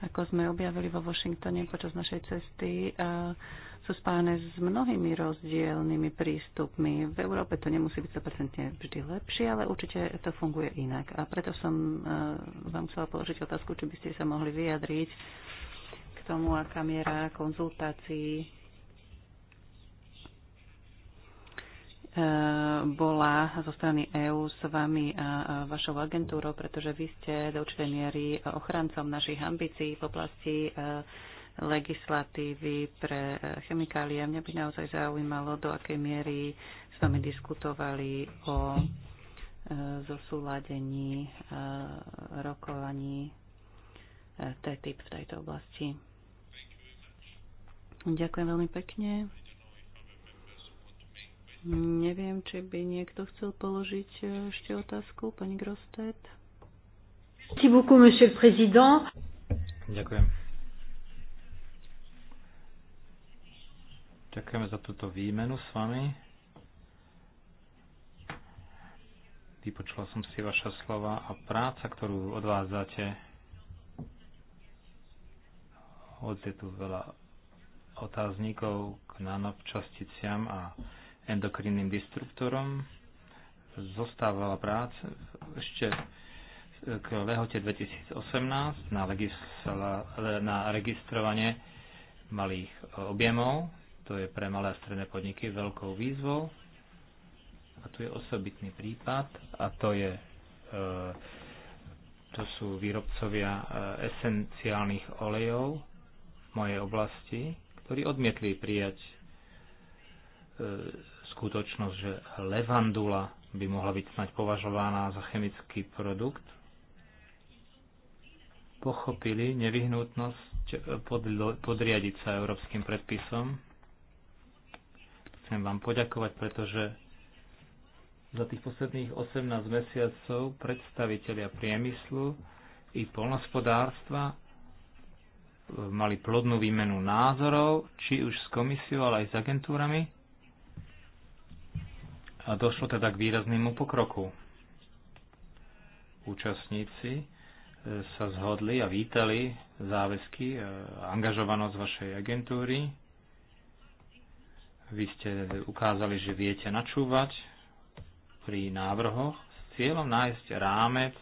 ako sme objavili vo Washingtone počas našej cesty, sú spájane s mnohými rozdielnymi prístupmi. V Európe to nemusí byť 100% vždy lepšie, ale určite to funguje inak. A preto som vám chcela položiť otázku, či by ste sa mohli vyjadriť k tomu, aká miera konzultácií bola zo strany EÚ s vami a vašou agentúrou, pretože vy ste do určitej miery ochrancom našich ambícií v oblasti e, legislatívy pre e, chemikálie. Mňa by naozaj zaujímalo, do akej miery s vami diskutovali o e, zosúladení rokovaní TTIP v tejto oblasti. Ďakujem veľmi pekne. Neviem, či by niekto chcel položiť e, ešte otázku. Pani Grostet. Ďakujem. Ďakujeme za túto výmenu s vami. Vypočula som si vaša slova a práca, ktorú odvádzate, odje tu veľa otáznikov k nanočasticiam a endokrinným disruptorom. Zostávala práca ešte k lehote 2018 na, na registrovanie malých e, objemov. To je pre malé a stredné podniky veľkou výzvou. A tu je osobitný prípad a to je e, to sú výrobcovia e, esenciálnych olejov v mojej oblasti, ktorí odmietli prijať E, skutočnosť, že levandula by mohla byť snať považovaná za chemický produkt, pochopili nevyhnutnosť e, podriadiť sa európskym predpisom. Chcem vám poďakovať, pretože za tých posledných 18 mesiacov predstavitelia priemyslu i polnospodárstva e, mali plodnú výmenu názorov, či už s komisiou, ale aj s agentúrami. A došlo teda k výraznému pokroku. Účastníci e, sa zhodli a vítali záväzky a e, angažovanosť vašej agentúry. Vy ste ukázali, že viete načúvať pri návrhoch s cieľom nájsť rámec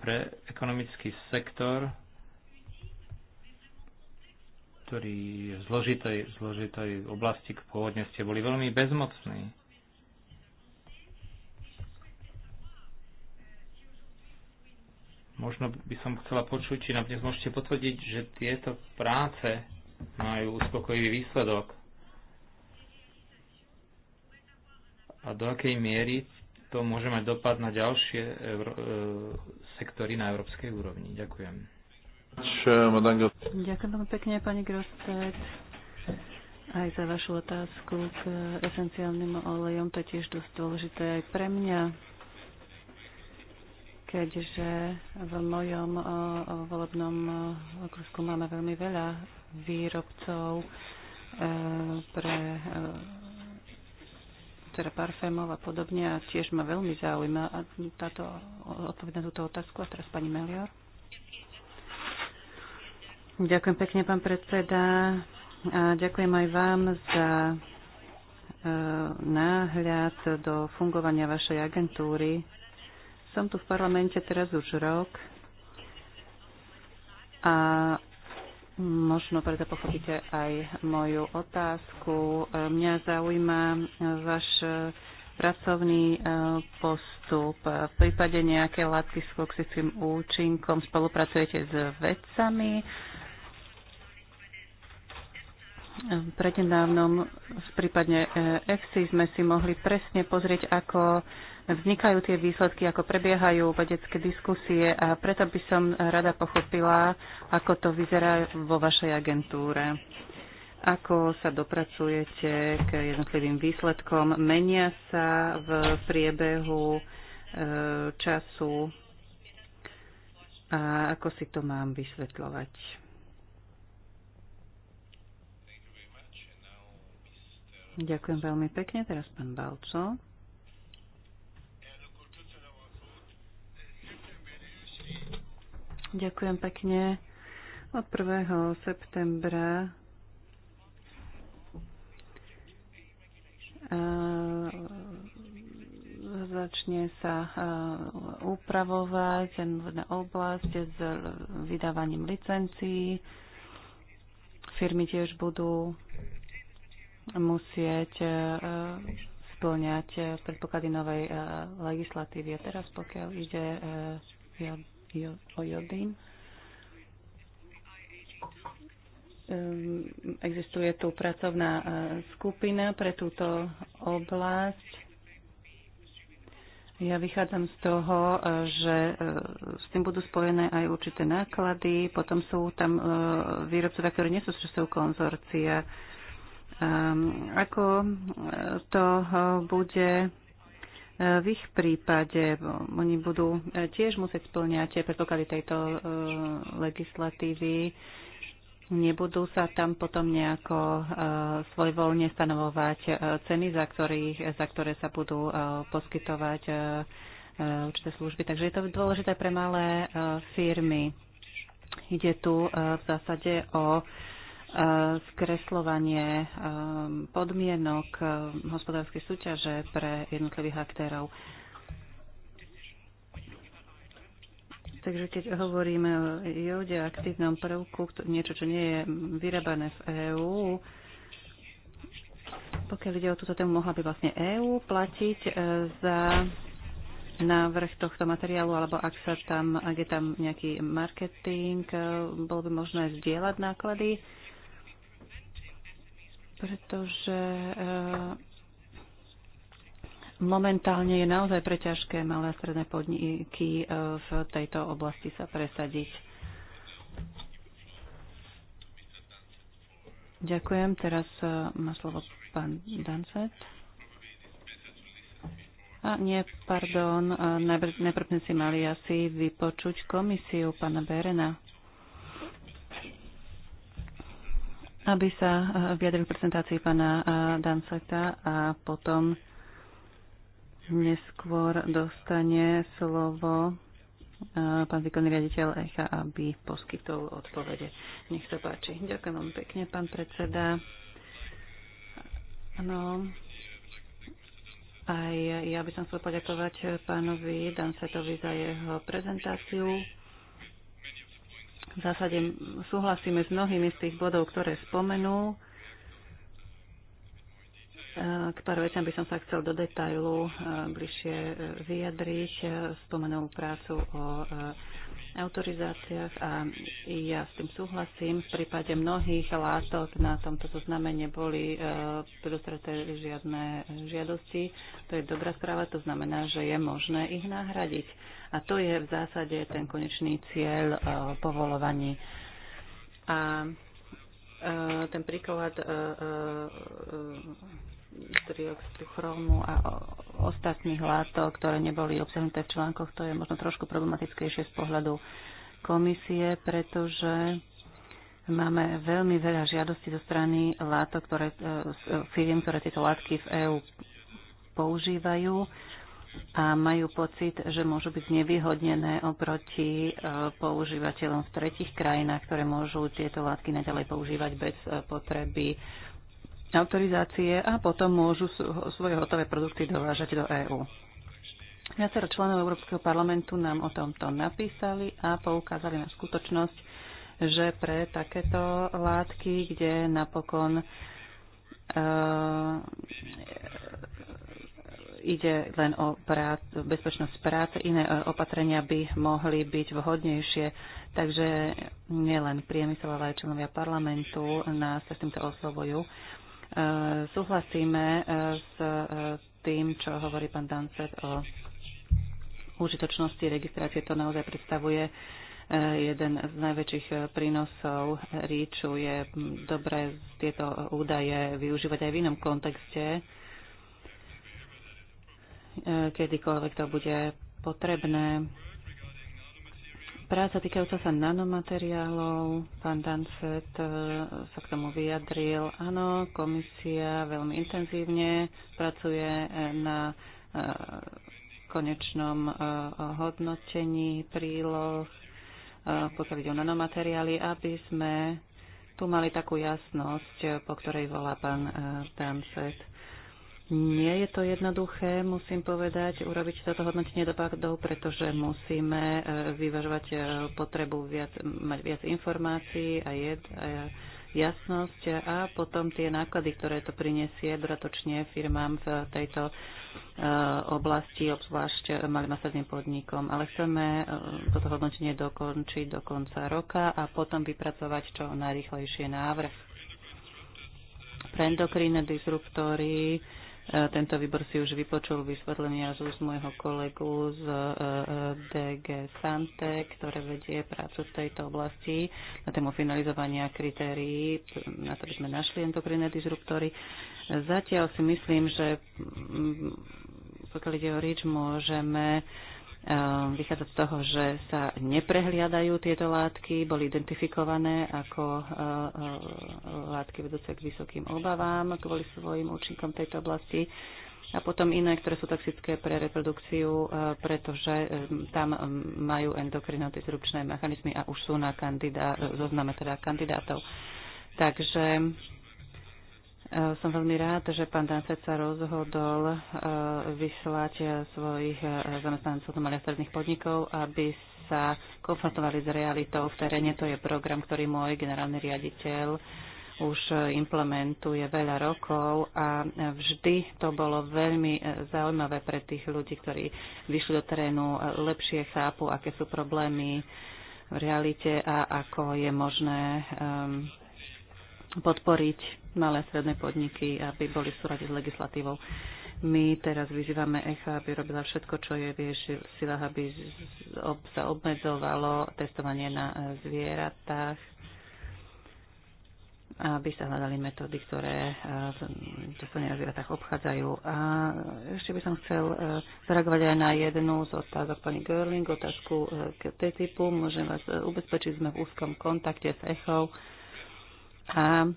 pre ekonomický sektor ktorý je v zložitej, zložitej oblasti, k pôvodne ste boli veľmi bezmocní. Možno by som chcela počuť, či nám dnes môžete potvrdiť, že tieto práce majú uspokojivý výsledok. A do akej miery to môže mať dopad na ďalšie e, sektory na európskej úrovni. Ďakujem. Ďakujem veľmi pekne, pani Grosset, aj za vašu otázku k esenciálnym olejom. To je tiež dosť dôležité aj pre mňa, keďže v mojom volebnom okresku máme veľmi veľa výrobcov e, pre e, teda parfémov a podobne a tiež ma veľmi zaujíma táto, odpoveď na túto otázku a teraz pani Melior. Ďakujem pekne, pán predseda. A ďakujem aj vám za e, náhľad do fungovania vašej agentúry. Som tu v parlamente teraz už rok a možno preto pochopíte aj moju otázku. E, mňa zaujíma váš e, pracovný postup. V prípade nejaké látky s toxickým účinkom spolupracujete s vedcami prednedávnom v prípadne e, EFSI sme si mohli presne pozrieť, ako vznikajú tie výsledky, ako prebiehajú vedecké diskusie a preto by som rada pochopila, ako to vyzerá vo vašej agentúre. Ako sa dopracujete k jednotlivým výsledkom? Menia sa v priebehu e, času? A ako si to mám vysvetľovať? Ďakujem veľmi pekne. Teraz pán Balco. Ďakujem pekne. Od 1. septembra e, začne sa e, upravovať na oblasť s vydávaním licencií. Firmy tiež budú musieť e, splňať e, predpoklady novej e, legislatívy. A teraz pokiaľ ide o jodín, existuje tu pracovná skupina pre túto oblasť. Ja vychádzam z toho, že s tým budú spojené aj určité náklady, potom sú tam výrobcovia, ktorí nie sú súčasťou konzorcia Ehm, ako eh, to eh, bude eh, v ich prípade oni budú tiež musieť splňať predpoklady tejto legislatívy. Nebudú sa tam potom nejako svojvoľne stanovovať ceny, za, ktorých, za ktoré sa budú poskytovať určité služby. Takže je to dôležité pre malé firmy. Ide tu v zásade o skreslovanie ehm, podmienok ehm, hospodárskej súťaže pre jednotlivých aktérov. Takže keď hovoríme o jode, aktívnom prvku, niečo, čo nie je vyrábané v EÚ, pokiaľ ide o túto tému, mohla by vlastne EÚ platiť e, za návrh tohto materiálu, alebo ak sa tam, ak je tam nejaký marketing, e, bolo by možné zdieľať náklady pretože e, momentálne je naozaj preťažké malé a stredné podniky e, v tejto oblasti sa presadiť. Ďakujem. Teraz e, má slovo pán Dancet. A nie, pardon, najprv sme si mali asi vypočuť komisiu pána Berena. aby sa eh, vyjadril prezentácii pána eh, Danseta a potom neskôr dostane slovo eh, pán výkonný riaditeľ ECHA, aby poskytol odpovede. Nech sa páči. Ďakujem vám pekne, pán predseda. No, Aj ja by som chcel poďakovať pánovi Dansetovi za jeho prezentáciu. V zásade súhlasíme s mnohými z tých bodov, ktoré spomenú. K pár veciam by som sa chcel do detailu eh, bližšie eh, vyjadriť. Eh, spomenul prácu o autorizáciách a ja s tým súhlasím. V prípade mnohých látok na tomto zozname neboli e, predostreté žiadne žiadosti. To je dobrá správa, to znamená, že je možné ich nahradiť. A to je v zásade ten konečný cieľ e, povolovaní. A e, ten príklad trioxychromu a ostatných látok, ktoré neboli obsahnuté v článkoch, to je možno trošku problematickejšie z pohľadu komisie, pretože máme veľmi veľa žiadostí zo strany látok, ktoré, e, e, firiem, ktoré tieto látky v EÚ používajú a majú pocit, že môžu byť nevyhodnené oproti e, používateľom v tretich krajinách, ktoré môžu tieto látky naďalej používať bez potreby autorizácie a potom môžu svoje hotové produkty dovážať do EÚ. Viacero členov Európskeho parlamentu nám o tomto napísali a poukázali na skutočnosť, že pre takéto látky, kde napokon uh, ide len o prác, bezpečnosť práce, iné eh, opatrenia by mohli byť vhodnejšie. Takže nielen priemysel, ale aj členovia parlamentu nás s týmto oslovujú. Uh, E, súhlasíme e, s e, tým, čo hovorí pán Dancet o užitočnosti registrácie. To naozaj predstavuje jeden z najväčších prínosov ríču. Je dobré tieto údaje využívať aj v inom kontexte, kedykoľvek to bude potrebné práca týkajúca sa nanomateriálov. Pán Dancet e, sa k tomu vyjadril. Áno, komisia veľmi intenzívne pracuje e, na e, konečnom hodnotení príloh, pokiaľ o nanomateriály, aby sme tu mali takú jasnosť, po ktorej volá pán Dancet. Nie je to jednoduché, musím povedať, urobiť toto hodnotenie dopadov, pretože musíme e, vyvažovať e, potrebu viac, mať viac informácií a, jed, a e, jasnosť a potom tie náklady, ktoré to prinesie dodatočne firmám v tejto oblasti, obzvlášť malým a stredným podnikom. Ale chceme toto hodnotenie dokončiť do konca roka a potom vypracovať čo najrychlejšie návrh. Pre endokrinné disruptory E, tento výbor si už vypočul vysvetlenia z úst môjho kolegu z e, e, DG Sante, ktoré vedie prácu v tejto oblasti na tému finalizovania kritérií, na to by sme našli endokrinné disruptory. Zatiaľ si myslím, že mm, pokiaľ ide o RIČ, môžeme Ehm, vychádza z toho, že sa neprehliadajú tieto látky, boli identifikované ako e, e, látky vedúce k vysokým obavám kvôli svojim účinkom tejto oblasti a potom iné, ktoré sú toxické pre reprodukciu, e, pretože ehm, tam majú endokrinodisrupčné mechanizmy a už sú na kandidá, zozname teda kandidátov. Takže Eh, som veľmi rád, že pán Dancet sa rozhodol eh, vyslať eh, svojich zamestnancov do malých stredných podnikov, aby sa konfrontovali s realitou v teréne. To je program, ktorý môj generálny riaditeľ už implementuje veľa rokov a vždy to bolo veľmi zaujímavé pre tých ľudí, ktorí vyšli do terénu, lepšie chápu, aké sú problémy v realite a ako je možné ehm, podporiť malé a stredné podniky, aby boli v súrade s legislatívou. My teraz vyzývame ECHA, aby robila všetko, čo je v jej silách, aby sa obmedzovalo testovanie na e, zvieratách, aby sa hľadali metódy, ktoré e, testovanie na zvieratách obchádzajú. A ešte by som chcel e, zareagovať aj na jednu z otázok pani Görling, otázku k typu Môžem vás ubezpečiť, sme v úzkom kontakte s ECHO a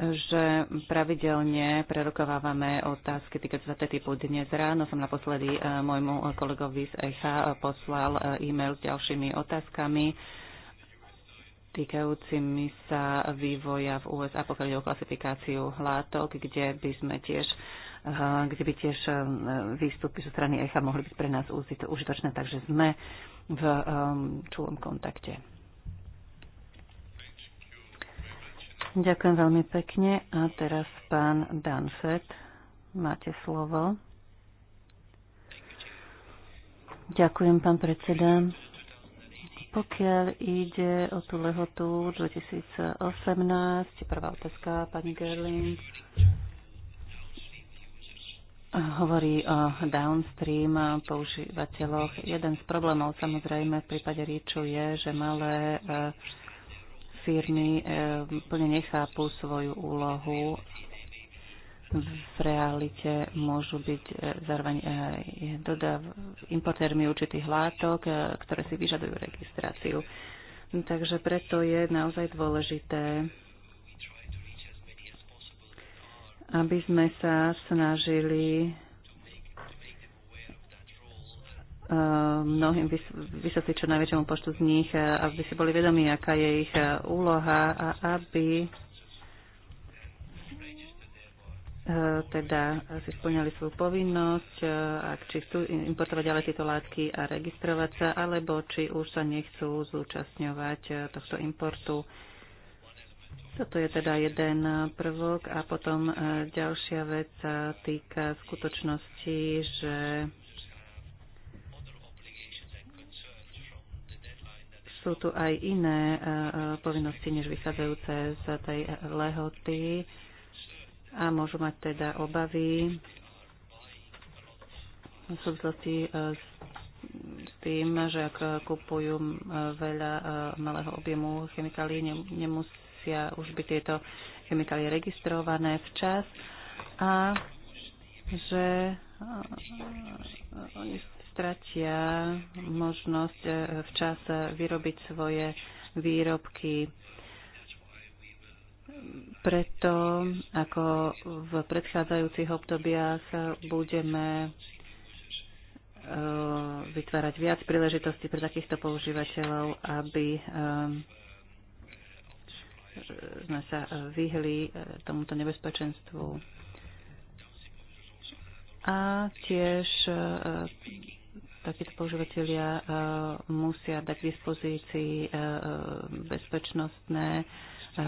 že pravidelne prerokovávame otázky týka sa typu Dnes ráno som naposledy e, môjmu kolegovi z ECHA poslal e, e-mail s ďalšími otázkami týkajúcimi sa vývoja v USA, pokiaľ o klasifikáciu látok, kde by sme tiež e, kde by tiež výstupy zo strany ECHA mohli byť pre nás užitočné, takže sme v čulom kontakte. Ďakujem veľmi pekne. A teraz pán Danfet, máte slovo. Ďakujem, pán predseda. Pokiaľ ide o tú lehotu 2018, prvá otázka, pani Gerling hovorí o downstream používateľoch. Jeden z problémov samozrejme v prípade ríču je, že malé eh, firmy e, plne nechápu svoju úlohu v realite môžu byť e, zároveň e, dodav, importérmi určitých látok, ktoré si vyžadujú registráciu. Takže preto je naozaj dôležité, aby sme sa snažili Eh, mnohým vysvetliť čo najväčšiemu počtu z nich, eh, aby si boli vedomí, aká je ich eh, úloha a aby teda si splňali svoju povinnosť, ak či chcú importovať ďalej tieto látky a registrovať sa, alebo či už sa nechcú zúčastňovať tohto importu. Toto je teda jeden prvok a potom ďalšia vec sa týka skutočnosti, že sú tu aj iné e, e, povinnosti, než vychádzajúce z tej lehoty a môžu mať teda obavy v súvislosti e, s tým, že ak kupujú veľa malého objemu chemikálií, nemusia už byť tieto chemikálie registrované včas a že oni stratia možnosť e, včas e, vyrobiť svoje výrobky. Preto, ako v predchádzajúcich obdobiach, budeme e, vytvárať viac príležitostí pre takýchto používateľov, aby sme sa vyhli tomuto nebezpečenstvu. A tiež takíto používateľia e, musia dať k dispozícii e, e, bezpečnostné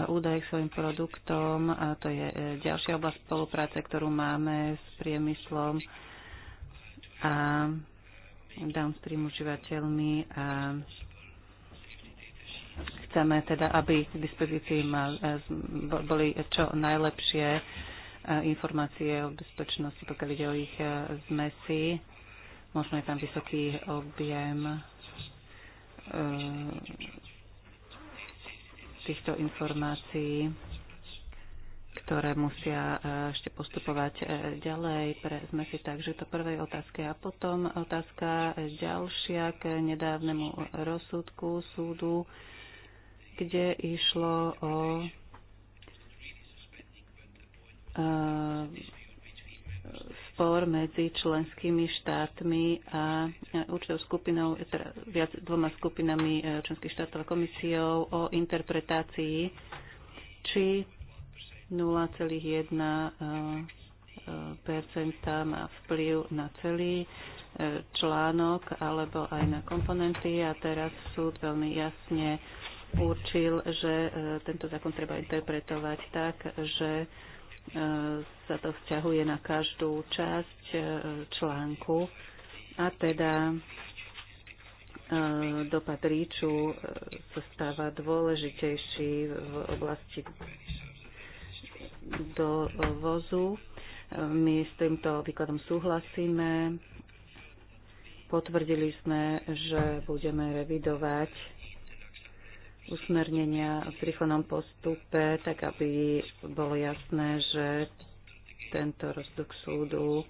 údaje k svojim produktom. A to je ďalšia oblasť spolupráce, ktorú máme s priemyslom a downstream užívateľmi. A chceme teda, aby k dispozícii mal, boli čo najlepšie informácie o bezpečnosti, pokiaľ ide o ich zmesi Možno je tam vysoký objem eh, týchto informácií, ktoré musia eh, ešte postupovať eh, ďalej pre tak, Takže to prvej otázke. A potom otázka ďalšia k nedávnemu rozsudku súdu, kde išlo o spor medzi členskými štátmi a určitou skupinou, teda viac dvoma skupinami e, členských štátov a komisiou o interpretácii, či 0,1 e, e, má vplyv na celý článok alebo aj na komponenty a teraz súd veľmi jasne určil, že tento zákon treba interpretovať tak, že sa to vzťahuje na každú časť e, článku a teda e, dopad ríču e, sa stáva dôležitejší v oblasti dovozu. My s týmto výkladom súhlasíme. Potvrdili sme, že budeme revidovať usmernenia v rýchlenom postupe, tak aby bolo jasné, že tento rozduk súdu eh,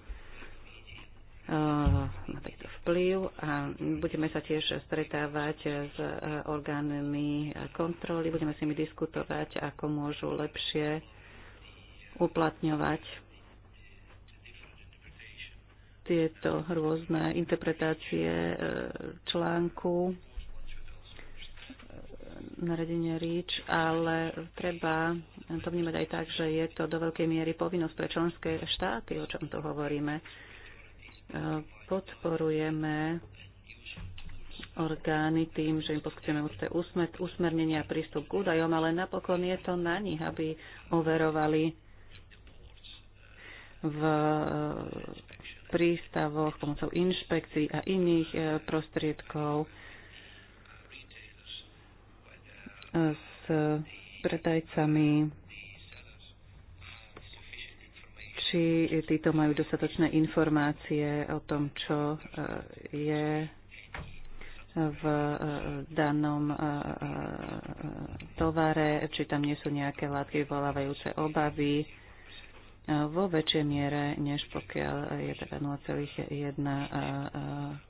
má takto vplyv a budeme sa tiež stretávať s eh, orgánmi kontroly, budeme s nimi diskutovať, ako môžu lepšie uplatňovať tieto rôzne interpretácie eh, článku naredenie REACH, ale treba to vnímať aj tak, že je to do veľkej miery povinnosť pre členské štáty, o čom tu hovoríme. E, podporujeme orgány tým, že im poskytujeme určité usmernenia a prístup k údajom, ale napokon je to na nich, aby overovali v e, prístavoch pomocou inšpekcií a iných e, prostriedkov s predajcami, či títo majú dostatočné informácie o tom, čo e, je v e, danom e, tovare, či tam nie sú nejaké látky vyvolávajúce obavy vo väčšej miere, než pokiaľ je teda 0,1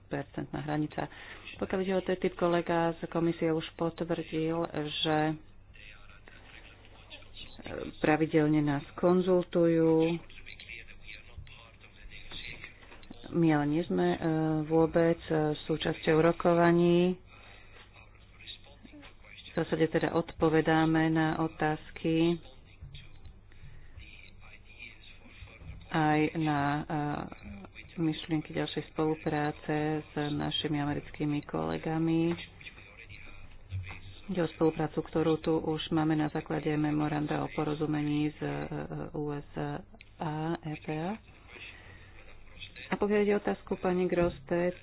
percentná hranica. Pokiaľ ide o TTIP, kolega z komisie už potvrdil, že pravidelne nás konzultujú. My ale nie sme e, vôbec súčasťou rokovaní. V zásade teda odpovedáme na otázky aj na eh, myšlienky ďalšej spolupráce s našimi americkými kolegami. Ide o spoluprácu, ktorú tu už máme na základe memoranda o porozumení z eh, eh, USA a EPA. A pokiaľ ide otázku pani Grostet,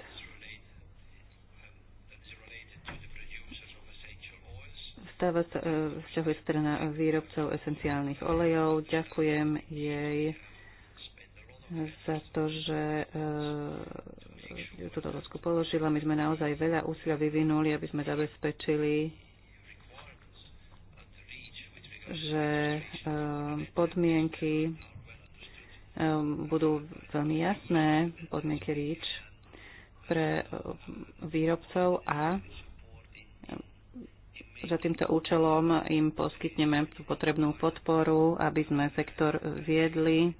stáva sa, vzťahuje strana teda výrobcov esenciálnych olejov. Ďakujem jej za to, že e, túto otázku položila. My sme naozaj veľa úsilia vyvinuli, aby sme zabezpečili, že e, podmienky e, budú veľmi jasné, podmienky REACH pre e, výrobcov a e, za týmto účelom im poskytneme potrebnú podporu, aby sme sektor viedli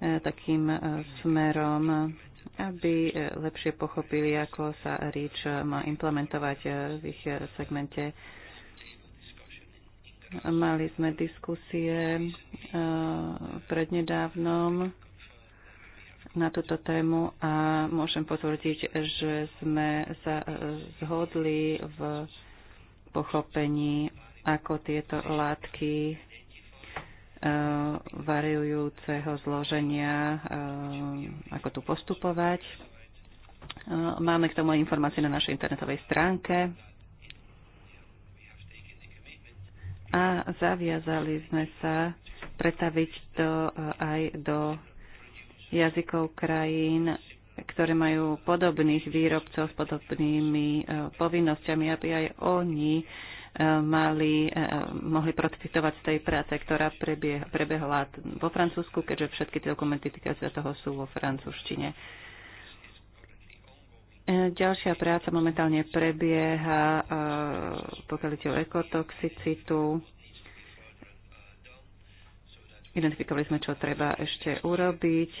E, takým e, smerom, aby e, lepšie pochopili, ako sa REACH má implementovať v ich segmente. Mali sme diskusie prednedávnom na túto tému a môžem potvrdiť, že sme sa zhodli v pochopení, ako tieto látky Eh, variujúceho zloženia, eh, ako tu postupovať. Eh, máme k tomu informácie na našej internetovej stránke. A zaviazali sme sa pretaviť to aj do jazykov krajín, ktoré majú podobných výrobcov s podobnými povinnosťami, aby aj oni mali, e, mohli profitovať z tej práce, ktorá prebehla vo Francúzsku, keďže všetky tie dokumenty týkajúce toho sú vo francúzštine. E, ďalšia práca momentálne prebieha, e, pokiaľ ide o ekotoxicitu. Identifikovali sme, čo treba ešte urobiť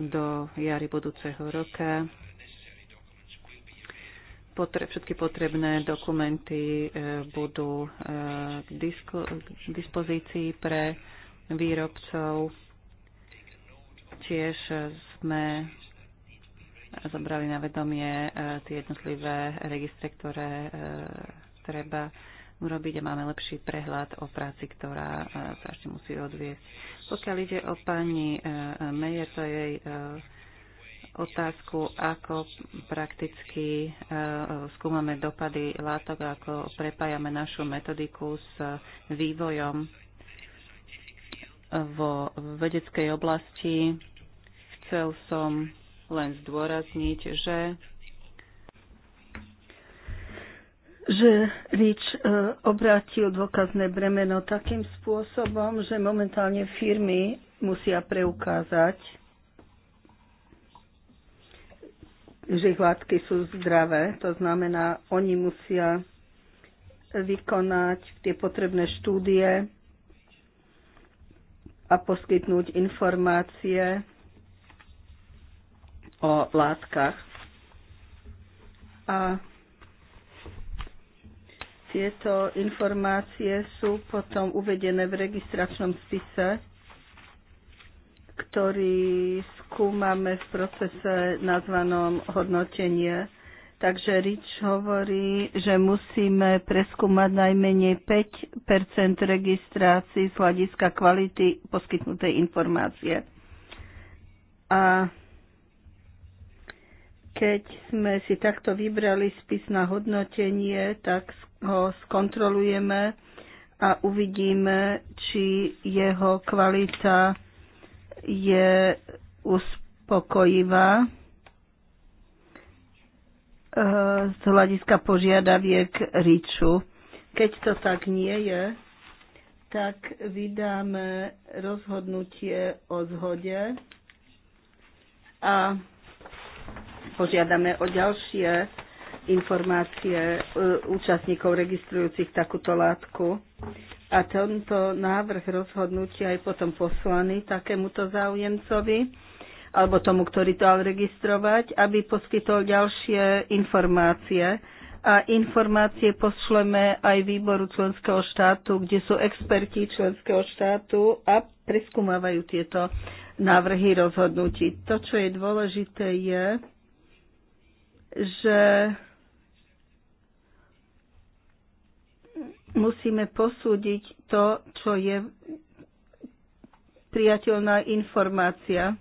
do jary budúceho roka potre- všetky potrebné dokumenty e, budú e, k, disko- k dispozícii pre výrobcov. Tiež sme zobrali na vedomie e, tie jednotlivé registre, ktoré treba urobiť a máme lepší prehľad o práci, ktorá sa ešte musí odviesť. Pokiaľ ide o pani Meyer, to jej otázku, ako prakticky e, skúmame dopady látok, ako prepájame našu metodiku s vývojom vo vedeckej oblasti. Chcel som len zdôrazniť, že že Rich e, obrátil dôkazné bremeno takým spôsobom, že momentálne firmy musia preukázať že látky sú zdravé. To znamená, oni musia vykonať tie potrebné štúdie a poskytnúť informácie o látkach. A tieto informácie sú potom uvedené v registračnom spise ktorý skúmame v procese nazvanom hodnotenie. Takže Rich hovorí, že musíme preskúmať najmenej 5 registrácií z hľadiska kvality poskytnutej informácie. A keď sme si takto vybrali spis na hodnotenie, tak ho skontrolujeme a uvidíme, či jeho kvalita je uspokojivá eh, z hľadiska požiadaviek Riču. Keď to tak nie je, tak vydáme rozhodnutie o zhode a požiadame o ďalšie informácie eh, účastníkov registrujúcich takúto látku a tento návrh rozhodnutia je potom poslaný takémuto záujemcovi alebo tomu, ktorý to mal registrovať, aby poskytol ďalšie informácie. A informácie pošleme aj výboru členského štátu, kde sú experti členského štátu a preskúmavajú tieto návrhy rozhodnutí. To, čo je dôležité, je, že musíme posúdiť to, čo je priateľná informácia.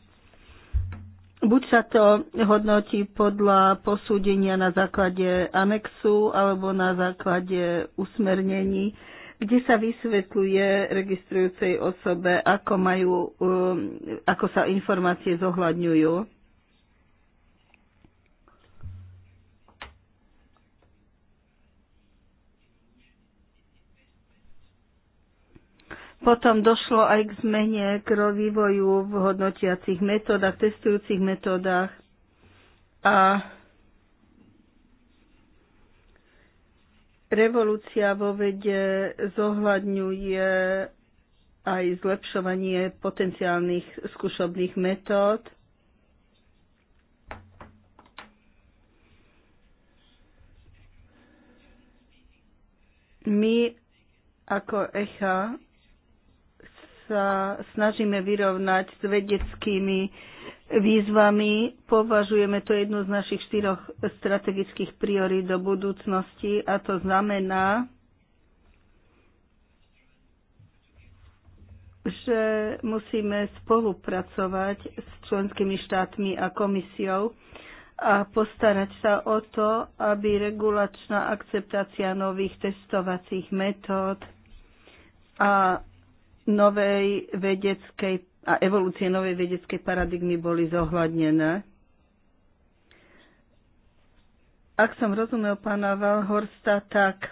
Buď sa to hodnotí podľa posúdenia na základe anexu alebo na základe usmernení, kde sa vysvetľuje registrujúcej osobe, ako, majú, um, ako sa informácie zohľadňujú. Potom došlo aj k zmene, k vývoju v hodnotiacich metódach, testujúcich metódach. a revolúcia vo vede zohľadňuje aj zlepšovanie potenciálnych skúšobných metód. My ako ECHA sa snažíme vyrovnať s vedeckými výzvami. Považujeme to jednu z našich štyroch strategických priorít do budúcnosti a to znamená, že musíme spolupracovať s členskými štátmi a komisiou a postarať sa o to, aby regulačná akceptácia nových testovacích metód a novej vedeckej a evolúcie novej vedeckej paradigmy boli zohľadnené. Ak som rozumel pána Valhorsta, tak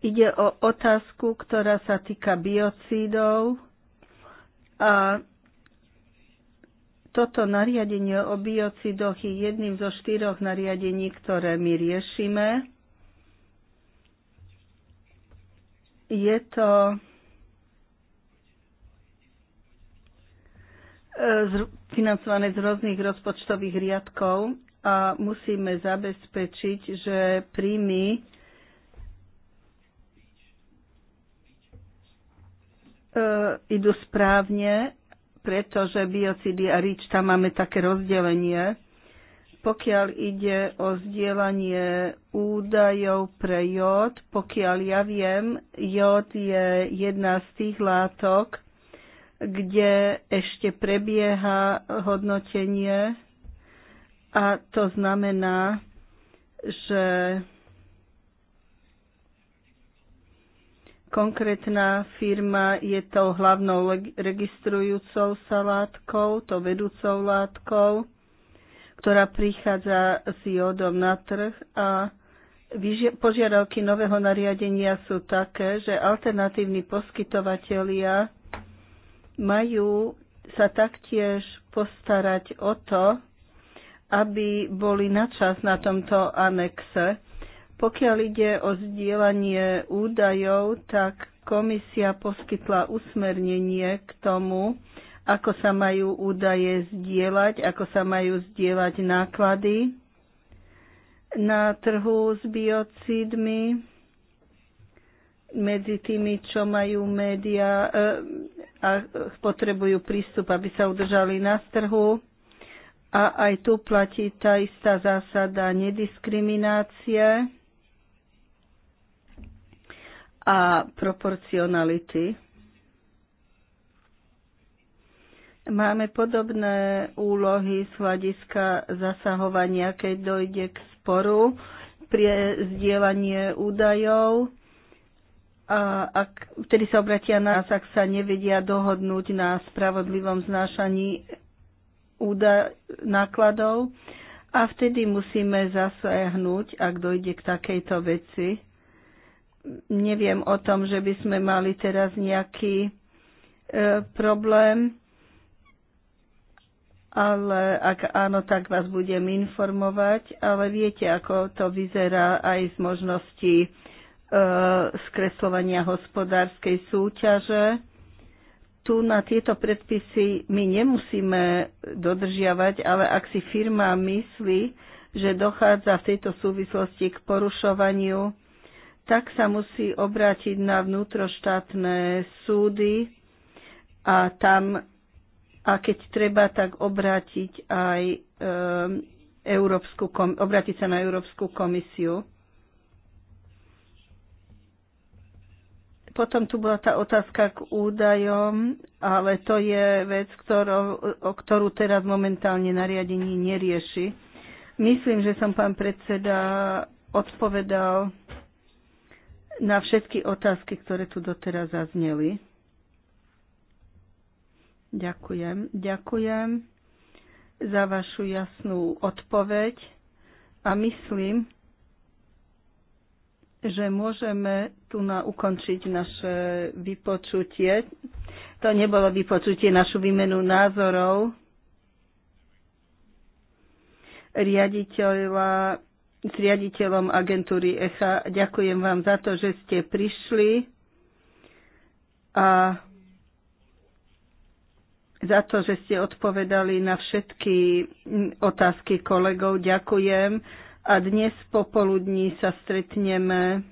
ide o otázku, ktorá sa týka biocídov a toto nariadenie o biocidoch je jedným zo štyroch nariadení, ktoré my riešime. Je to e, financované z rôznych rozpočtových riadkov a musíme zabezpečiť, že príjmy e, idú správne, pretože biocidy a rič, tam máme také rozdelenie pokiaľ ide o zdieľanie údajov pre jód, pokiaľ ja viem, jód je jedna z tých látok, kde ešte prebieha hodnotenie a to znamená, že konkrétna firma je tou hlavnou registrujúcou sa látkou, to vedúcou látkou ktorá prichádza s jódom na trh a požiadavky nového nariadenia sú také, že alternatívni poskytovatelia majú sa taktiež postarať o to, aby boli načas na tomto anexe. Pokiaľ ide o zdieľanie údajov, tak komisia poskytla usmernenie k tomu, ako sa majú údaje zdieľať, ako sa majú zdieľať náklady na trhu s biocidmi medzi tými, čo majú médiá e, a potrebujú prístup, aby sa udržali na trhu. A aj tu platí tá istá zásada nediskriminácie a proporcionality. Máme podobné úlohy z hľadiska zasahovania, keď dojde k sporu pre zdieľanie údajov. A ak, vtedy sa obratia nás, ak sa nevedia dohodnúť na spravodlivom znášaní úda- nákladov. A vtedy musíme zasiahnuť, ak dojde k takejto veci. Neviem o tom, že by sme mali teraz nejaký e, problém ale ak áno, tak vás budem informovať, ale viete, ako to vyzerá aj z možnosti e, skreslovania hospodárskej súťaže. Tu na tieto predpisy my nemusíme dodržiavať, ale ak si firma myslí, že dochádza v tejto súvislosti k porušovaniu, tak sa musí obrátiť na vnútroštátne súdy a tam a keď treba, tak obrátiť aj e, Európsku, obrátiť sa na Európsku komisiu. Potom tu bola tá otázka k údajom, ale to je vec, ktorú, o ktorú teraz momentálne nariadení nerieši. Myslím, že som pán predseda odpovedal na všetky otázky, ktoré tu doteraz zazneli. Ďakujem. Ďakujem za vašu jasnú odpoveď a myslím, že môžeme tu na ukončiť naše vypočutie. To nebolo vypočutie, našu výmenu názorov riaditeľa, s riaditeľom agentúry ECHA. Ďakujem vám za to, že ste prišli a za to, že ste odpovedali na všetky otázky kolegov. Ďakujem. A dnes popoludní sa stretneme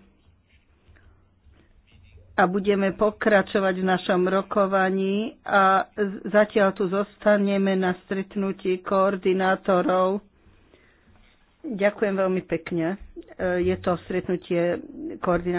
a budeme pokračovať v našom rokovaní a zatiaľ tu zostaneme na stretnutí koordinátorov. Ďakujem veľmi pekne. E, je to stretnutie koordinátorov.